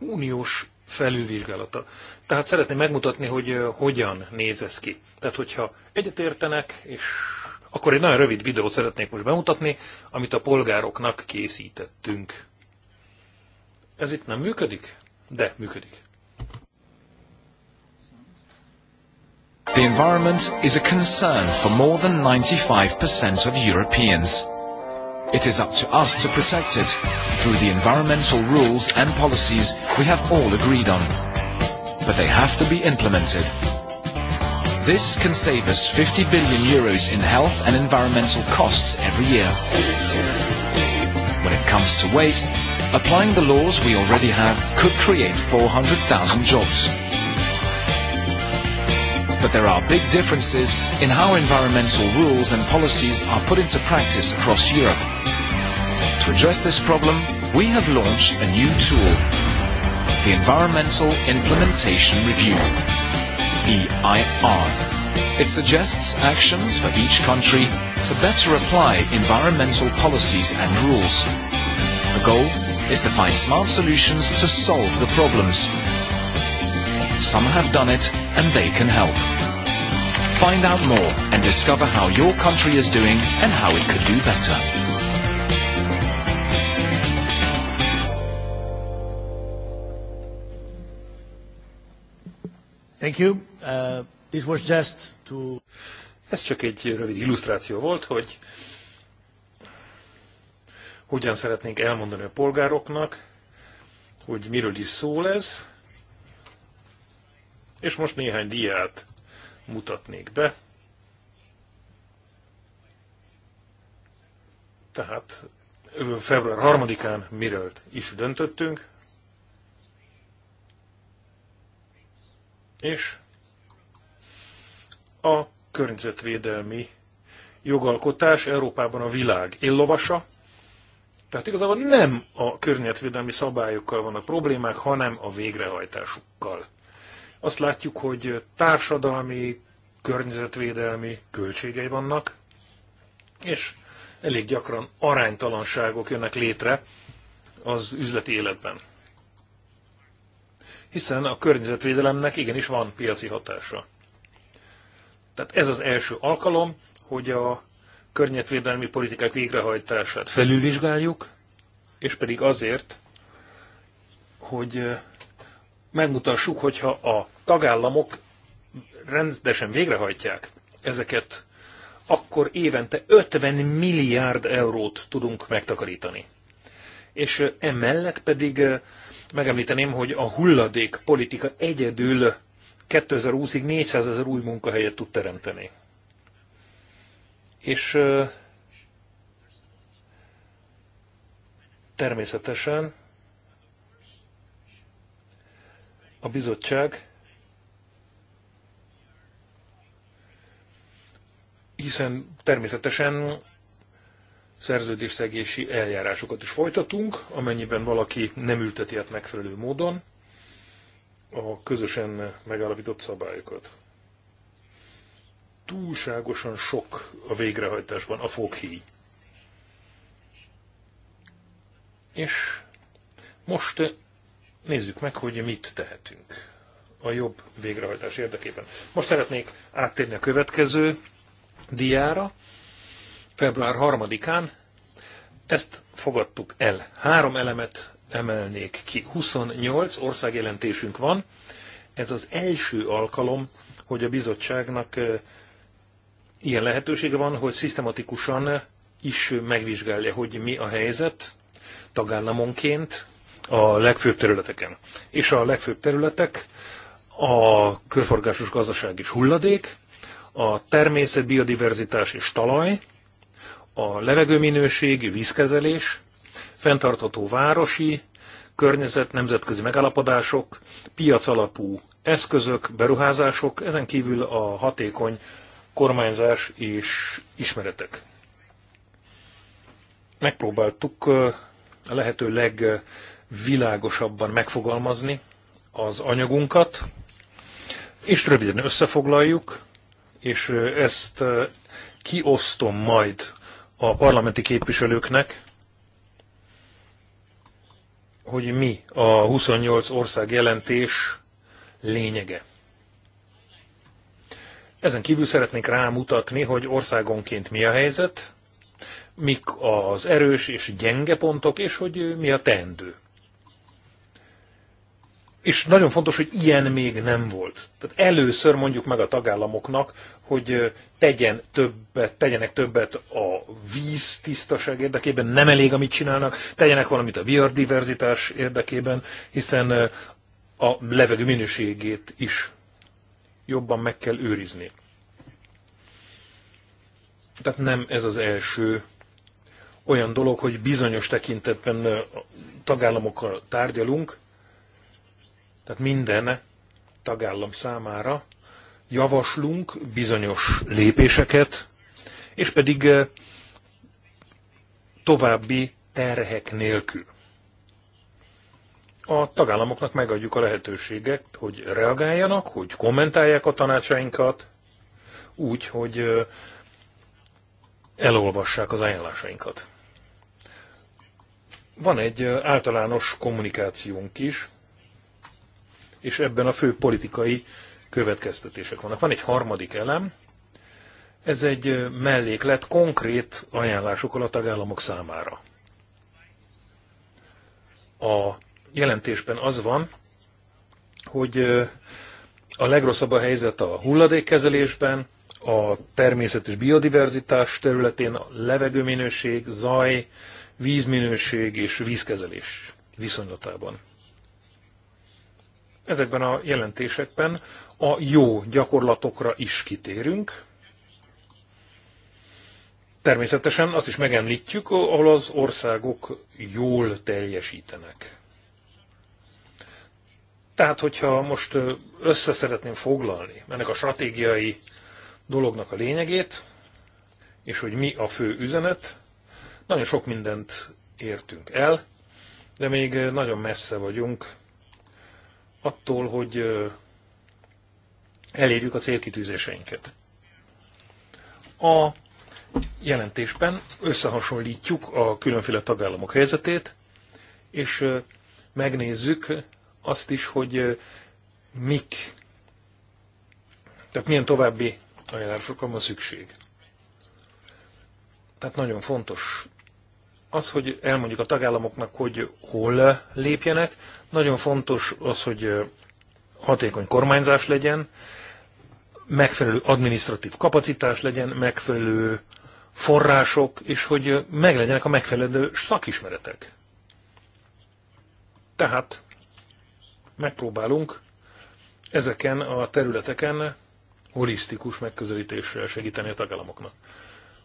uniós felülvizsgálata. Tehát szeretném megmutatni, hogy hogyan néz ez ki. Tehát, hogyha egyetértenek, és akkor egy nagyon rövid videót szeretnék most bemutatni, amit a polgároknak készítettünk. Ez itt nem működik? De működik. The environment is a concern for more than 95% of Europeans. It is up to us to protect it through the environmental rules and policies we have all agreed on. But they have to be implemented. This can save us 50 billion euros in health and environmental costs every year. When it comes to waste, applying the laws we already have could create 400,000 jobs but there are big differences in how environmental rules and policies are put into practice across Europe. To address this problem, we have launched a new tool, the Environmental Implementation Review, EIR. It suggests actions for each country to better apply environmental policies and rules. The goal is to find smart solutions to solve the problems. Some have done it and they can help. Find out more and discover how your country is doing and how it could do better. Thank you. Uh, this was just to... Ez csak egy rövid illusztráció volt, hogy hogyan szeretnénk elmondani a polgároknak, hogy miről is szól ez, és most néhány diát mutatnék be. Tehát február 3-án miről is döntöttünk, és a környezetvédelmi jogalkotás Európában a világ illovasa, tehát igazából nem a környezetvédelmi szabályokkal vannak problémák, hanem a végrehajtásukkal. Azt látjuk, hogy társadalmi, környezetvédelmi költségei vannak, és elég gyakran aránytalanságok jönnek létre az üzleti életben. Hiszen a környezetvédelemnek igenis van piaci hatása. Tehát ez az első alkalom, hogy a környezetvédelmi politikák végrehajtását felülvizsgáljuk, és pedig azért, hogy megmutassuk, hogyha a tagállamok rendesen végrehajtják ezeket, akkor évente 50 milliárd eurót tudunk megtakarítani. És emellett pedig eh, megemlíteném, hogy a hulladék politika egyedül 2020-ig 400 ezer új munkahelyet tud teremteni. És eh, természetesen A bizottság hiszen természetesen szerződésszegési eljárásokat is folytatunk, amennyiben valaki nem ülteti át megfelelő módon a közösen megállapított szabályokat. Túlságosan sok a végrehajtásban a foghíj. És most nézzük meg, hogy mit tehetünk a jobb végrehajtás érdekében. Most szeretnék áttérni a következő diára. Február 3-án ezt fogadtuk el. Három elemet emelnék ki. 28 országjelentésünk van. Ez az első alkalom, hogy a bizottságnak ilyen lehetősége van, hogy szisztematikusan is megvizsgálja, hogy mi a helyzet tagállamonként, a legfőbb területeken. És a legfőbb területek a körforgásos gazdaság és hulladék, a természet, biodiverzitás és talaj, a levegőminőség, vízkezelés, fenntartható városi, környezet, nemzetközi megállapodások, piacalapú eszközök, beruházások, ezen kívül a hatékony kormányzás és ismeretek. Megpróbáltuk a lehető világosabban megfogalmazni az anyagunkat, és röviden összefoglaljuk, és ezt kiosztom majd a parlamenti képviselőknek, hogy mi a 28 ország jelentés lényege. Ezen kívül szeretnék rámutatni, hogy országonként mi a helyzet, mik az erős és gyenge pontok, és hogy mi a teendő. És nagyon fontos, hogy ilyen még nem volt. Tehát először mondjuk meg a tagállamoknak, hogy tegyen többet, tegyenek többet a víz tisztaság érdekében, nem elég, amit csinálnak, tegyenek valamit a biodiverzitás érdekében, hiszen a levegő minőségét is jobban meg kell őrizni. Tehát nem ez az első olyan dolog, hogy bizonyos tekintetben tagállamokkal tárgyalunk, tehát minden tagállam számára javaslunk bizonyos lépéseket, és pedig eh, további terhek nélkül. A tagállamoknak megadjuk a lehetőséget, hogy reagáljanak, hogy kommentálják a tanácsainkat, úgy, hogy eh, elolvassák az ajánlásainkat. Van egy eh, általános kommunikációnk is, és ebben a fő politikai következtetések vannak. Van egy harmadik elem, ez egy melléklet konkrét ajánlásokkal a tagállamok számára. A jelentésben az van, hogy a legrosszabb a helyzet a hulladékkezelésben, a természet és biodiverzitás területén a levegőminőség, zaj, vízminőség és vízkezelés viszonylatában ezekben a jelentésekben a jó gyakorlatokra is kitérünk. Természetesen azt is megemlítjük, ahol az országok jól teljesítenek. Tehát, hogyha most össze szeretném foglalni ennek a stratégiai dolognak a lényegét, és hogy mi a fő üzenet, nagyon sok mindent értünk el, de még nagyon messze vagyunk attól, hogy elérjük a célkitűzéseinket. A jelentésben összehasonlítjuk a különféle tagállamok helyzetét, és megnézzük azt is, hogy mik, tehát milyen további ajánlásokra van szükség. Tehát nagyon fontos az, hogy elmondjuk a tagállamoknak, hogy hol lépjenek. Nagyon fontos az, hogy hatékony kormányzás legyen, megfelelő administratív kapacitás legyen, megfelelő források, és hogy meglegyenek a megfelelő szakismeretek. Tehát megpróbálunk ezeken a területeken holisztikus megközelítéssel segíteni a tagállamoknak.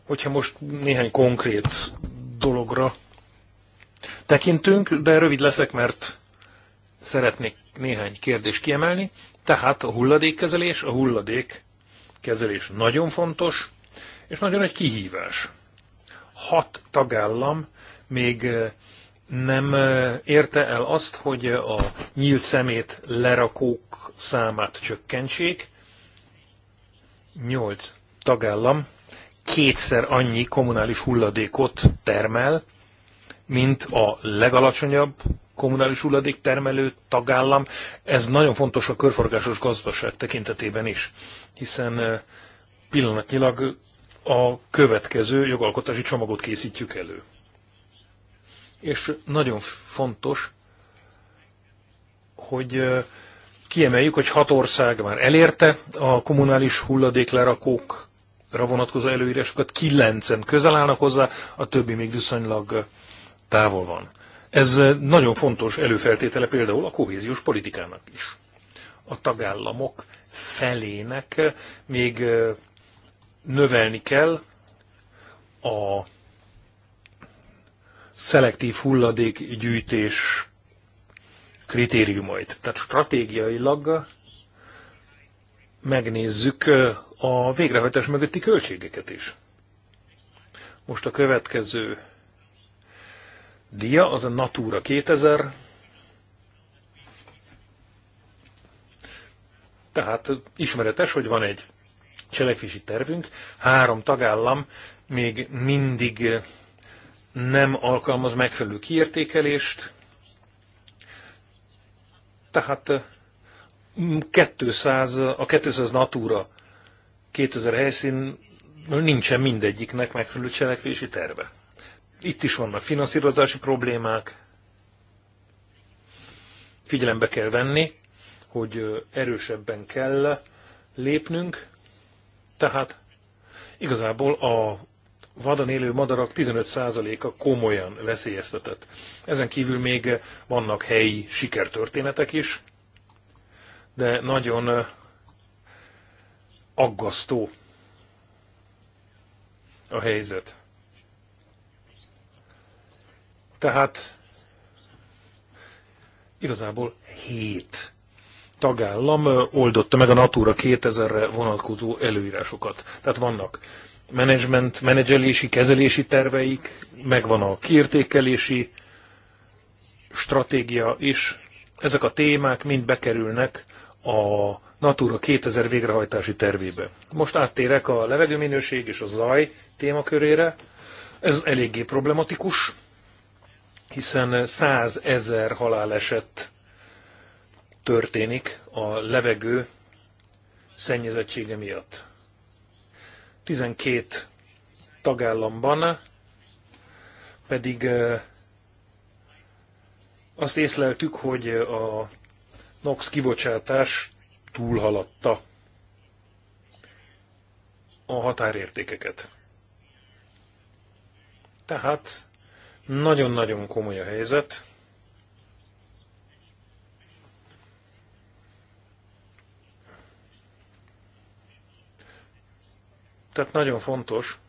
Hogyha most néhány konkrét dologra tekintünk, de rövid leszek, mert szeretnék néhány kérdést kiemelni. Tehát a hulladékkezelés, a hulladékkezelés nagyon fontos, és nagyon egy kihívás. Hat tagállam még eh, nem eh, érte el azt, hogy a nyílt szemét lerakók számát csökkentsék. Nyolc tagállam kétszer annyi kommunális hulladékot termel, mint a legalacsonyabb kommunális hulladék termelő tagállam. Ez nagyon fontos a körforgásos gazdaság tekintetében is, hiszen pillanatnyilag a következő jogalkotási csomagot készítjük elő. És nagyon fontos, hogy kiemeljük, hogy hat ország már elérte a kommunális hulladéklerakók vonatkozó előírásokat, kilencen közel állnak hozzá, a többi még viszonylag távol van. Ez eh, nagyon fontos előfeltétele például a kohéziós politikának is. A tagállamok felének eh, még eh, növelni kell a szelektív hulladékgyűjtés kritériumait. Tehát stratégiailag megnézzük a végrehajtás mögötti költségeket is. Most a következő dia, az a Natura 2000. Tehát ismeretes, hogy van egy cselekvési tervünk, három tagállam még mindig nem alkalmaz megfelelő kiértékelést, tehát 200, mm, a 200 Natura 2000 helyszínről nincsen mindegyiknek megfelelő cselekvési terve. Itt is vannak finanszírozási problémák. Figyelembe kell venni, hogy erősebben kell lépnünk. Tehát igazából a vadon élő madarak 15%-a komolyan veszélyeztetett. Ezen kívül még vannak helyi sikertörténetek is, de nagyon aggasztó a helyzet. Tehát igazából hét tagállam oldotta meg a Natura 2000-re vonatkozó előírásokat. Tehát vannak menedzsment, menedzselési, kezelési terveik, megvan a kiértékelési stratégia is. Ezek a témák mind bekerülnek a Natura 2000 végrehajtási tervébe. Most áttérek a levegőminőség és a zaj témakörére. Ez eléggé problematikus, hiszen 100 ezer haláleset történik a levegő szennyezettsége miatt. 12 tagállamban pedig azt észleltük, hogy a NOx kibocsátás túlhaladta a határértékeket. Tehát nagyon-nagyon komoly a helyzet. Tehát nagyon fontos,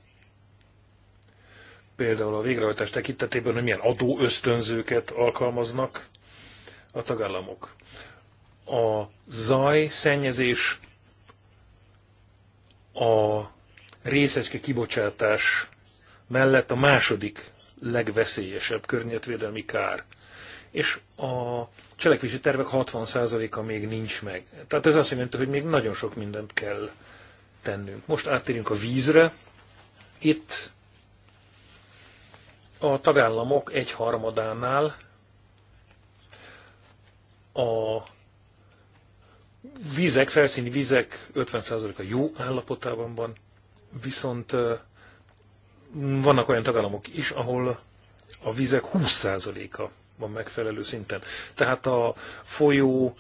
például a végrehajtás tekintetében, hogy milyen adóösztönzőket alkalmaznak a tagállamok a zaj, szennyezés, a részecske kibocsátás mellett a második legveszélyesebb környezetvédelmi kár. És a cselekvési tervek 60%-a még nincs meg. Tehát ez azt jelenti, hogy még nagyon sok mindent kell tennünk. Most áttérünk a vízre. Itt a tagállamok egyharmadánál a vizek, felszíni vizek 50%-a jó állapotában van, viszont vannak olyan tagállamok is, ahol a vizek 20%-a van megfelelő szinten. Tehát a folyó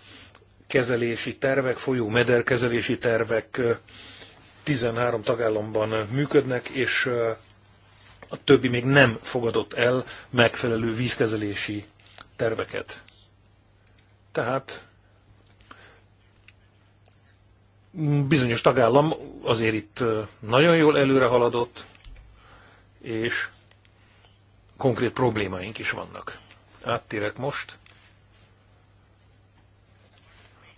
kezelési tervek, folyó mederkezelési tervek 13 tagállamban működnek, és a többi még nem fogadott el megfelelő vízkezelési terveket. Tehát Bizonyos tagállam azért itt nagyon jól előre haladott, és konkrét problémáink is vannak. Áttérek most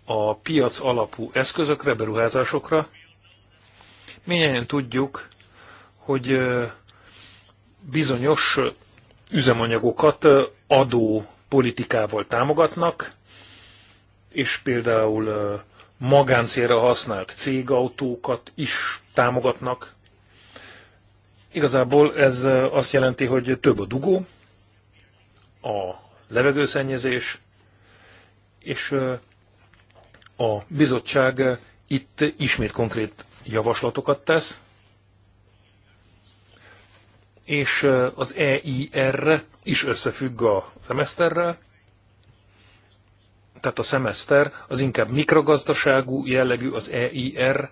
a piac alapú eszközökre, beruházásokra. Mindjárt tudjuk, hogy bizonyos üzemanyagokat adó politikával támogatnak, és például magáncélra használt cégautókat is támogatnak. Igazából ez azt jelenti, hogy több a dugó, a levegőszennyezés, és a bizottság itt ismét konkrét javaslatokat tesz, és az EIR is összefügg a szemeszterrel, tehát a szemeszter az inkább mikrogazdaságú jellegű, az EIR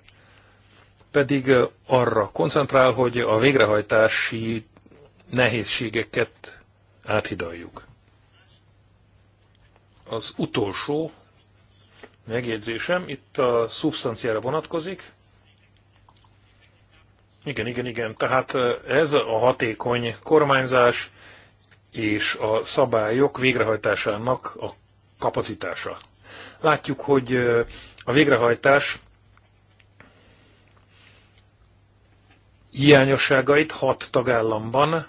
pedig arra koncentrál, hogy a végrehajtási nehézségeket áthidaljuk. Az utolsó megjegyzésem itt a szubstanciára vonatkozik. Igen, igen, igen. Tehát ez a hatékony kormányzás és a szabályok végrehajtásának a kapacitása. Látjuk, hogy a végrehajtás hiányosságait hat tagállamban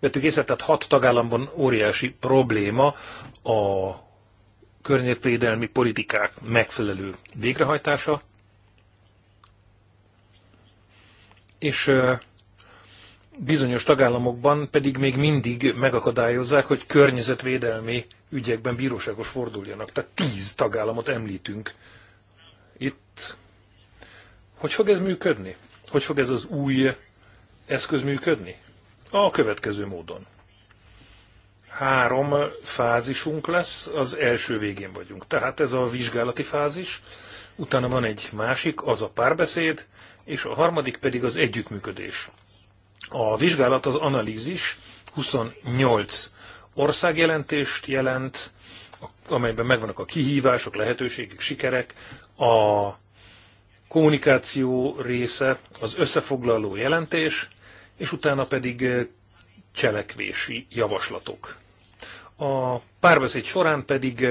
vettük észre, tehát hat tagállamban óriási probléma a környezetvédelmi politikák megfelelő végrehajtása, és bizonyos tagállamokban pedig még mindig megakadályozzák, hogy környezetvédelmi ügyekben bíróságos forduljanak. Tehát tíz tagállamot említünk itt. Hogy fog ez működni? Hogy fog ez az új eszköz működni? A következő módon. Három fázisunk lesz, az első végén vagyunk. Tehát ez a vizsgálati fázis, utána van egy másik, az a párbeszéd, és a harmadik pedig az együttműködés. A vizsgálat, az analízis 28 országjelentést jelent, amelyben megvannak a kihívások, lehetőségek, sikerek, a kommunikáció része, az összefoglaló jelentés, és utána pedig cselekvési javaslatok. A párbeszéd során pedig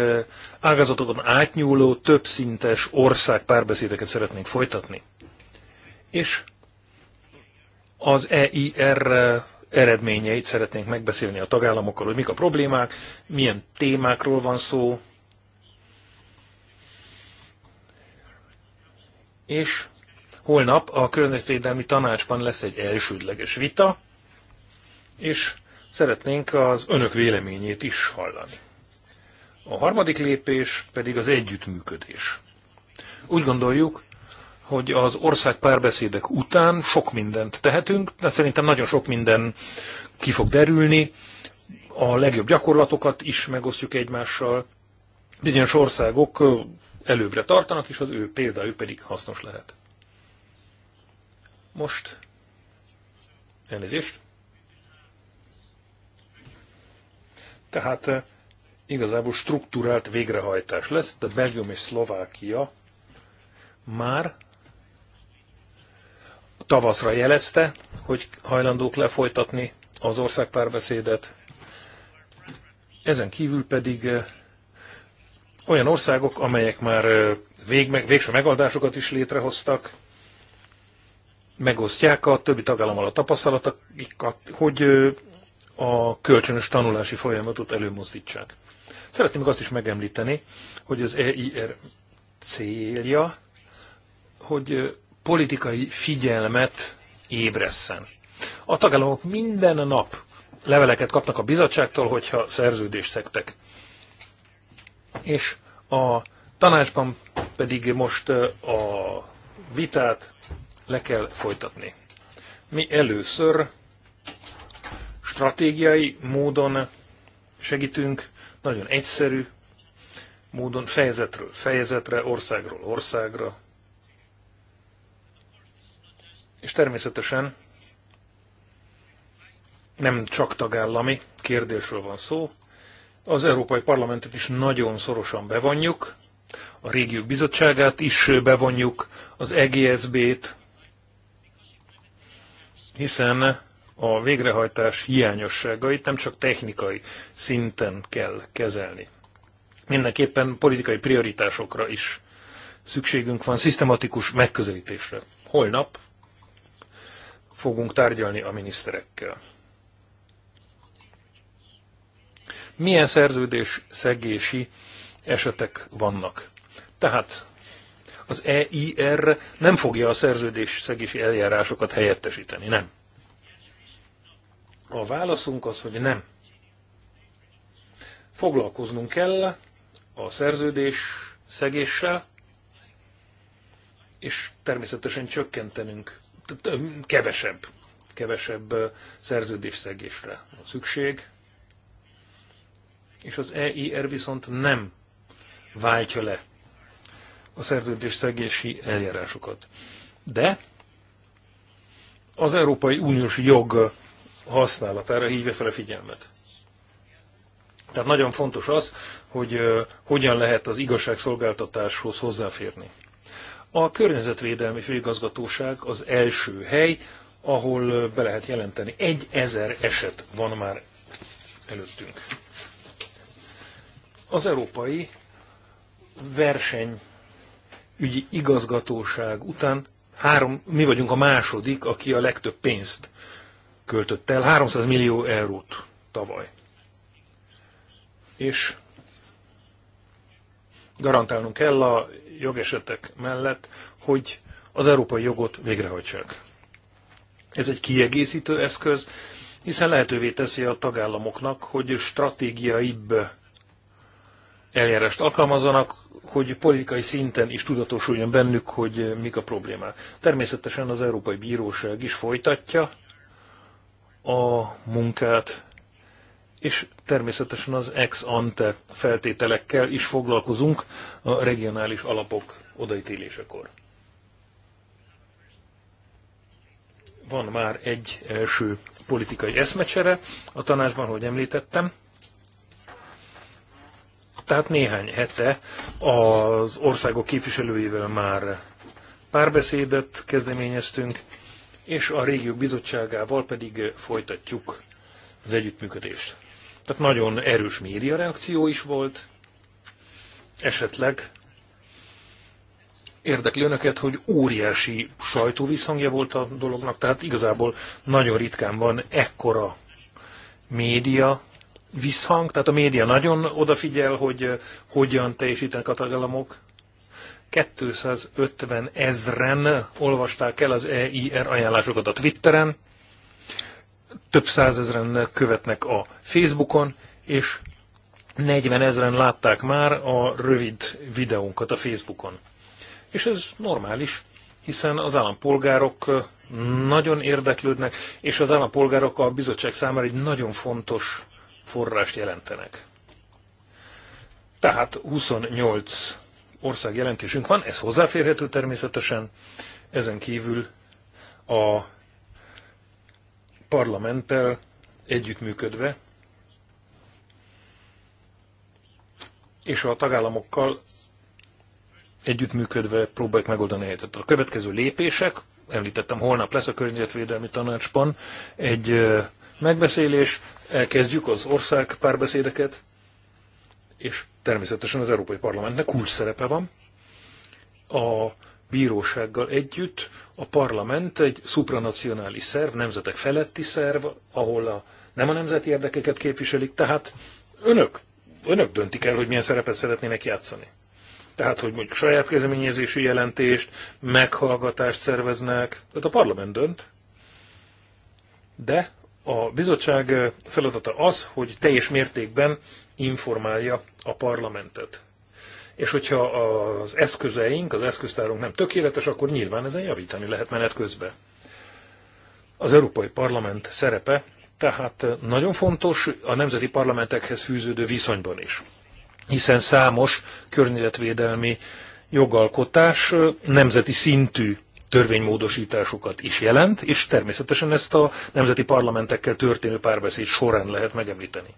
ágazatokon átnyúló, többszintes ország párbeszédeket szeretnénk folytatni. És az EIR eredményeit szeretnénk megbeszélni a tagállamokkal, hogy mik a problémák, milyen témákról van szó, és holnap a környezetvédelmi tanácsban lesz egy elsődleges vita, és szeretnénk az önök véleményét is hallani. A harmadik lépés pedig az együttműködés. Úgy gondoljuk, hogy az ország párbeszédek után sok mindent tehetünk, de szerintem nagyon sok minden ki fog derülni, a legjobb gyakorlatokat is megosztjuk egymással. Bizonyos országok előbbre tartanak, és az ő példájuk pedig hasznos lehet. Most elnézést. Tehát eh, igazából struktúrált végrehajtás lesz, de Belgium és Szlovákia már tavaszra jelezte, hogy hajlandók lefolytatni az országpárbeszédet. Ezen kívül pedig olyan országok, amelyek már vég, végső megoldásokat is létrehoztak, megosztják a többi tagállammal a tapasztalatokat, hogy a kölcsönös tanulási folyamatot előmozdítsák. Szeretném azt is megemlíteni, hogy az EIR célja, hogy politikai figyelmet ébresszen. A tagállamok minden nap leveleket kapnak a bizottságtól, hogyha szerződést szektek. És a tanácsban pedig most a vitát le kell folytatni. Mi először stratégiai módon segítünk, nagyon egyszerű módon, fejezetről fejezetre, országról országra, és természetesen nem csak tagállami kérdésről van szó, az Európai Parlamentet is nagyon szorosan bevonjuk, a régiók bizottságát is bevonjuk, az EGSB-t, hiszen a végrehajtás hiányosságait nem csak technikai szinten kell kezelni. Mindenképpen politikai prioritásokra is szükségünk van, szisztematikus megközelítésre. Holnap fogunk tárgyalni a miniszterekkel. Milyen szerződés szegési esetek vannak? Tehát az EIR nem fogja a szerződés szegési eljárásokat helyettesíteni, nem. A válaszunk az, hogy nem. Foglalkoznunk kell a szerződés szegéssel, és természetesen csökkentenünk kevesebb, kevesebb szerződésszegésre van szükség, és az EIR viszont nem váltja le a szerződésszegési eljárásokat. De az Európai Uniós jog használatára hívja fel a figyelmet. Tehát nagyon fontos az, hogy hogyan lehet az igazságszolgáltatáshoz hozzáférni. A Környezetvédelmi Főigazgatóság az első hely, ahol be lehet jelenteni. Egy ezer eset van már előttünk. Az Európai Versenyügyi Igazgatóság után három, mi vagyunk a második, aki a legtöbb pénzt költött el, 300 millió eurót tavaly. És garantálnunk kell a jogesetek mellett, hogy az európai jogot végrehajtsák. Ez egy kiegészítő eszköz, hiszen lehetővé teszi a tagállamoknak, hogy stratégiaibb eljárást alkalmazzanak, hogy politikai szinten is tudatosuljon bennük, hogy mik a problémák. Természetesen az Európai Bíróság is folytatja a munkát, és természetesen az ex ante feltételekkel is foglalkozunk a regionális alapok odaítélésekor. Van már egy első politikai eszmecsere a tanácsban, hogy említettem. Tehát néhány hete az országok képviselőivel már párbeszédet kezdeményeztünk, és a régió bizottságával pedig folytatjuk az együttműködést. Tehát nagyon erős média reakció is volt. Esetleg érdekli önöket, hogy óriási sajtóviszhangja volt a dolognak, tehát igazából nagyon ritkán van ekkora média visszhang, tehát a média nagyon odafigyel, hogy eh, hogyan teljesítenek a tagállamok. 250 ezren olvasták el az EIR ajánlásokat a Twitteren, több százezren követnek a Facebookon, és 40 ezeren látták már a rövid videónkat a Facebookon. És ez normális, hiszen az állampolgárok nagyon érdeklődnek, és az állampolgárok a bizottság számára egy nagyon fontos forrást jelentenek. Tehát 28 ország jelentésünk van, ez hozzáférhető természetesen, ezen kívül a parlamenttel együttműködve, és a tagállamokkal együttműködve próbáljuk megoldani a helyzetet. A következő lépések, említettem, holnap lesz a Környezetvédelmi Tanácsban egy megbeszélés, elkezdjük az ország párbeszédeket, és természetesen az Európai Parlamentnek kulcs szerepe van. A bírósággal együtt a parlament egy supranacionális szerv, nemzetek feletti szerv, ahol a, nem a nemzeti érdekeket képviselik, tehát önök, önök döntik el, hogy milyen szerepet szeretnének játszani. Tehát, hogy mondjuk saját kezdeményezésű jelentést, meghallgatást szerveznek, tehát a parlament dönt, de a bizottság feladata az, hogy teljes mértékben informálja a parlamentet és hogyha az eszközeink, az eszköztárunk nem tökéletes, akkor nyilván ezen javítani lehet menet közben. Az Európai Parlament szerepe tehát nagyon fontos a nemzeti parlamentekhez fűződő viszonyban is, hiszen számos környezetvédelmi jogalkotás nemzeti szintű törvénymódosításokat is jelent, és természetesen ezt a nemzeti parlamentekkel történő párbeszéd során lehet megemlíteni.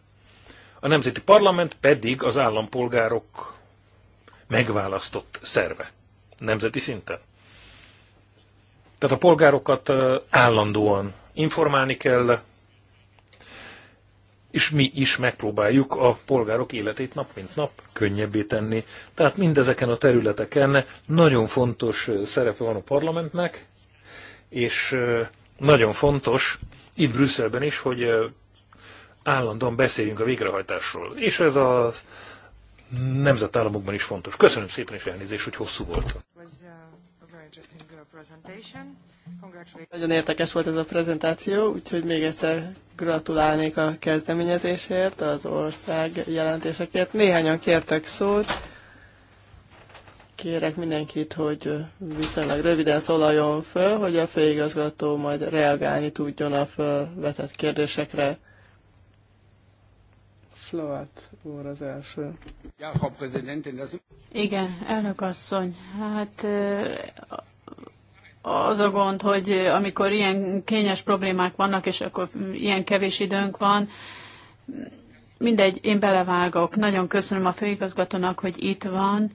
A nemzeti parlament pedig az állampolgárok megválasztott szerve nemzeti szinten. Tehát a polgárokat állandóan informálni kell, és mi is megpróbáljuk a polgárok életét nap mint nap könnyebbé tenni. Tehát mindezeken a területeken nagyon fontos szerepe van a parlamentnek, és nagyon fontos itt Brüsszelben is, hogy állandóan beszéljünk a végrehajtásról. És ez az nemzetállamokban is fontos. Köszönöm szépen, és elnézést, hogy hosszú volt. Uh, uh, Nagyon érdekes volt ez a prezentáció, úgyhogy még egyszer gratulálnék a kezdeményezésért, az ország jelentésekért. Néhányan kértek szót. Kérek mindenkit, hogy viszonylag röviden szólaljon föl, hogy a főigazgató majd reagálni tudjon a felvetett kérdésekre. Slovát úr az első. Igen, elnök asszony, hát az a gond, hogy amikor ilyen kényes problémák vannak, és akkor ilyen kevés időnk van, mindegy, én belevágok. Nagyon köszönöm a főigazgatónak, hogy itt van.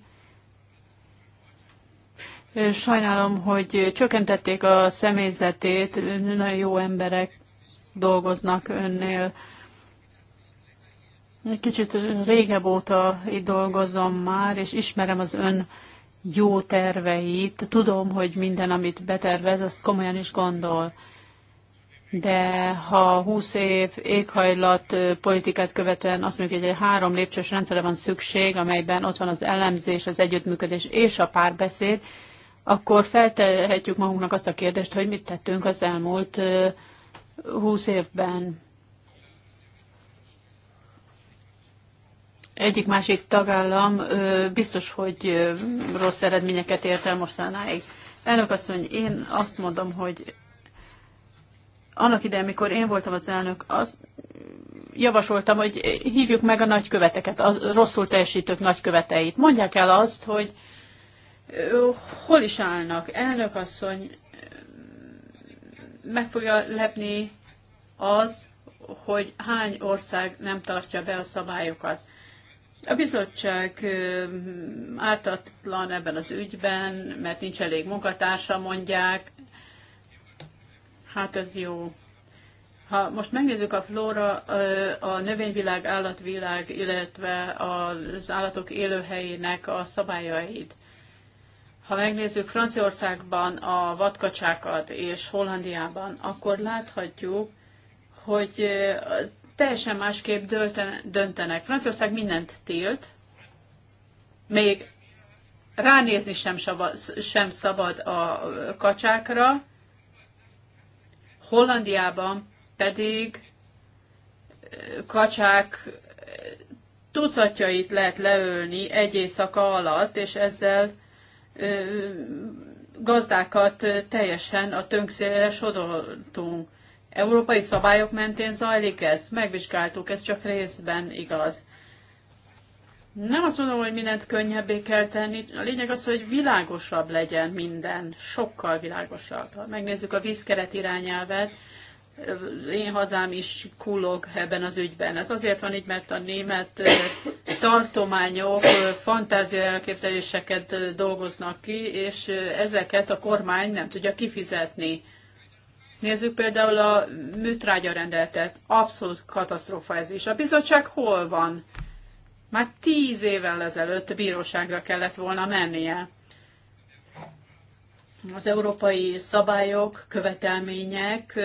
Sajnálom, hogy csökkentették a személyzetét, nagyon jó emberek dolgoznak önnél. Kicsit régebb óta itt dolgozom már, és ismerem az ön jó terveit. Tudom, hogy minden, amit betervez, azt komolyan is gondol. De ha 20 év éghajlat politikát követően azt mondjuk, hogy egy három lépcsős rendszerre van szükség, amelyben ott van az elemzés, az együttműködés és a párbeszéd, akkor feltehetjük magunknak azt a kérdést, hogy mit tettünk az elmúlt 20 évben. egyik-másik tagállam biztos, hogy rossz eredményeket ért el mostanáig. Elnök asszony, én azt mondom, hogy annak ide amikor én voltam az elnök, azt javasoltam, hogy hívjuk meg a nagyköveteket, a rosszul teljesítők nagyköveteit. Mondják el azt, hogy hol is állnak. Elnök asszony meg fogja lepni az, hogy hány ország nem tartja be a szabályokat. A bizottság ártatlan ebben az ügyben, mert nincs elég munkatársa, mondják. Hát ez jó. Ha most megnézzük a flóra, a növényvilág, állatvilág, illetve az állatok élőhelyének a szabályait, ha megnézzük Franciaországban a vadkacsákat és Hollandiában, akkor láthatjuk, hogy teljesen másképp döntenek. Franciaország mindent tilt, még ránézni sem, savaz, sem szabad a kacsákra, Hollandiában pedig eh, kacsák eh, tucatjait lehet leölni egy éjszaka alatt, és ezzel eh, gazdákat teljesen a tönkszélre sodoltunk. Európai szabályok mentén zajlik ez? Megvizsgáltuk, ez csak részben igaz. Nem azt mondom, hogy mindent könnyebbé kell tenni, a lényeg az, hogy világosabb legyen minden, sokkal világosabb. Ha megnézzük a vízkeret irányelvet, én hazám is kullog ebben az ügyben. Ez azért van így, mert a német tartományok fantázia elképzeléseket dolgoznak ki, és ezeket a kormány nem tudja kifizetni. Nézzük például a műtrágya rendeltet. Abszolút katasztrófa ez is. A bizottság hol van? Már tíz évvel ezelőtt a bíróságra kellett volna mennie. Az európai szabályok, követelmények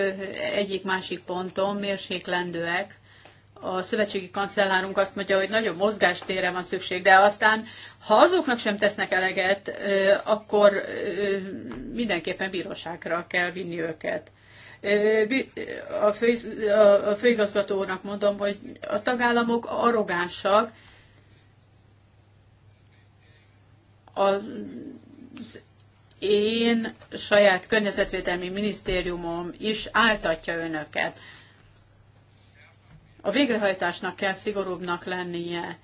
egyik-másik ponton mérséklendőek. A szövetségi kancellárunk azt mondja, hogy nagyobb mozgástérre van szükség, de aztán, ha azoknak sem tesznek eleget, akkor mindenképpen bíróságra kell vinni őket a, fő, a főigazgatónak mondom, hogy a tagállamok arrogánsak, az én saját környezetvédelmi minisztériumom is áltatja önöket. A végrehajtásnak kell szigorúbbnak lennie.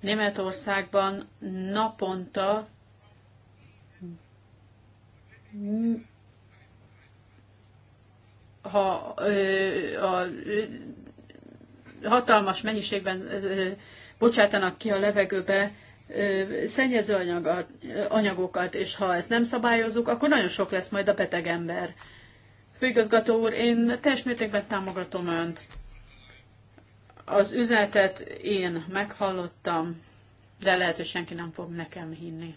Németországban naponta ha a hatalmas mennyiségben bocsátanak ki a levegőbe szennyező anyagokat, és ha ezt nem szabályozunk, akkor nagyon sok lesz majd a beteg ember. Főigazgató úr, én teljes mértékben támogatom Önt. Az üzenetet én meghallottam, de lehet, hogy senki nem fog nekem hinni.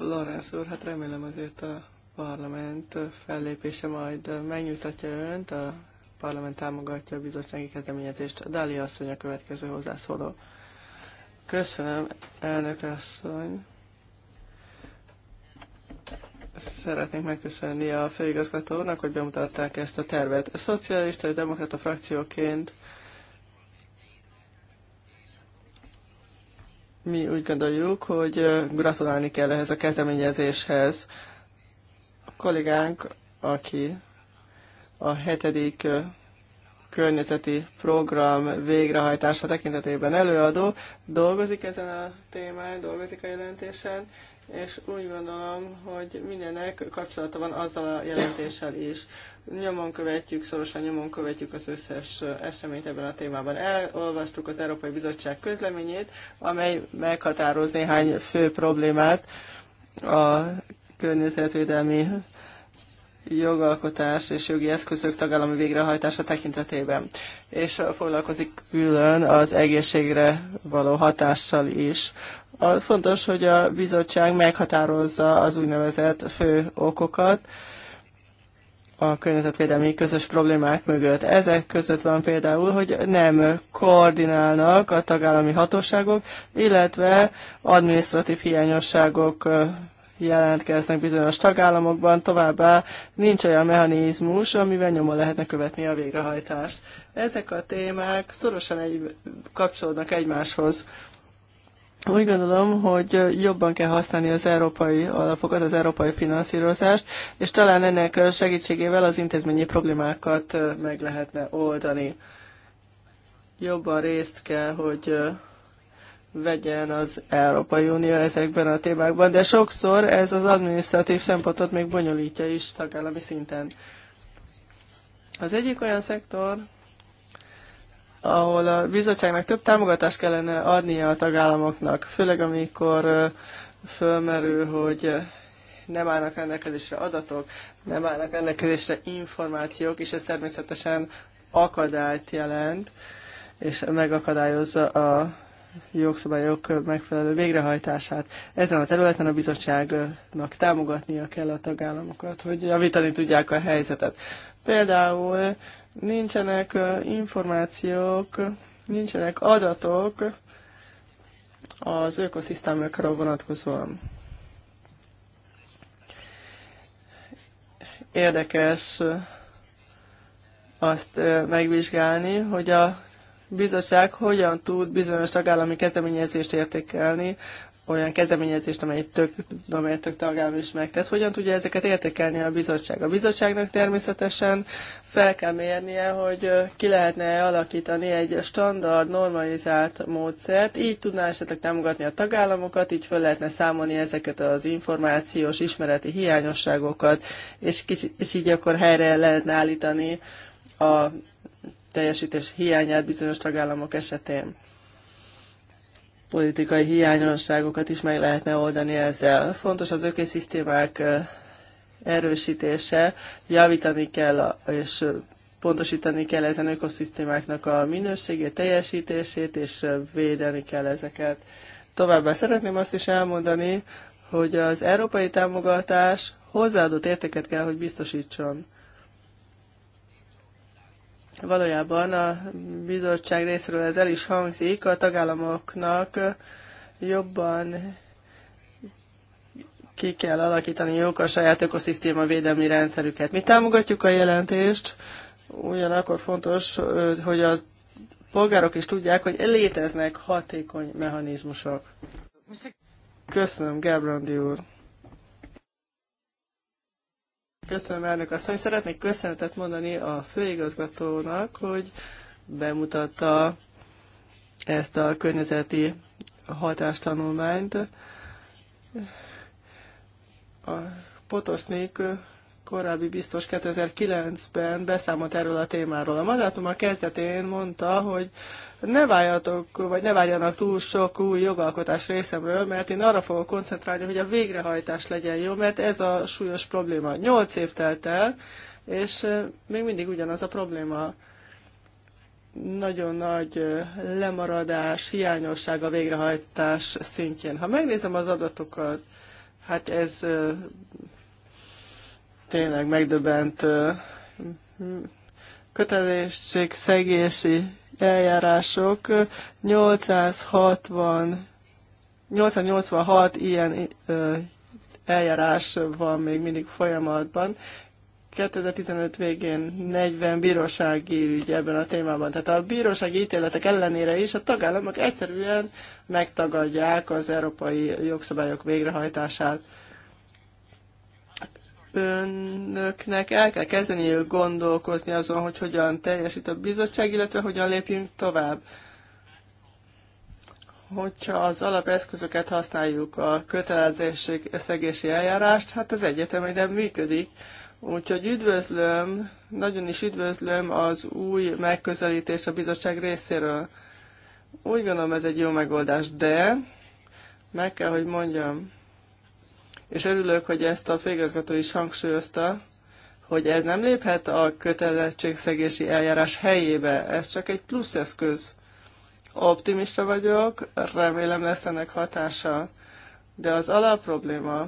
Lorenz úr, hát remélem azért a parlament fellépése majd megnyugtatja önt, a parlament támogatja a bizottsági kezdeményezést. Dali asszony a következő hozzászóló. Köszönöm, elnök asszony. Szeretnék megköszönni a főigazgatónak, hogy bemutatták ezt a tervet. A szocialista és demokrata frakcióként mi úgy gondoljuk, hogy gratulálni kell ehhez a kezdeményezéshez. A kollégánk, aki a hetedik környezeti program végrehajtása tekintetében előadó, dolgozik ezen a témán, dolgozik a jelentésen, és úgy gondolom, hogy mindennek kapcsolata van azzal a jelentéssel is. Nyomon követjük, szorosan nyomon követjük az összes eseményt ebben a témában. Elolvastuk az Európai Bizottság közleményét, amely meghatároz néhány fő problémát a környezetvédelmi jogalkotás és jogi eszközök tagállami végrehajtása tekintetében, és foglalkozik külön az egészségre való hatással is. A, fontos, hogy a bizottság meghatározza az úgynevezett fő okokat, a környezetvédelmi közös problémák mögött. Ezek között van például, hogy nem koordinálnak a tagállami hatóságok, illetve administratív hiányosságok jelentkeznek bizonyos tagállamokban, továbbá nincs olyan mechanizmus, amivel nyomon lehetne követni a végrehajtást. Ezek a témák szorosan egy, kapcsolódnak egymáshoz. Úgy gondolom, hogy jobban kell használni az európai alapokat, az európai finanszírozást, és talán ennek segítségével az intézményi problémákat meg lehetne oldani. Jobban részt kell, hogy vegyen az Európai Unió ezekben a témákban, de sokszor ez az adminisztratív szempontot még bonyolítja is tagállami szinten. Az egyik olyan szektor, ahol a bizottságnak több támogatást kellene adnia a tagállamoknak, főleg amikor fölmerül, hogy nem állnak rendelkezésre adatok, nem állnak rendelkezésre információk, és ez természetesen akadályt jelent, és megakadályozza a jogszabályok megfelelő végrehajtását. Ezen a területen a bizottságnak támogatnia kell a tagállamokat, hogy javítani tudják a helyzetet. Például nincsenek információk, nincsenek adatok az ökoszisztémákra vonatkozóan. Érdekes azt megvizsgálni, hogy a bizottság hogyan tud bizonyos tagállami kezdeményezést értékelni olyan kezdeményezést, amely tök, amely tök tagállam is megtett. Hogyan tudja ezeket értékelni a bizottság? A bizottságnak természetesen fel kell mérnie, hogy ki lehetne alakítani egy standard, normalizált módszert, így tudná esetleg támogatni a tagállamokat, így föl lehetne számolni ezeket az információs, ismereti hiányosságokat, és, kicsi, és így akkor helyre lehetne állítani a teljesítés hiányát bizonyos tagállamok esetén politikai hiányosságokat is meg lehetne oldani ezzel. Fontos az ökoszisztémák erősítése, javítani kell a és pontosítani kell ezen ökoszisztémáknak a minőségét, teljesítését, és védeni kell ezeket. Továbbá szeretném azt is elmondani, hogy az európai támogatás hozzáadott értéket kell, hogy biztosítson. Valójában a bizottság részéről ez el is hangzik, a tagállamoknak jobban ki kell alakítaniuk a saját ökoszisztéma védelmi rendszerüket. Mi támogatjuk a jelentést, ugyanakkor fontos, hogy a polgárok is tudják, hogy léteznek hatékony mechanizmusok. Köszönöm, Gábrandi úr. Köszönöm, elnök asszony. Szeretnék köszönetet mondani a főigazgatónak, hogy bemutatta ezt a környezeti hatástanulmányt. A Potosnék korábbi biztos 2009-ben beszámolt erről a témáról. A mandátum a kezdetén mondta, hogy ne váljatok, vagy ne várjanak túl sok új jogalkotás részemről, mert én arra fogok koncentrálni, hogy a végrehajtás legyen jó, mert ez a súlyos probléma. Nyolc év telt el, és még mindig ugyanaz a probléma. Nagyon nagy lemaradás, hiányosság a végrehajtás szintjén. Ha megnézem az adatokat, hát ez tényleg megdöbbentő szegési eljárások. 860, 886 ilyen eljárás van még mindig folyamatban. 2015 végén 40 bírósági ügy ebben a témában. Tehát a bírósági ítéletek ellenére is a tagállamok egyszerűen megtagadják az európai jogszabályok végrehajtását önöknek el kell kezdeni gondolkozni azon, hogy hogyan teljesít a bizottság, illetve hogyan lépjünk tovább. Hogyha az alapeszközöket használjuk, a kötelezettség szegési eljárást, hát az egyetem nem működik. Úgyhogy üdvözlöm, nagyon is üdvözlöm az új megközelítést a bizottság részéről. Úgy gondolom ez egy jó megoldás, de meg kell, hogy mondjam, és örülök, hogy ezt a főigazgató is hangsúlyozta, hogy ez nem léphet a kötelezettségszegési eljárás helyébe, ez csak egy plusz eszköz. Optimista vagyok, remélem lesz ennek hatása, de az alapprobléma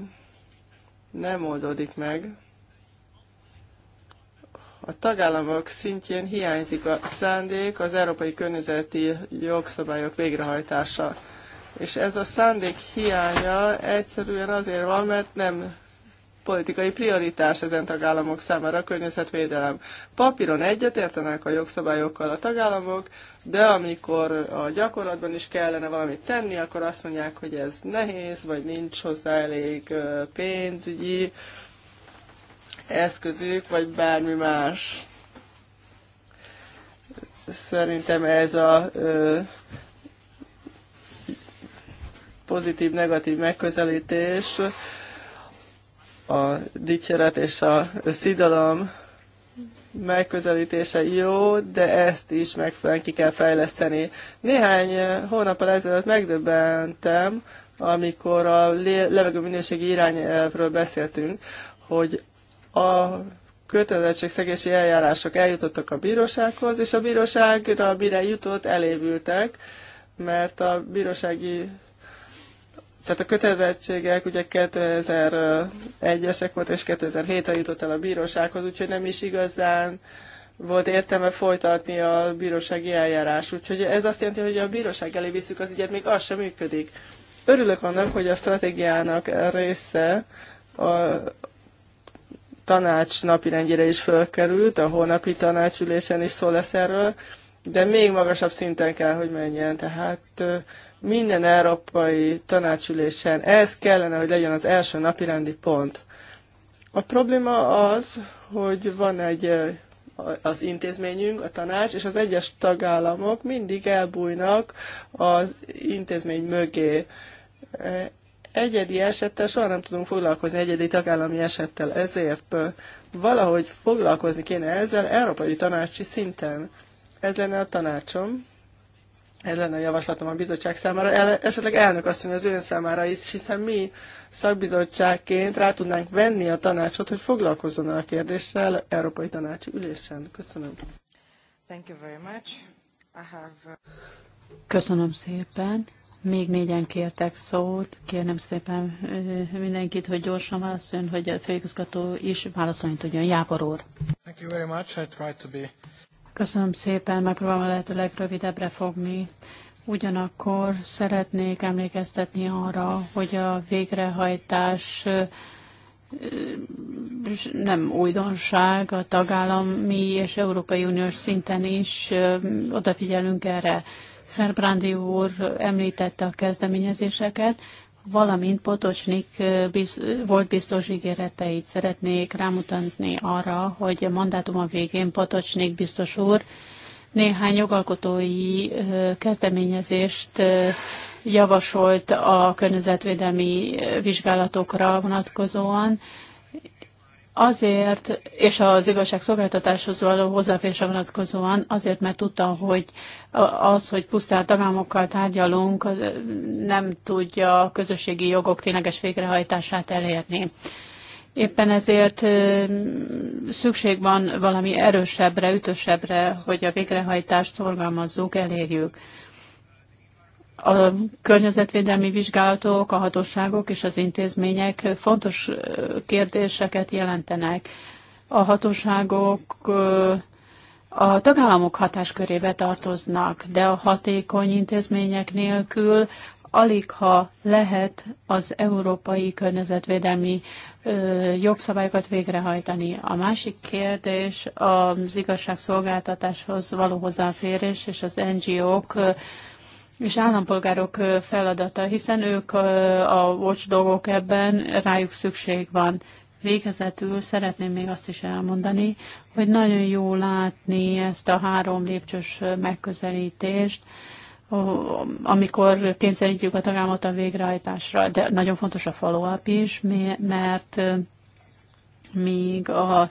nem oldódik meg. A tagállamok szintjén hiányzik a szándék az európai környezeti jogszabályok végrehajtása. És ez a szándék hiánya egyszerűen azért van, mert nem politikai prioritás ezen tagállamok számára a környezetvédelem. Papíron egyetértenek a jogszabályokkal a tagállamok, de amikor a gyakorlatban is kellene valamit tenni, akkor azt mondják, hogy ez nehéz, vagy nincs hozzá elég pénzügyi eszközük, vagy bármi más. Szerintem ez a pozitív-negatív megközelítés, a dicséret és a szidalom megközelítése jó, de ezt is megfelelően ki kell fejleszteni. Néhány hónap ezelőtt megdöbbentem, amikor a levegő minőségi irányelvről beszéltünk, hogy a kötelezettségszegési eljárások eljutottak a bírósághoz, és a bíróságra mire jutott, elévültek, mert a bírósági tehát a kötelezettségek ugye 2001-esek volt, és 2007-re jutott el a bírósághoz, úgyhogy nem is igazán volt értelme folytatni a bírósági eljárás. Úgyhogy ez azt jelenti, hogy a bíróság elé visszük az ügyet, még az sem működik. Örülök annak, hogy a stratégiának része a tanács napirendjére is fölkerült, a holnapi tanácsülésen is szó lesz erről, de még magasabb szinten kell, hogy menjen. Tehát minden európai tanácsülésen. Ez kellene, hogy legyen az első napirendi pont. A probléma az, hogy van egy az intézményünk, a tanács, és az egyes tagállamok mindig elbújnak az intézmény mögé. Egyedi esettel soha nem tudunk foglalkozni, egyedi tagállami esettel, ezért valahogy foglalkozni kéne ezzel európai tanácsi szinten. Ez lenne a tanácsom. Ez lenne a javaslatom a bizottság számára, El, esetleg elnök asszony az ön számára is, hiszen mi szakbizottságként rá tudnánk venni a tanácsot, hogy foglalkozzon a kérdéssel Európai Tanácsi Ülésen. Köszönöm. Thank you very much. I have... Uh, Köszönöm szépen. Még négyen kértek szót. Kérnem szépen uh, mindenkit, hogy gyorsan válaszoljon, hogy a főigazgató is válaszolni tudjon. Jábor úr. Thank you very much. I try to be Köszönöm szépen, megpróbálom a lehető legrövidebbre fogni. Ugyanakkor szeretnék emlékeztetni arra, hogy a végrehajtás nem újdonság, a tagállami és Európai Uniós szinten is odafigyelünk erre. Herbrandi úr említette a kezdeményezéseket, valamint Potocsnik biz, volt biztos ígéreteit. Szeretnék rámutatni arra, hogy a mandátum a végén Potocsnik biztos úr néhány jogalkotói kezdeményezést javasolt a környezetvédelmi vizsgálatokra vonatkozóan. Azért, és az igazságszolgáltatáshoz való hozzáférésre vonatkozóan, azért, mert tudta, hogy az, hogy pusztán tagállamokkal tárgyalunk, nem tudja a közösségi jogok tényleges végrehajtását elérni. Éppen ezért szükség van valami erősebbre, ütösebbre, hogy a végrehajtást szorgalmazzuk, elérjük. A környezetvédelmi vizsgálatok, a hatóságok és az intézmények fontos kérdéseket jelentenek. A hatóságok a tagállamok hatáskörébe tartoznak, de a hatékony intézmények nélkül alig ha lehet az európai környezetvédelmi jogszabályokat végrehajtani. A másik kérdés az igazságszolgáltatáshoz való hozzáférés és az NGO-k és állampolgárok feladata, hiszen ők a watchdogok ebben, rájuk szükség van. Végezetül szeretném még azt is elmondani, hogy nagyon jó látni ezt a három lépcsős megközelítést, amikor kényszerítjük a tagállamot a végrehajtásra, de nagyon fontos a follow-up is, mert még a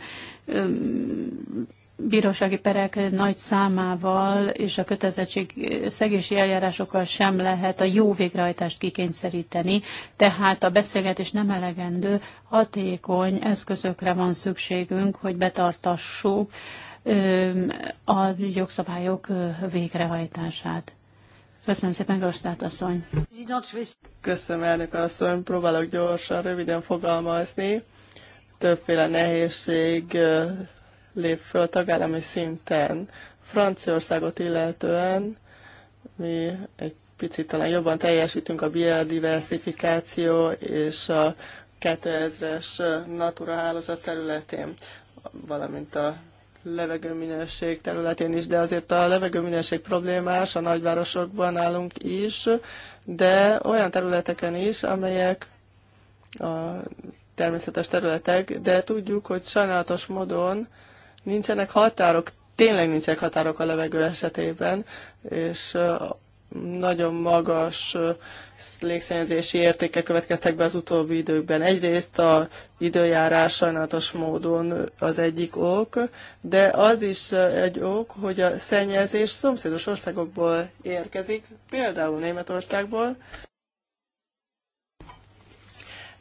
bírósági perek nagy számával és a kötelezettség szegési eljárásokkal sem lehet a jó végrehajtást kikényszeríteni, tehát a beszélgetés nem elegendő, hatékony eszközökre van szükségünk, hogy betartassuk a jogszabályok végrehajtását. Köszönöm szépen, Rostát asszony. Köszönöm, elnök asszony. Próbálok gyorsan, röviden fogalmazni. Többféle nehézség lép föl tagállami szinten. Franciaországot illetően mi egy picit talán jobban teljesítünk a biodiversifikáció és a 2000-es Natura hálózat területén, valamint a levegőminőség területén is, de azért a levegőminőség problémás a nagyvárosokban állunk is, de olyan területeken is, amelyek a természetes területek, de tudjuk, hogy sajnálatos módon Nincsenek határok, tényleg nincsenek határok a levegő esetében, és nagyon magas légszennyezési értékek következtek be az utóbbi időkben. Egyrészt a időjárás sajnálatos módon az egyik ok, de az is egy ok, hogy a szennyezés szomszédos országokból érkezik, például Németországból,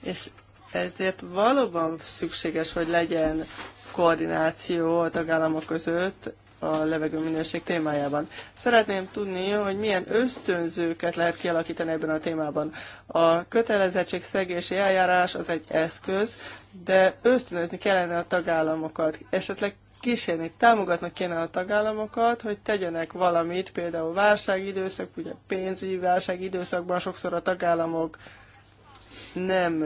és ezért valóban szükséges, hogy legyen koordináció a tagállamok között a levegőminőség témájában. Szeretném tudni, hogy milyen ösztönzőket lehet kialakítani ebben a témában. A szegési eljárás az egy eszköz, de ösztönözni kellene a tagállamokat. Esetleg kísérni, támogatnak kéne a tagállamokat, hogy tegyenek valamit, például válságidőszak, ugye pénzügyi válságidőszakban sokszor a tagállamok nem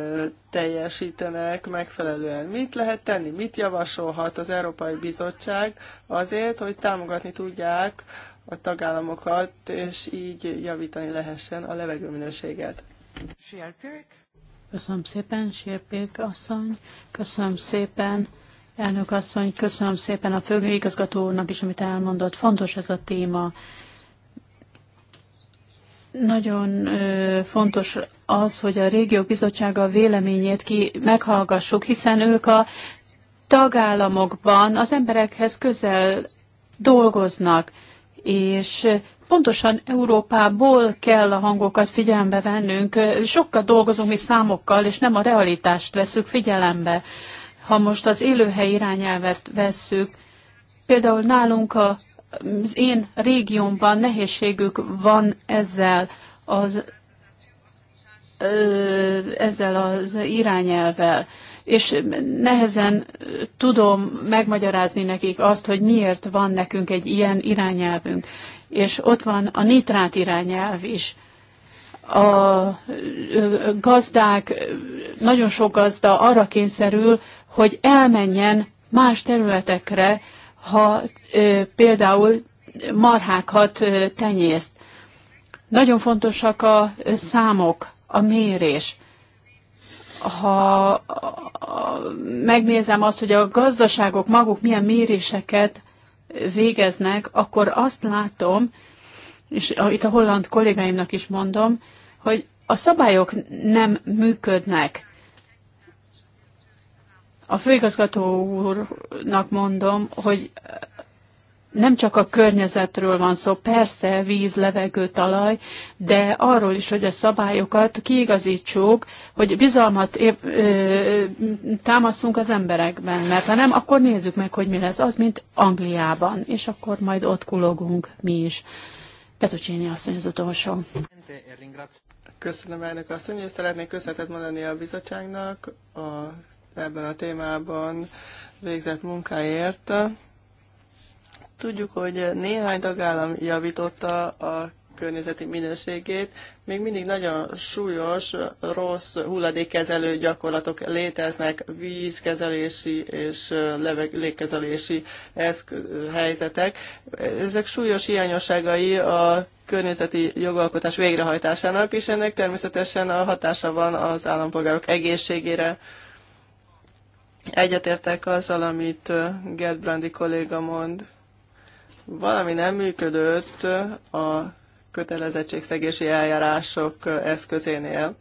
teljesítenek megfelelően. Mit lehet tenni, mit javasolhat az Európai Bizottság azért, hogy támogatni tudják a tagállamokat, és így javítani lehessen a levegőminőséget. Köszönöm szépen, Sérpék asszony, köszönöm szépen, elnök asszony, köszönöm szépen a főigazgatónak is, amit elmondott. Fontos ez a téma. Nagyon fontos az, hogy a régió bizottsága véleményét ki meghallgassuk, hiszen ők a tagállamokban az emberekhez közel dolgoznak, és pontosan Európából kell a hangokat figyelembe vennünk. Sokkal dolgozunk mi számokkal, és nem a realitást veszük figyelembe. Ha most az élőhely irányelvet vesszük, például nálunk a az én régiómban nehézségük van ezzel az ezzel az irányelvel, és nehezen tudom megmagyarázni nekik azt, hogy miért van nekünk egy ilyen irányelvünk. És ott van a nitrát irányelv is. A gazdák, nagyon sok gazda arra kényszerül, hogy elmenjen más területekre, ha ö, például marhákat ö, tenyészt. Nagyon fontosak a számok, a mérés. Ha megnézem azt, hogy a gazdaságok maguk milyen méréseket végeznek, akkor azt látom, és itt a holland kollégáimnak is mondom, hogy a szabályok nem működnek. A főigazgató úrnak mondom, hogy nem csak a környezetről van szó, persze víz, levegő, talaj, de arról is, hogy a szabályokat kiigazítsuk, hogy bizalmat épp, ö, támaszunk az emberekben, mert ha nem, akkor nézzük meg, hogy mi lesz az, mint Angliában, és akkor majd ott kulogunk mi is. Petucsini asszony az utolsó. Köszönöm elnök asszony, és szeretnék köszönetet mondani a bizottságnak, a ebben a témában végzett munkáért. Tudjuk, hogy néhány tagállam javította a környezeti minőségét. Még mindig nagyon súlyos, rossz hulladékkezelő gyakorlatok léteznek, vízkezelési és leveg, légkezelési eszk- helyzetek. Ezek súlyos hiányosságai a környezeti jogalkotás végrehajtásának, és ennek természetesen a hatása van az állampolgárok egészségére, Egyetértek azzal, amit Brandi kolléga mond. Valami nem működött a kötelezettségszegési eljárások eszközénél.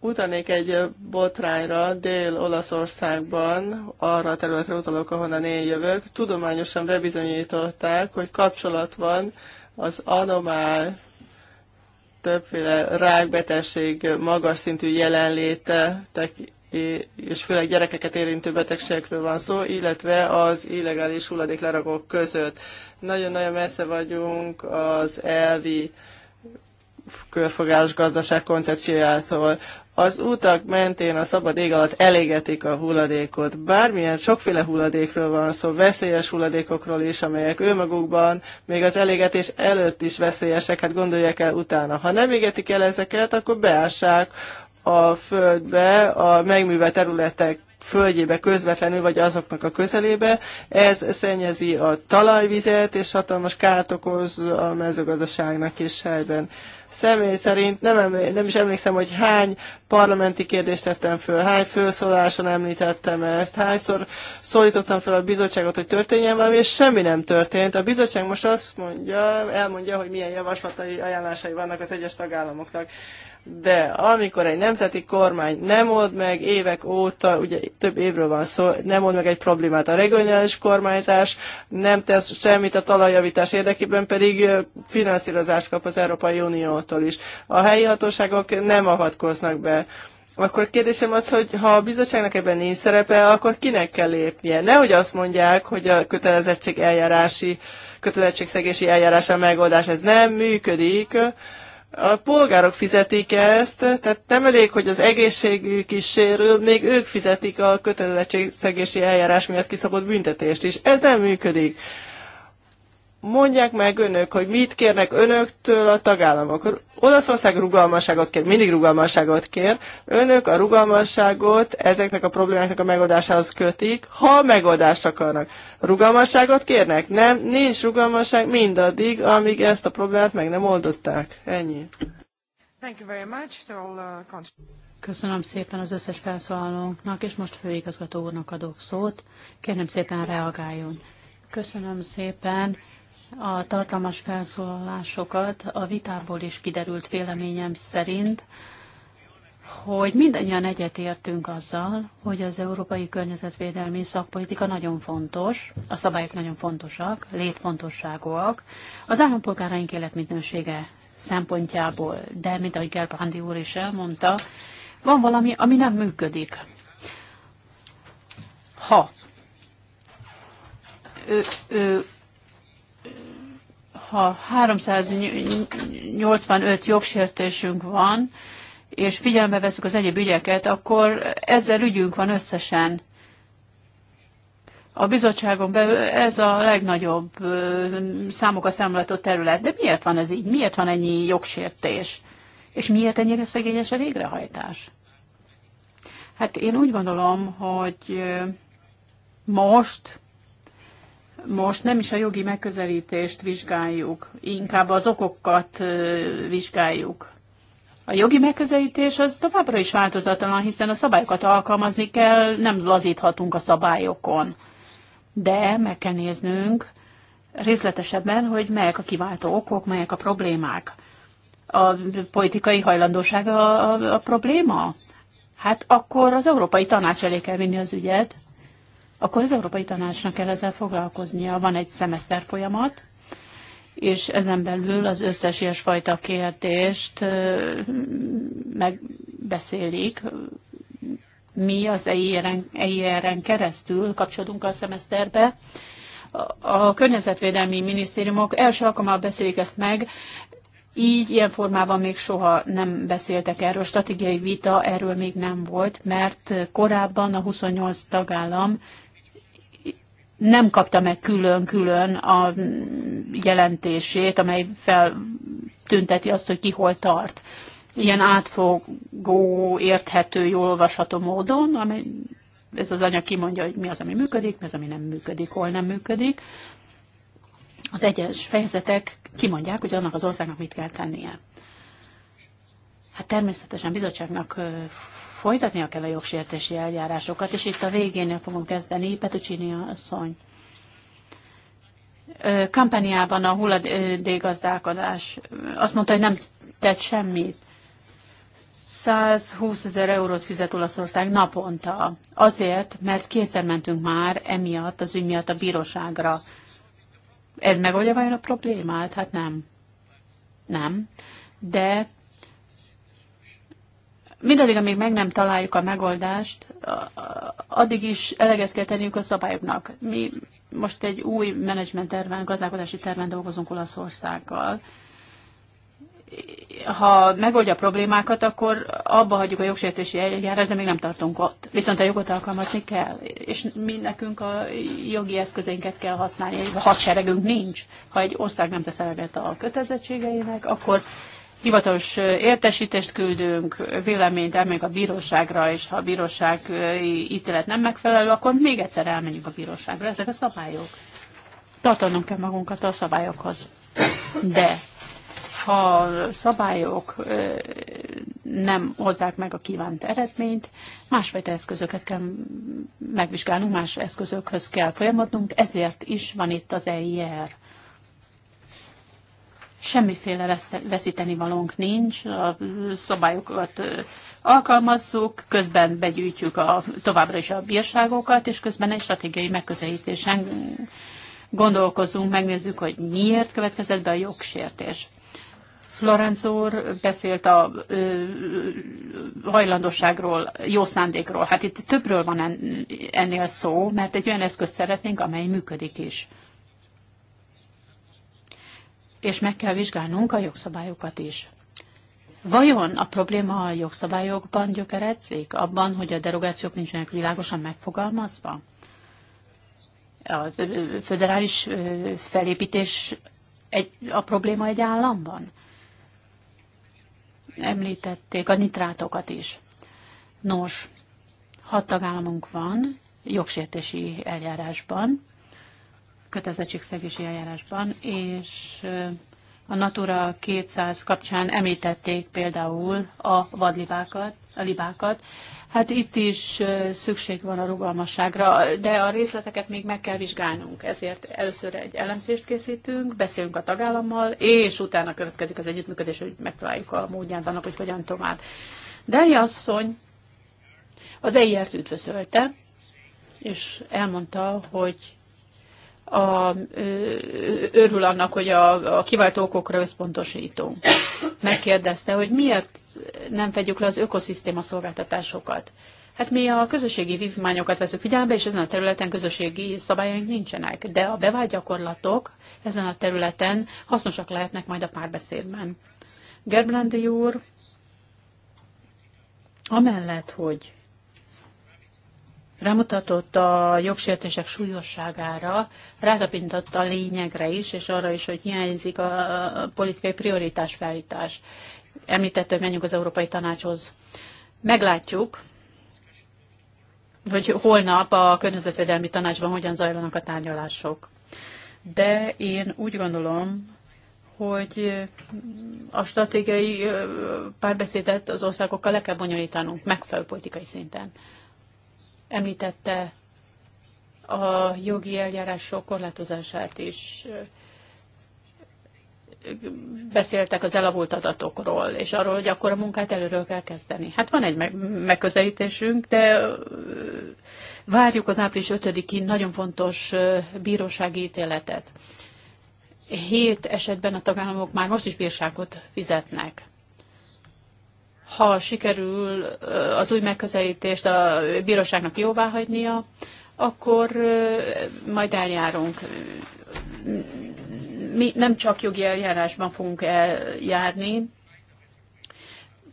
Utanék egy botrányra Dél-Olaszországban, arra a területre utalok, ahonnan én jövök. Tudományosan bebizonyították, hogy kapcsolat van az anomál többféle rákbetegség magas szintű jelenléte és főleg gyerekeket érintő betegségekről van szó, illetve az illegális hulladéklerakók között. Nagyon-nagyon messze vagyunk az elvi körfogás gazdaság koncepciójától. Az utak mentén a szabad ég alatt elégetik a hulladékot. Bármilyen sokféle hulladékről van szó, veszélyes hulladékokról is, amelyek önmagukban még az elégetés előtt is veszélyesek, hát gondolják el utána. Ha nem égetik el ezeket, akkor beássák a földbe, a megművel területek földjébe közvetlenül, vagy azoknak a közelébe. Ez szennyezi a talajvizet, és hatalmas kárt okoz a mezőgazdaságnak is helyben. Személy szerint nem, emlé- nem is emlékszem, hogy hány parlamenti kérdést tettem föl, hány felszóláson említettem ezt, hányszor szólítottam fel a bizottságot, hogy történjen valami, és semmi nem történt. A bizottság most azt mondja, elmondja, hogy milyen javaslatai, ajánlásai vannak az egyes tagállamoknak de amikor egy nemzeti kormány nem old meg évek óta, ugye több évről van szó, nem old meg egy problémát a regionális kormányzás, nem tesz semmit a talajjavítás érdekében, pedig finanszírozást kap az Európai Uniótól is. A helyi hatóságok nem avatkoznak be. Akkor kérdésem az, hogy ha a bizottságnak ebben nincs szerepe, akkor kinek kell lépnie? Nehogy azt mondják, hogy a kötelezettség eljárási, kötelezettségszegési eljárás a megoldás, ez nem működik, a polgárok fizetik ezt, tehát nem elég, hogy az egészségük is sérül, még ők fizetik a kötelezettségszegési eljárás miatt kiszabott büntetést is. Ez nem működik mondják meg önök, hogy mit kérnek önöktől a tagállamok. Olaszország rugalmasságot kér, mindig rugalmasságot kér. Önök a rugalmasságot ezeknek a problémáknak a megoldásához kötik, ha megoldást akarnak. Rugalmasságot kérnek? Nem, nincs rugalmasság mindaddig, amíg ezt a problémát meg nem oldották. Ennyi. Thank you very much. Uh, Köszönöm szépen az összes felszólalónknak, és most főigazgató úrnak adok szót. Kérem szépen reagáljon. Köszönöm szépen a tartalmas felszólalásokat. A vitából is kiderült véleményem szerint, hogy mindannyian egyetértünk azzal, hogy az európai környezetvédelmi szakpolitika nagyon fontos, a szabályok nagyon fontosak, létfontosságúak, az állampolgáraink életminősége szempontjából, de mint ahogy Gerbrandi úr is elmondta, van valami, ami nem működik. Ha ő, ő ha 385 jogsértésünk van, és figyelme veszük az egyéb ügyeket, akkor ezzel ügyünk van összesen. A bizottságon belül ez a legnagyobb számokat felmutató terület. De miért van ez így? Miért van ennyi jogsértés? És miért ennyire szegényes a végrehajtás? Hát én úgy gondolom, hogy most most nem is a jogi megközelítést vizsgáljuk, inkább az okokat vizsgáljuk. A jogi megközelítés az továbbra is változatlan, hiszen a szabályokat alkalmazni kell, nem lazíthatunk a szabályokon. De meg kell néznünk részletesebben, hogy melyek a kiváltó okok, melyek a problémák. A politikai hajlandóság a, a, a probléma? Hát akkor az Európai Tanács elé kell vinni az ügyet, akkor az Európai Tanácsnak kell ezzel foglalkoznia. Van egy szemeszter folyamat, és ezen belül az összes ilyesfajta kérdést megbeszélik. Mi az EIR-en, keresztül kapcsolódunk a szemeszterbe. A környezetvédelmi minisztériumok első alkalommal beszélik ezt meg, így ilyen formában még soha nem beszéltek erről. Stratégiai vita erről még nem volt, mert korábban a 28 tagállam nem kapta meg külön-külön a jelentését, amely feltünteti azt, hogy ki hol tart. Ilyen átfogó, érthető, jól olvasható módon, amely ez az anya kimondja, hogy mi az, ami működik, mi az, ami nem működik, hol nem működik. Az egyes fejezetek kimondják, hogy annak az országnak mit kell tennie. Hát természetesen bizottságnak folytatnia kell a jogsértési eljárásokat, és itt a végén fogom kezdeni, Petucsini asszony. Kampaniában a hulladégazdálkodás azt mondta, hogy nem tett semmit. 120 ezer eurót fizet Olaszország naponta. Azért, mert kétszer mentünk már emiatt, az ügy miatt a bíróságra. Ez megoldja vajon a problémát? Hát nem. Nem. De mindaddig, amíg meg nem találjuk a megoldást, addig is eleget kell tenniük a szabályoknak. Mi most egy új menedzsment terven, gazdálkodási terven dolgozunk Olaszországgal. Ha megoldja a problémákat, akkor abba hagyjuk a jogsértési eljárás, de még nem tartunk ott. Viszont a jogot alkalmazni kell, és mi nekünk a jogi eszközénket kell használni, a hadseregünk nincs. Ha egy ország nem tesz eleget a kötelezettségeinek, akkor hivatalos értesítést küldünk, véleményt elmegyünk a bíróságra, és ha a bíróság ítélet nem megfelelő, akkor még egyszer elmegyünk a bíróságra. Ezek a szabályok. Tartanunk kell magunkat a szabályokhoz. De ha a szabályok nem hozzák meg a kívánt eredményt, másfajta eszközöket kell megvizsgálnunk, más eszközökhöz kell folyamatnunk, ezért is van itt az EIR semmiféle veszíteni valónk nincs, a szabályokat alkalmazzuk, közben begyűjtjük a, továbbra is a bírságokat, és közben egy stratégiai megközelítésen gondolkozunk, megnézzük, hogy miért következett be a jogsértés. Florenc úr beszélt a ö, hajlandosságról, jó szándékról. Hát itt többről van ennél szó, mert egy olyan eszközt szeretnénk, amely működik is és meg kell vizsgálnunk a jogszabályokat is. Vajon a probléma a jogszabályokban gyökeredzik, abban, hogy a derogációk nincsenek világosan megfogalmazva? A föderális felépítés egy, a probléma egy államban? Említették a nitrátokat is. Nos, hat tagállamunk van jogsértési eljárásban, kötelezettségszegési eljárásban, és a Natura 200 kapcsán említették például a vadlibákat, a libákat. Hát itt is szükség van a rugalmasságra, de a részleteket még meg kell vizsgálnunk. Ezért először egy elemzést készítünk, beszélünk a tagállammal, és utána következik az együttműködés, hogy megtaláljuk a módját annak, hogy hogyan tovább. de asszony az EIR-t üdvözölte, és elmondta, hogy a, örül annak, hogy a, a kiváltó okokra összpontosítunk. Megkérdezte, hogy miért nem fedjük le az ökoszisztéma szolgáltatásokat. Hát mi a közösségi vívmányokat veszük figyelembe, és ezen a területen közösségi szabályaink nincsenek, de a bevált gyakorlatok ezen a területen hasznosak lehetnek majd a párbeszédben. Gerbrandi úr, amellett, hogy rámutatott a jogsértések súlyosságára, rátapintott a lényegre is, és arra is, hogy hiányzik a politikai prioritás felítás. Említett, hogy menjünk az Európai Tanácshoz. Meglátjuk, hogy holnap a Környezetvédelmi Tanácsban hogyan zajlanak a tárgyalások. De én úgy gondolom, hogy a stratégiai párbeszédet az országokkal le kell bonyolítanunk megfelelő politikai szinten említette a jogi eljárások korlátozását is. Beszéltek az elavult adatokról, és arról, hogy akkor a munkát előről kell kezdeni. Hát van egy megközelítésünk, de várjuk az április 5 én nagyon fontos bírósági ítéletet. Hét esetben a tagállamok már most is bírságot fizetnek ha sikerül az új megközelítést a bíróságnak jóváhagynia, akkor majd eljárunk. Mi nem csak jogi eljárásban fogunk eljárni,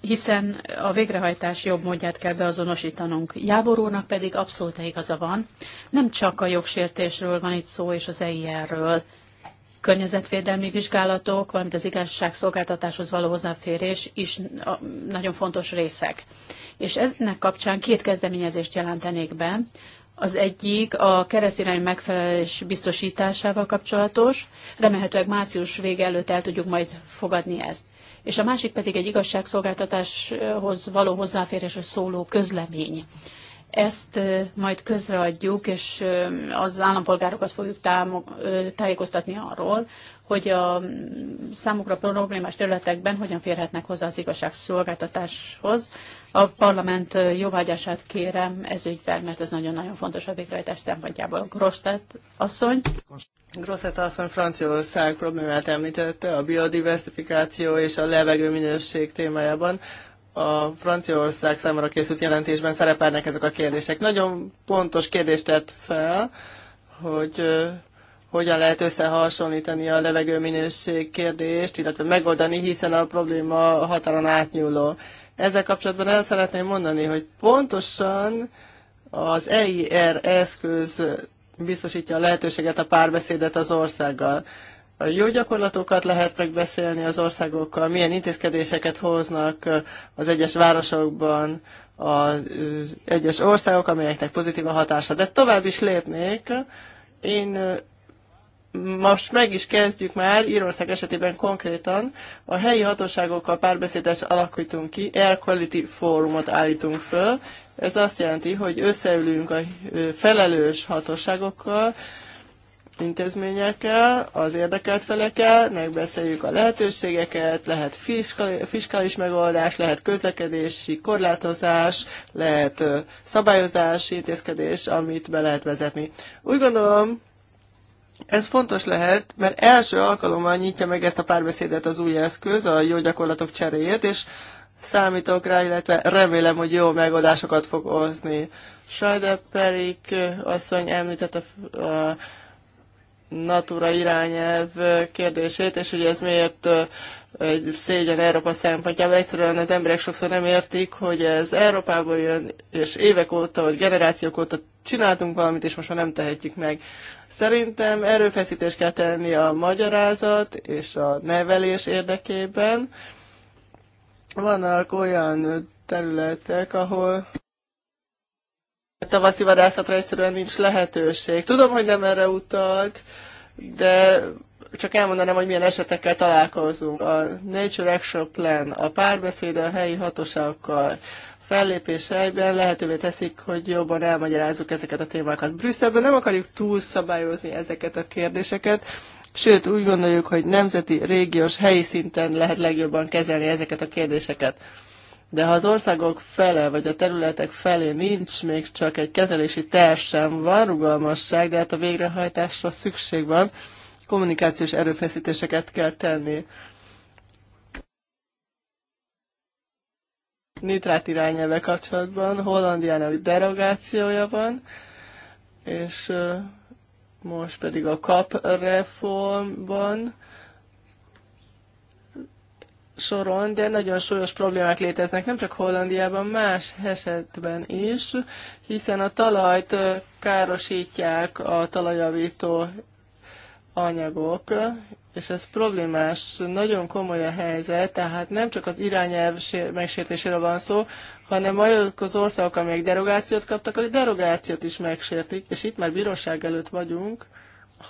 hiszen a végrehajtás jobb módját kell beazonosítanunk. Jábor úrnak pedig abszolút igaza van. Nem csak a jogsértésről van itt szó, és az EIR-ről környezetvédelmi vizsgálatok, valamint az igazságszolgáltatáshoz való hozzáférés is nagyon fontos részek. És ennek kapcsán két kezdeményezést jelentenék be. Az egyik a keresztirány megfelelés biztosításával kapcsolatos, remélhetőleg március vége előtt el tudjuk majd fogadni ezt. És a másik pedig egy igazságszolgáltatáshoz való hozzáférésről szóló közlemény. Ezt majd közreadjuk, és az állampolgárokat fogjuk tájékoztatni arról, hogy a számukra problémás területekben hogyan férhetnek hozzá az igazságszolgáltatáshoz. A parlament jóvágyását kérem ez ügyben, mert ez nagyon-nagyon fontos a végrehajtás szempontjából. Grosztet asszony. Grosztet asszony Franciaország problémát említette a biodiversifikáció és a levegőminőség témájában a Franciaország számára készült jelentésben szerepelnek ezek a kérdések. Nagyon pontos kérdést tett fel, hogy hogyan lehet összehasonlítani a levegőminőség kérdést, illetve megoldani, hiszen a probléma határon átnyúló. Ezzel kapcsolatban el szeretném mondani, hogy pontosan az EIR eszköz biztosítja a lehetőséget a párbeszédet az országgal. A jó gyakorlatokat lehet megbeszélni az országokkal, milyen intézkedéseket hoznak az egyes városokban az egyes országok, amelyeknek pozitív a hatása. De tovább is lépnék. Én most meg is kezdjük már, Írország esetében konkrétan, a helyi hatóságokkal párbeszédet alakítunk ki, Air Quality Forumot állítunk föl. Ez azt jelenti, hogy összeülünk a felelős hatóságokkal, intézményekkel, az érdekelt felekkel, megbeszéljük a lehetőségeket, lehet fiskális megoldás, lehet közlekedési korlátozás, lehet szabályozási intézkedés, amit be lehet vezetni. Úgy gondolom, ez fontos lehet, mert első alkalommal nyitja meg ezt a párbeszédet az új eszköz, a jó gyakorlatok cseréjét, és számítok rá, illetve remélem, hogy jó megoldásokat fog hozni. Sajda Perik asszony említette a Natura irányelv kérdését, és ugye ez miért egy szégyen Európa szempontjából. Egyszerűen az emberek sokszor nem értik, hogy ez Európából jön, és évek óta, vagy generációk óta csináltunk valamit, és most már nem tehetjük meg. Szerintem erőfeszítést kell tenni a magyarázat és a nevelés érdekében. Vannak olyan területek, ahol tavaszi vadászatra egyszerűen nincs lehetőség. Tudom, hogy nem erre utalt, de csak elmondanám, hogy milyen esetekkel találkozunk. A Nature Action Plan, a párbeszéd a helyi hatóságokkal, fellépés helyben lehetővé teszik, hogy jobban elmagyarázzuk ezeket a témákat. Brüsszelben nem akarjuk túlszabályozni ezeket a kérdéseket, sőt úgy gondoljuk, hogy nemzeti, régiós, helyi szinten lehet legjobban kezelni ezeket a kérdéseket. De ha az országok fele, vagy a területek felé nincs még csak egy kezelési terv sem, van rugalmasság, de hát a végrehajtásra szükség van, kommunikációs erőfeszítéseket kell tenni. Nitrát irányelve kapcsolatban Hollandiának derogációja van, és most pedig a kap reformban soron, de nagyon súlyos problémák léteznek, nem csak Hollandiában, más esetben is, hiszen a talajt károsítják a talajavító anyagok, és ez problémás, nagyon komoly a helyzet, tehát nem csak az irányelv megsértéséről van szó, hanem azok az országok, amelyek derogációt kaptak, a derogációt is megsértik, és itt már bíróság előtt vagyunk,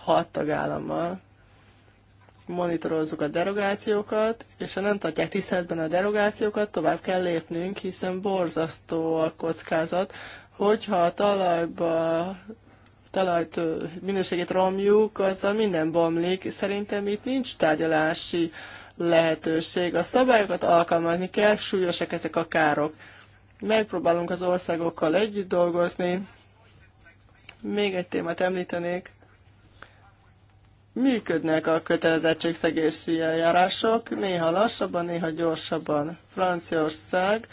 hat tagállammal monitorozzuk a derogációkat, és ha nem tartják tiszteletben a derogációkat, tovább kell lépnünk, hiszen borzasztó a kockázat, hogyha a talajba talajt minőségét romjuk, azzal minden bomlik. Szerintem itt nincs tárgyalási lehetőség. A szabályokat alkalmazni kell, súlyosak ezek a károk. Megpróbálunk az országokkal együtt dolgozni. Még egy témát említenék, működnek a kötelezettségszegési eljárások, néha lassabban, néha gyorsabban. Franciaország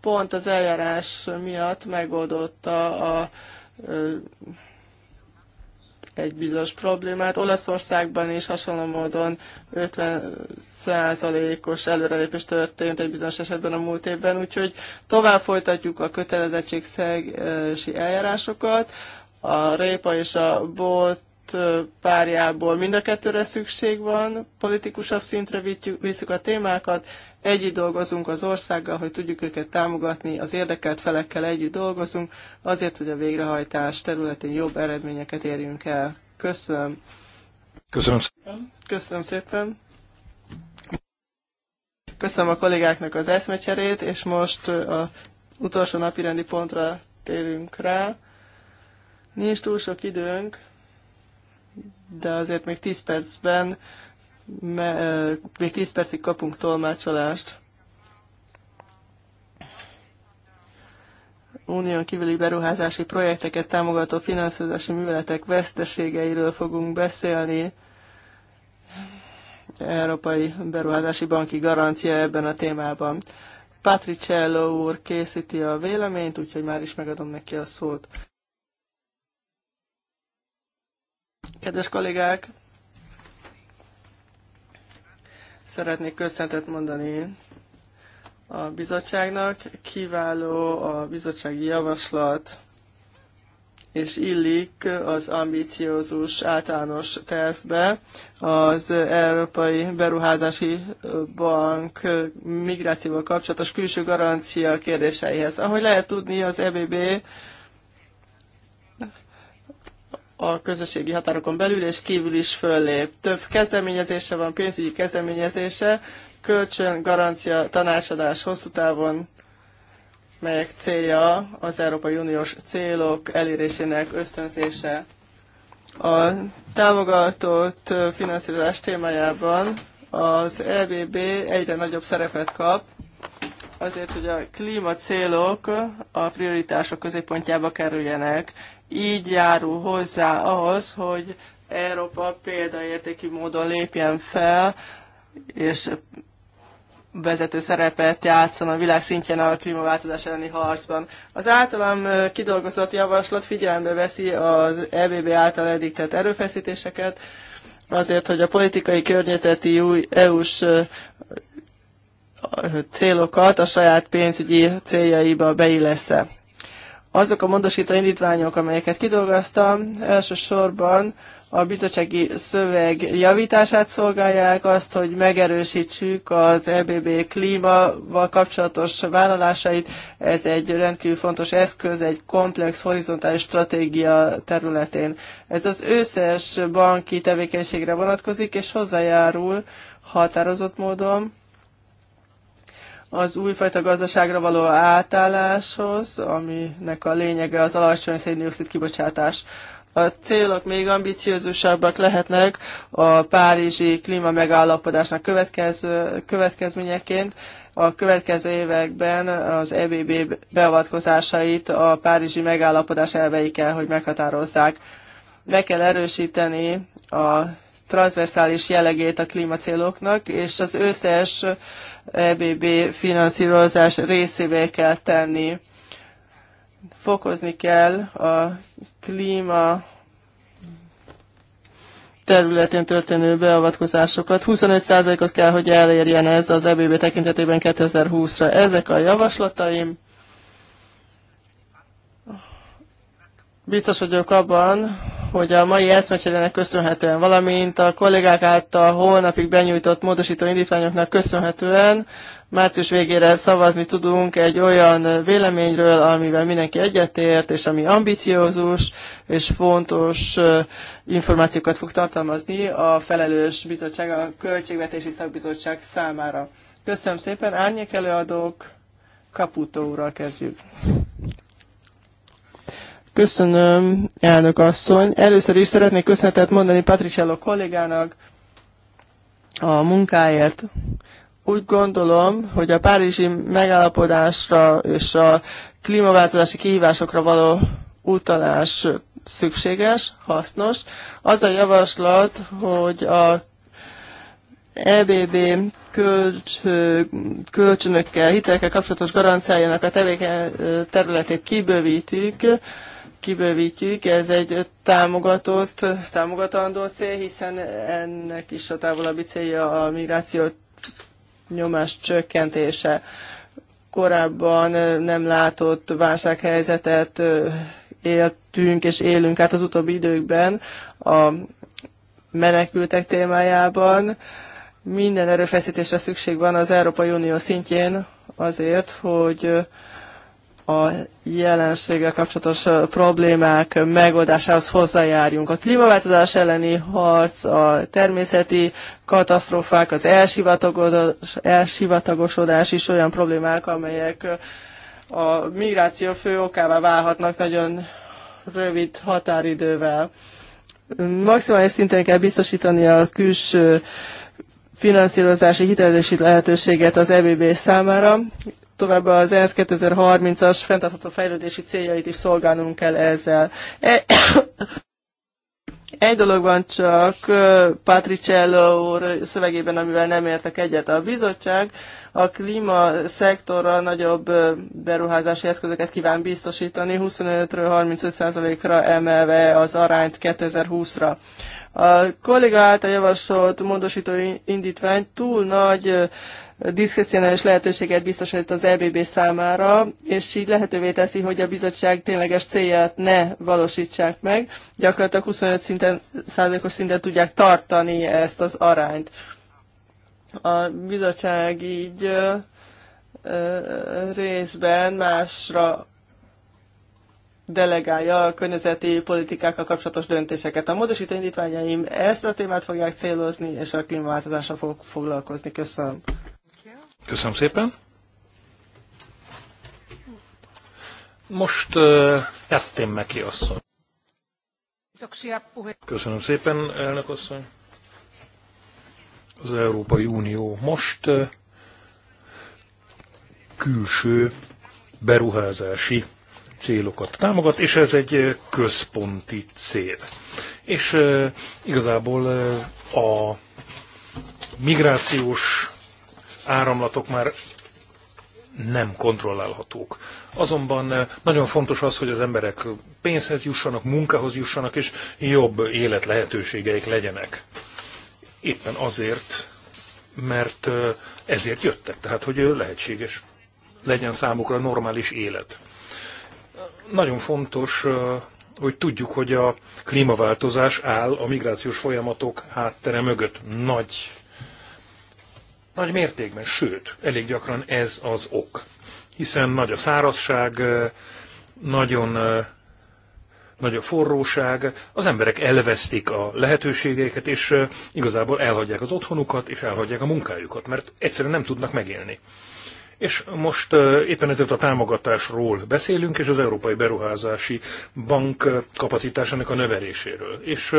pont az eljárás miatt megoldotta a ö, egy bizonyos problémát. Olaszországban is hasonló módon 50%-os előrelépés történt egy bizonyos esetben a múlt évben, úgyhogy tovább folytatjuk a kötelezettségszegési eljárásokat. A répa és a bot párjából. Mind a kettőre szükség van, politikusabb szintre visszük a témákat, együtt dolgozunk az országgal, hogy tudjuk őket támogatni, az érdekelt felekkel együtt dolgozunk, azért, hogy a végrehajtás területén jobb eredményeket érjünk el. Köszönöm. Köszönöm szépen. Köszönöm szépen. Köszönöm a kollégáknak az eszmecserét, és most a utolsó napirendi pontra térünk rá. Nincs túl sok időnk, de azért még 10 percben, még 10 percig kapunk tolmácsolást. unión kívüli beruházási projekteket támogató finanszírozási műveletek veszteségeiről fogunk beszélni. Európai Beruházási Banki Garancia ebben a témában. Patricello úr készíti a véleményt, úgyhogy már is megadom neki a szót. Kedves kollégák, szeretnék köszöntet mondani a bizottságnak. Kiváló a bizottsági javaslat, és illik az ambiciózus általános tervbe az Európai Beruházási Bank migrációval kapcsolatos külső garancia kérdéseihez. Ahogy lehet tudni, az EBB a közösségi határokon belül és kívül is föllép. Több kezdeményezése van, pénzügyi kezdeményezése, kölcsön, garancia, tanácsadás hosszú távon, melyek célja az Európai Uniós célok elérésének ösztönzése. A támogatott finanszírozás témájában az EBB egyre nagyobb szerepet kap, azért, hogy a klímacélok a prioritások középpontjába kerüljenek, így járul hozzá ahhoz, hogy Európa példaértékű módon lépjen fel, és vezető szerepet játszon a világ szintjén a klímaváltozás elleni harcban. Az általam kidolgozott javaslat figyelembe veszi az EBB által eddig tett erőfeszítéseket, azért, hogy a politikai környezeti új EU-s célokat a saját pénzügyi céljaiba beillesse. Azok a módosító indítványok, amelyeket kidolgoztam, elsősorban a bizottsági szöveg javítását szolgálják, azt, hogy megerősítsük az EBB klímaval kapcsolatos vállalásait. Ez egy rendkívül fontos eszköz, egy komplex horizontális stratégia területén. Ez az összes banki tevékenységre vonatkozik, és hozzájárul határozott módon az újfajta gazdaságra való átálláshoz, aminek a lényege az alacsony széndiokszid kibocsátás. A célok még ambiciózusabbak lehetnek a Párizsi klíma megállapodásnak következő, következményeként. A következő években az EBB beavatkozásait a Párizsi megállapodás elveikkel, hogy meghatározzák. Meg kell erősíteni a transversális jellegét a klímacéloknak, és az összes EBB finanszírozás részévé kell tenni. Fokozni kell a klíma területén történő beavatkozásokat. 25%-ot kell, hogy elérjen ez az EBB tekintetében 2020-ra. Ezek a javaslataim. Biztos vagyok abban, hogy a mai eszmecserének köszönhetően, valamint a kollégák által holnapig benyújtott módosító indítványoknak köszönhetően március végére szavazni tudunk egy olyan véleményről, amivel mindenki egyetért, és ami ambiciózus és fontos információkat fog tartalmazni a felelős bizottság, a Költségvetési Szakbizottság számára. Köszönöm szépen, árnyék előadók, Kaputó úrral kezdjük. Köszönöm, elnök asszony. Először is szeretnék köszönetet mondani Patriciello kollégának a munkáért. Úgy gondolom, hogy a párizsi megállapodásra és a klímaváltozási kihívásokra való utalás szükséges, hasznos. Az a javaslat, hogy a EBB kölcs, kölcsönökkel, hitelekkel kapcsolatos garanciájának a tevéken, területét kibővítjük kibővítjük. Ez egy támogatott, támogatandó cél, hiszen ennek is a távolabbi célja a migráció nyomás csökkentése. Korábban nem látott válsághelyzetet éltünk és élünk át az utóbbi időkben a menekültek témájában. Minden erőfeszítésre szükség van az Európai Unió szintjén azért, hogy a jelenséggel kapcsolatos problémák megoldásához hozzájárjunk. A klímaváltozás elleni harc, a természeti katasztrófák, az elsivatagosodás is olyan problémák, amelyek a migráció fő okává válhatnak nagyon rövid határidővel. Maximális szinten kell biztosítani a külső finanszírozási hitelezési lehetőséget az EBB számára, továbbá az ENSZ 2030-as fenntartható fejlődési céljait is szolgálnunk kell ezzel. E- egy dolog van csak Patricello úr szövegében, amivel nem értek egyet. A bizottság a klíma szektorra nagyobb beruházási eszközöket kíván biztosítani, 25-ről 35%-ra emelve az arányt 2020-ra. A kolléga által javasolt módosító indítvány túl nagy diszkrecionális lehetőséget biztosít az EBB számára, és így lehetővé teszi, hogy a bizottság tényleges célját ne valósítsák meg. Gyakorlatilag 25 szinten, százalékos szinten tudják tartani ezt az arányt. A bizottság így ö, ö, részben másra delegálja a környezeti politikákkal kapcsolatos döntéseket. A módosító indítványaim ezt a témát fogják célozni, és a klímaváltozásra fogok foglalkozni. Köszönöm. Köszönöm szépen. Most uh, eh, ettem ki, asszony. Köszönöm szépen, elnök asszony. Az Európai Unió most uh, külső beruházási célokat támogat, és ez egy eh, központi cél. És uh, igazából uh, a migrációs áramlatok már nem kontrollálhatók. Azonban eh, nagyon fontos az, hogy az emberek pénzhez jussanak, munkához jussanak, és jobb élet lehetőségeik legyenek. Éppen azért, mert eh, ezért jöttek, tehát hogy eh, lehetséges legyen számukra normális élet. Nagyon fontos, hogy tudjuk, hogy a klímaváltozás áll a migrációs folyamatok háttere mögött. Nagy nagy mértékben, sőt, elég gyakran ez az ok. Hiszen nagy a szárazság, nagyon nagy a forróság, az emberek elvesztik a lehetőségeiket, és igazából elhagyják az otthonukat, és elhagyják a munkájukat, mert egyszerűen nem tudnak megélni. És most éppen ezért a támogatásról beszélünk, és az Európai Beruházási Bank kapacitásának a növeléséről. És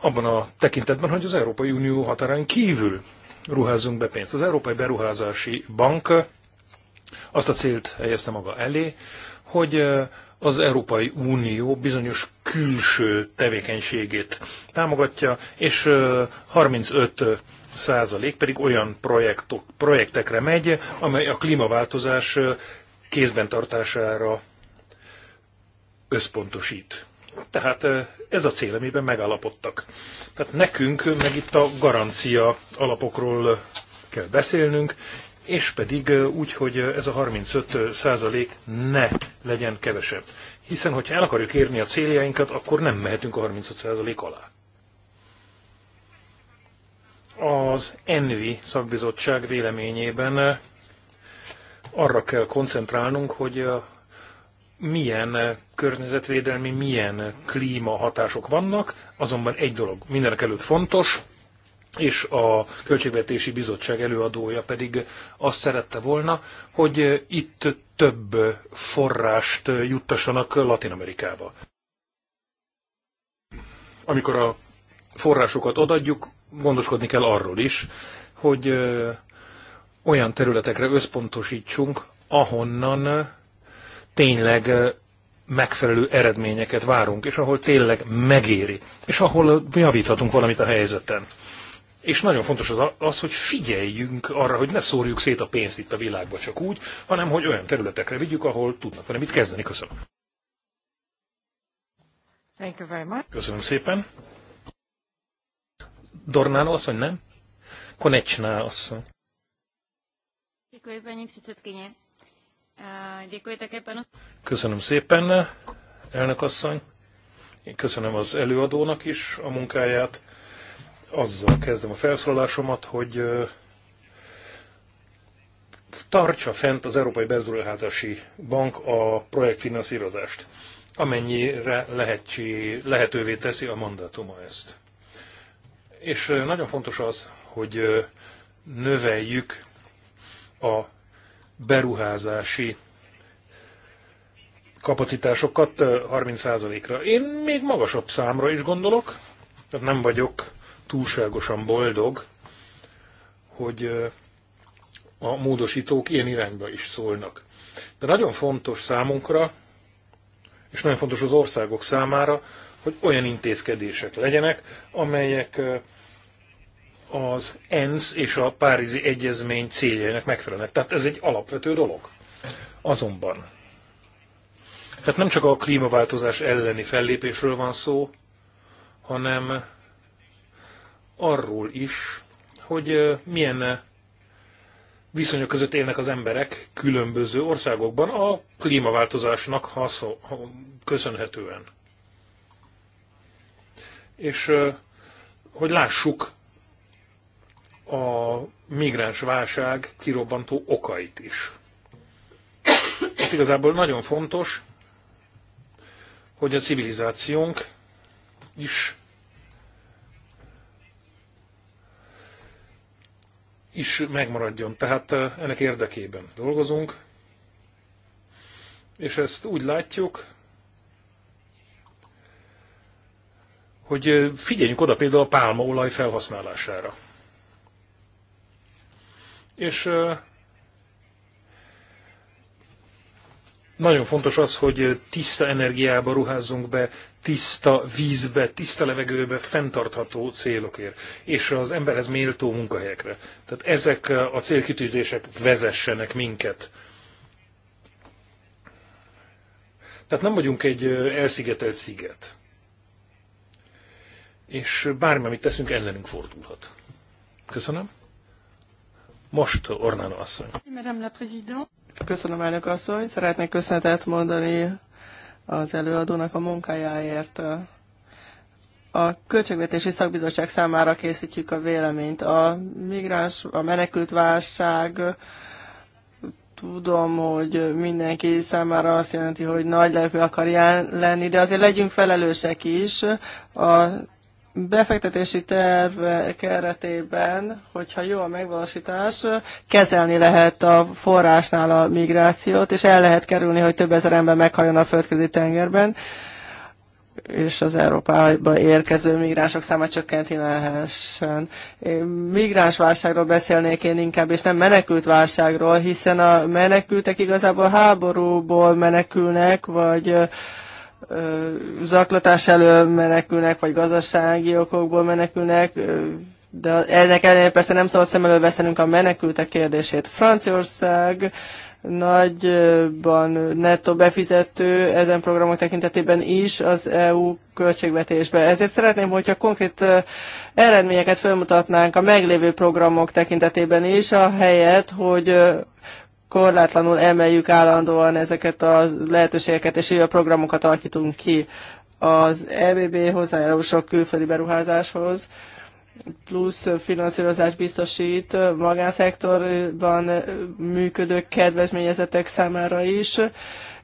abban a tekintetben, hogy az Európai Unió határán kívül ruházzunk be pénzt. Az Európai Beruházási Bank azt a célt helyezte maga elé, hogy az Európai Unió bizonyos külső tevékenységét támogatja, és 35 százalék pedig olyan projektok, projektekre megy, amely a klímaváltozás kézben tartására összpontosít. Tehát ez a cél, amiben megállapodtak. Tehát nekünk meg itt a garancia alapokról kell beszélnünk, és pedig úgy, hogy ez a 35 százalék ne legyen kevesebb. Hiszen, hogyha el akarjuk érni a céljainkat, akkor nem mehetünk a 35 százalék alá. Az ENVI szakbizottság véleményében arra kell koncentrálnunk, hogy a milyen környezetvédelmi, milyen klíma hatások vannak, azonban egy dolog mindenek előtt fontos, és a Költségvetési Bizottság előadója pedig azt szerette volna, hogy itt több forrást juttassanak Latin Amerikába. Amikor a forrásokat odadjuk, gondoskodni kell arról is, hogy olyan területekre összpontosítsunk, ahonnan tényleg megfelelő eredményeket várunk, és ahol tényleg megéri, és ahol javíthatunk valamit a helyzeten. És nagyon fontos az, az, hogy figyeljünk arra, hogy ne szórjuk szét a pénzt itt a világba csak úgy, hanem hogy olyan területekre vigyük, ahol tudnak vele mit kezdeni. Köszönöm. Thank you very much. Köszönöm szépen. Dornáló asszony, nem? Konecsná asszony. Köszönöm, paní Köszönöm szépen, elnök asszony. Én köszönöm az előadónak is a munkáját. Azzal kezdem a felszólalásomat, hogy tartsa fent az Európai Beruházási Bank a projektfinanszírozást, amennyire lehetsé, lehetővé teszi a mandátuma ezt. És nagyon fontos az, hogy növeljük a beruházási kapacitásokat 30%-ra. Én még magasabb számra is gondolok, tehát nem vagyok túlságosan boldog, hogy a módosítók ilyen irányba is szólnak. De nagyon fontos számunkra, és nagyon fontos az országok számára, hogy olyan intézkedések legyenek, amelyek az ENSZ és a Párizsi Egyezmény céljainak megfelelnek. Tehát ez egy alapvető dolog. Azonban, tehát nem csak a klímaváltozás elleni fellépésről van szó, hanem arról is, hogy milyen viszonyok között élnek az emberek különböző országokban a klímaváltozásnak haszon, köszönhetően. És hogy lássuk a migráns válság kirobbantó okait is. Itt hát igazából nagyon fontos, hogy a civilizációnk is is megmaradjon. Tehát eh, ennek érdekében dolgozunk, és ezt úgy látjuk, hogy eh, figyeljünk oda például a pálmaolaj felhasználására. És nagyon fontos az, hogy tiszta energiába ruházzunk be, tiszta vízbe, tiszta levegőbe, fenntartható célokért, és az emberhez méltó munkahelyekre. Tehát ezek a célkitűzések vezessenek minket. Tehát nem vagyunk egy elszigetelt sziget. És bármi, amit teszünk, ellenünk fordulhat. Köszönöm. Most Ornán asszony. Köszönöm, elnök asszony. Szeretnék köszönetet mondani az előadónak a munkájáért. A Költségvetési Szakbizottság számára készítjük a véleményt. A migráns, a menekült válság, tudom, hogy mindenki számára azt jelenti, hogy nagy levő akar lenni, de azért legyünk felelősek is. A befektetési terv keretében, hogyha jó a megvalósítás, kezelni lehet a forrásnál a migrációt, és el lehet kerülni, hogy több ezer ember meghajjon a földközi tengerben, és az Európába érkező migránsok száma csökkenti lehessen. Migránsválságról beszélnék én inkább, és nem menekült válságról, hiszen a menekültek igazából háborúból menekülnek, vagy zaklatás elől menekülnek, vagy gazdasági okokból menekülnek, de ennek ellenére persze nem szabad szem elől veszenünk a menekültek kérdését. Franciaország nagyban nettó befizető ezen programok tekintetében is az EU költségvetésbe. Ezért szeretném, hogyha konkrét eredményeket felmutatnánk a meglévő programok tekintetében is, a helyet, hogy korlátlanul emeljük állandóan ezeket a lehetőségeket, és így a programokat alakítunk ki az EBB hozzájárulások külföldi beruházáshoz, plusz finanszírozás biztosít magánszektorban működő kedvezményezetek számára is.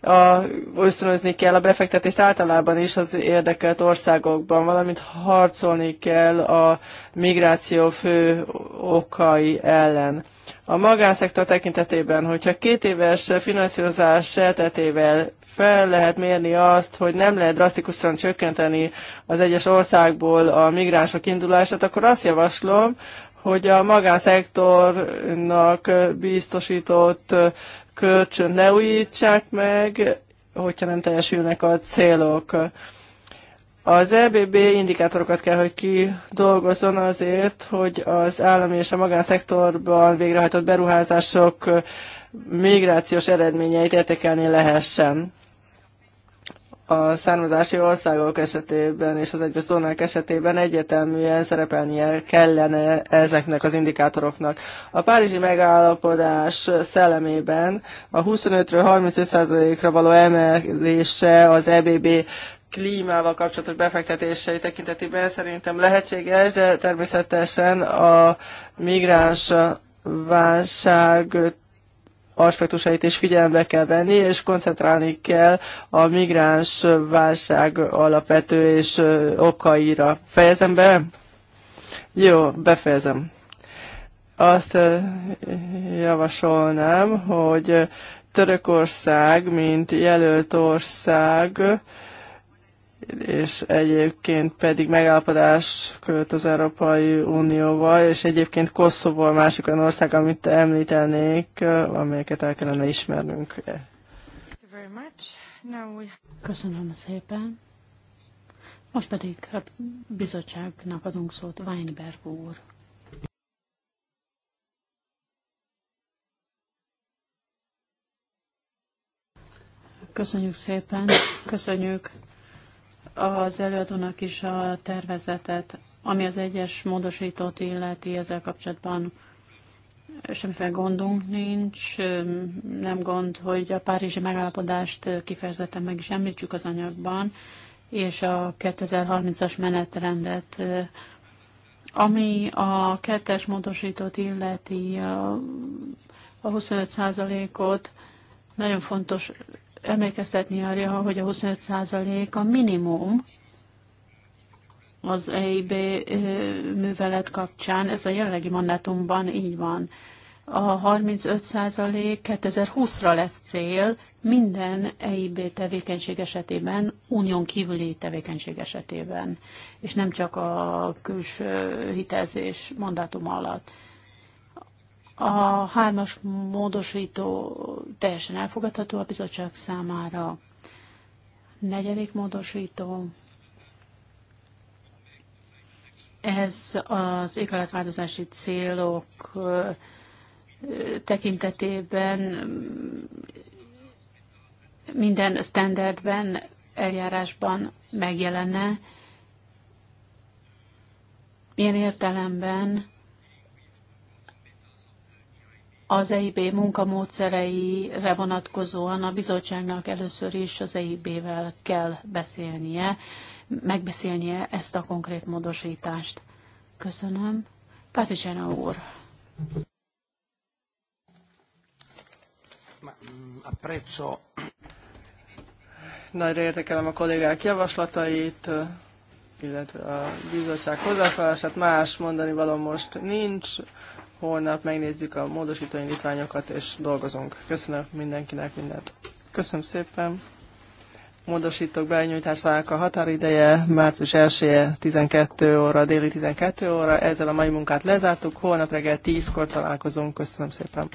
A, ösztönözni kell a befektetést általában is az érdekelt országokban, valamint harcolni kell a migráció fő okai ellen. A magánszektor tekintetében, hogyha két éves finanszírozás eltetével fel lehet mérni azt, hogy nem lehet drasztikusan csökkenteni az egyes országból a migránsok indulását, akkor azt javaslom, hogy a magánszektornak biztosított kölcsön leújítsák meg, hogyha nem teljesülnek a célok. Az EBB indikátorokat kell, hogy kidolgozzon azért, hogy az állami és a magánszektorban végrehajtott beruházások migrációs eredményeit értékelni lehessen. A származási országok esetében és az egyes zónák esetében egyértelműen szerepelnie kellene ezeknek az indikátoroknak. A Párizsi megállapodás szellemében a 25 35%-ra való emelése az EBB klímával kapcsolatos befektetései tekintetében szerintem lehetséges, de természetesen a migráns válság aspektusait is figyelembe kell venni, és koncentrálni kell a migráns válság alapvető és okaira. Fejezem be? Jó, befejezem. Azt javasolnám, hogy Törökország, mint jelölt ország, és egyébként pedig megállapodás költ az Európai Unióval, és egyébként Koszovó a másik olyan ország, amit említenék, amelyeket el kellene ismernünk. Köszönöm szépen. Most pedig a bizottságnak adunk szót Weinberg úr. Köszönjük szépen, köszönjük az előadónak is a tervezetet, ami az egyes módosítót illeti ezzel kapcsolatban semmiféle gondunk nincs, nem gond, hogy a Párizsi megállapodást kifejezetten meg is említsük az anyagban, és a 2030-as menetrendet. Ami a kettes módosítót illeti, a 25%-ot, nagyon fontos emlékeztetni arra, hogy a 25% a minimum az EIB művelet kapcsán. Ez a jelenlegi mandátumban így van. A 35% 2020-ra lesz cél minden EIB tevékenység esetében, unión kívüli tevékenység esetében, és nem csak a külső hitelzés mandátuma alatt. A hármas módosító teljesen elfogadható a bizottság számára. Negyedik módosító. Ez az éghajlatváltozási célok tekintetében minden standardben, eljárásban megjelenne. Ilyen értelemben az EIB munkamódszereire vonatkozóan a bizottságnak először is az EIB-vel kell beszélnie, megbeszélnie ezt a konkrét módosítást. Köszönöm. Pátricsena úr. Mm, Nagyra értekelem a kollégák javaslatait, illetve a bizottság hozzáfállását. Más mondani való most nincs holnap megnézzük a módosító indítványokat, és dolgozunk. Köszönöm mindenkinek mindent. Köszönöm szépen. Módosítok benyújtásának a határideje március 1 -e 12 óra, déli 12 óra. Ezzel a mai munkát lezártuk. Holnap reggel 10-kor találkozunk. Köszönöm szépen.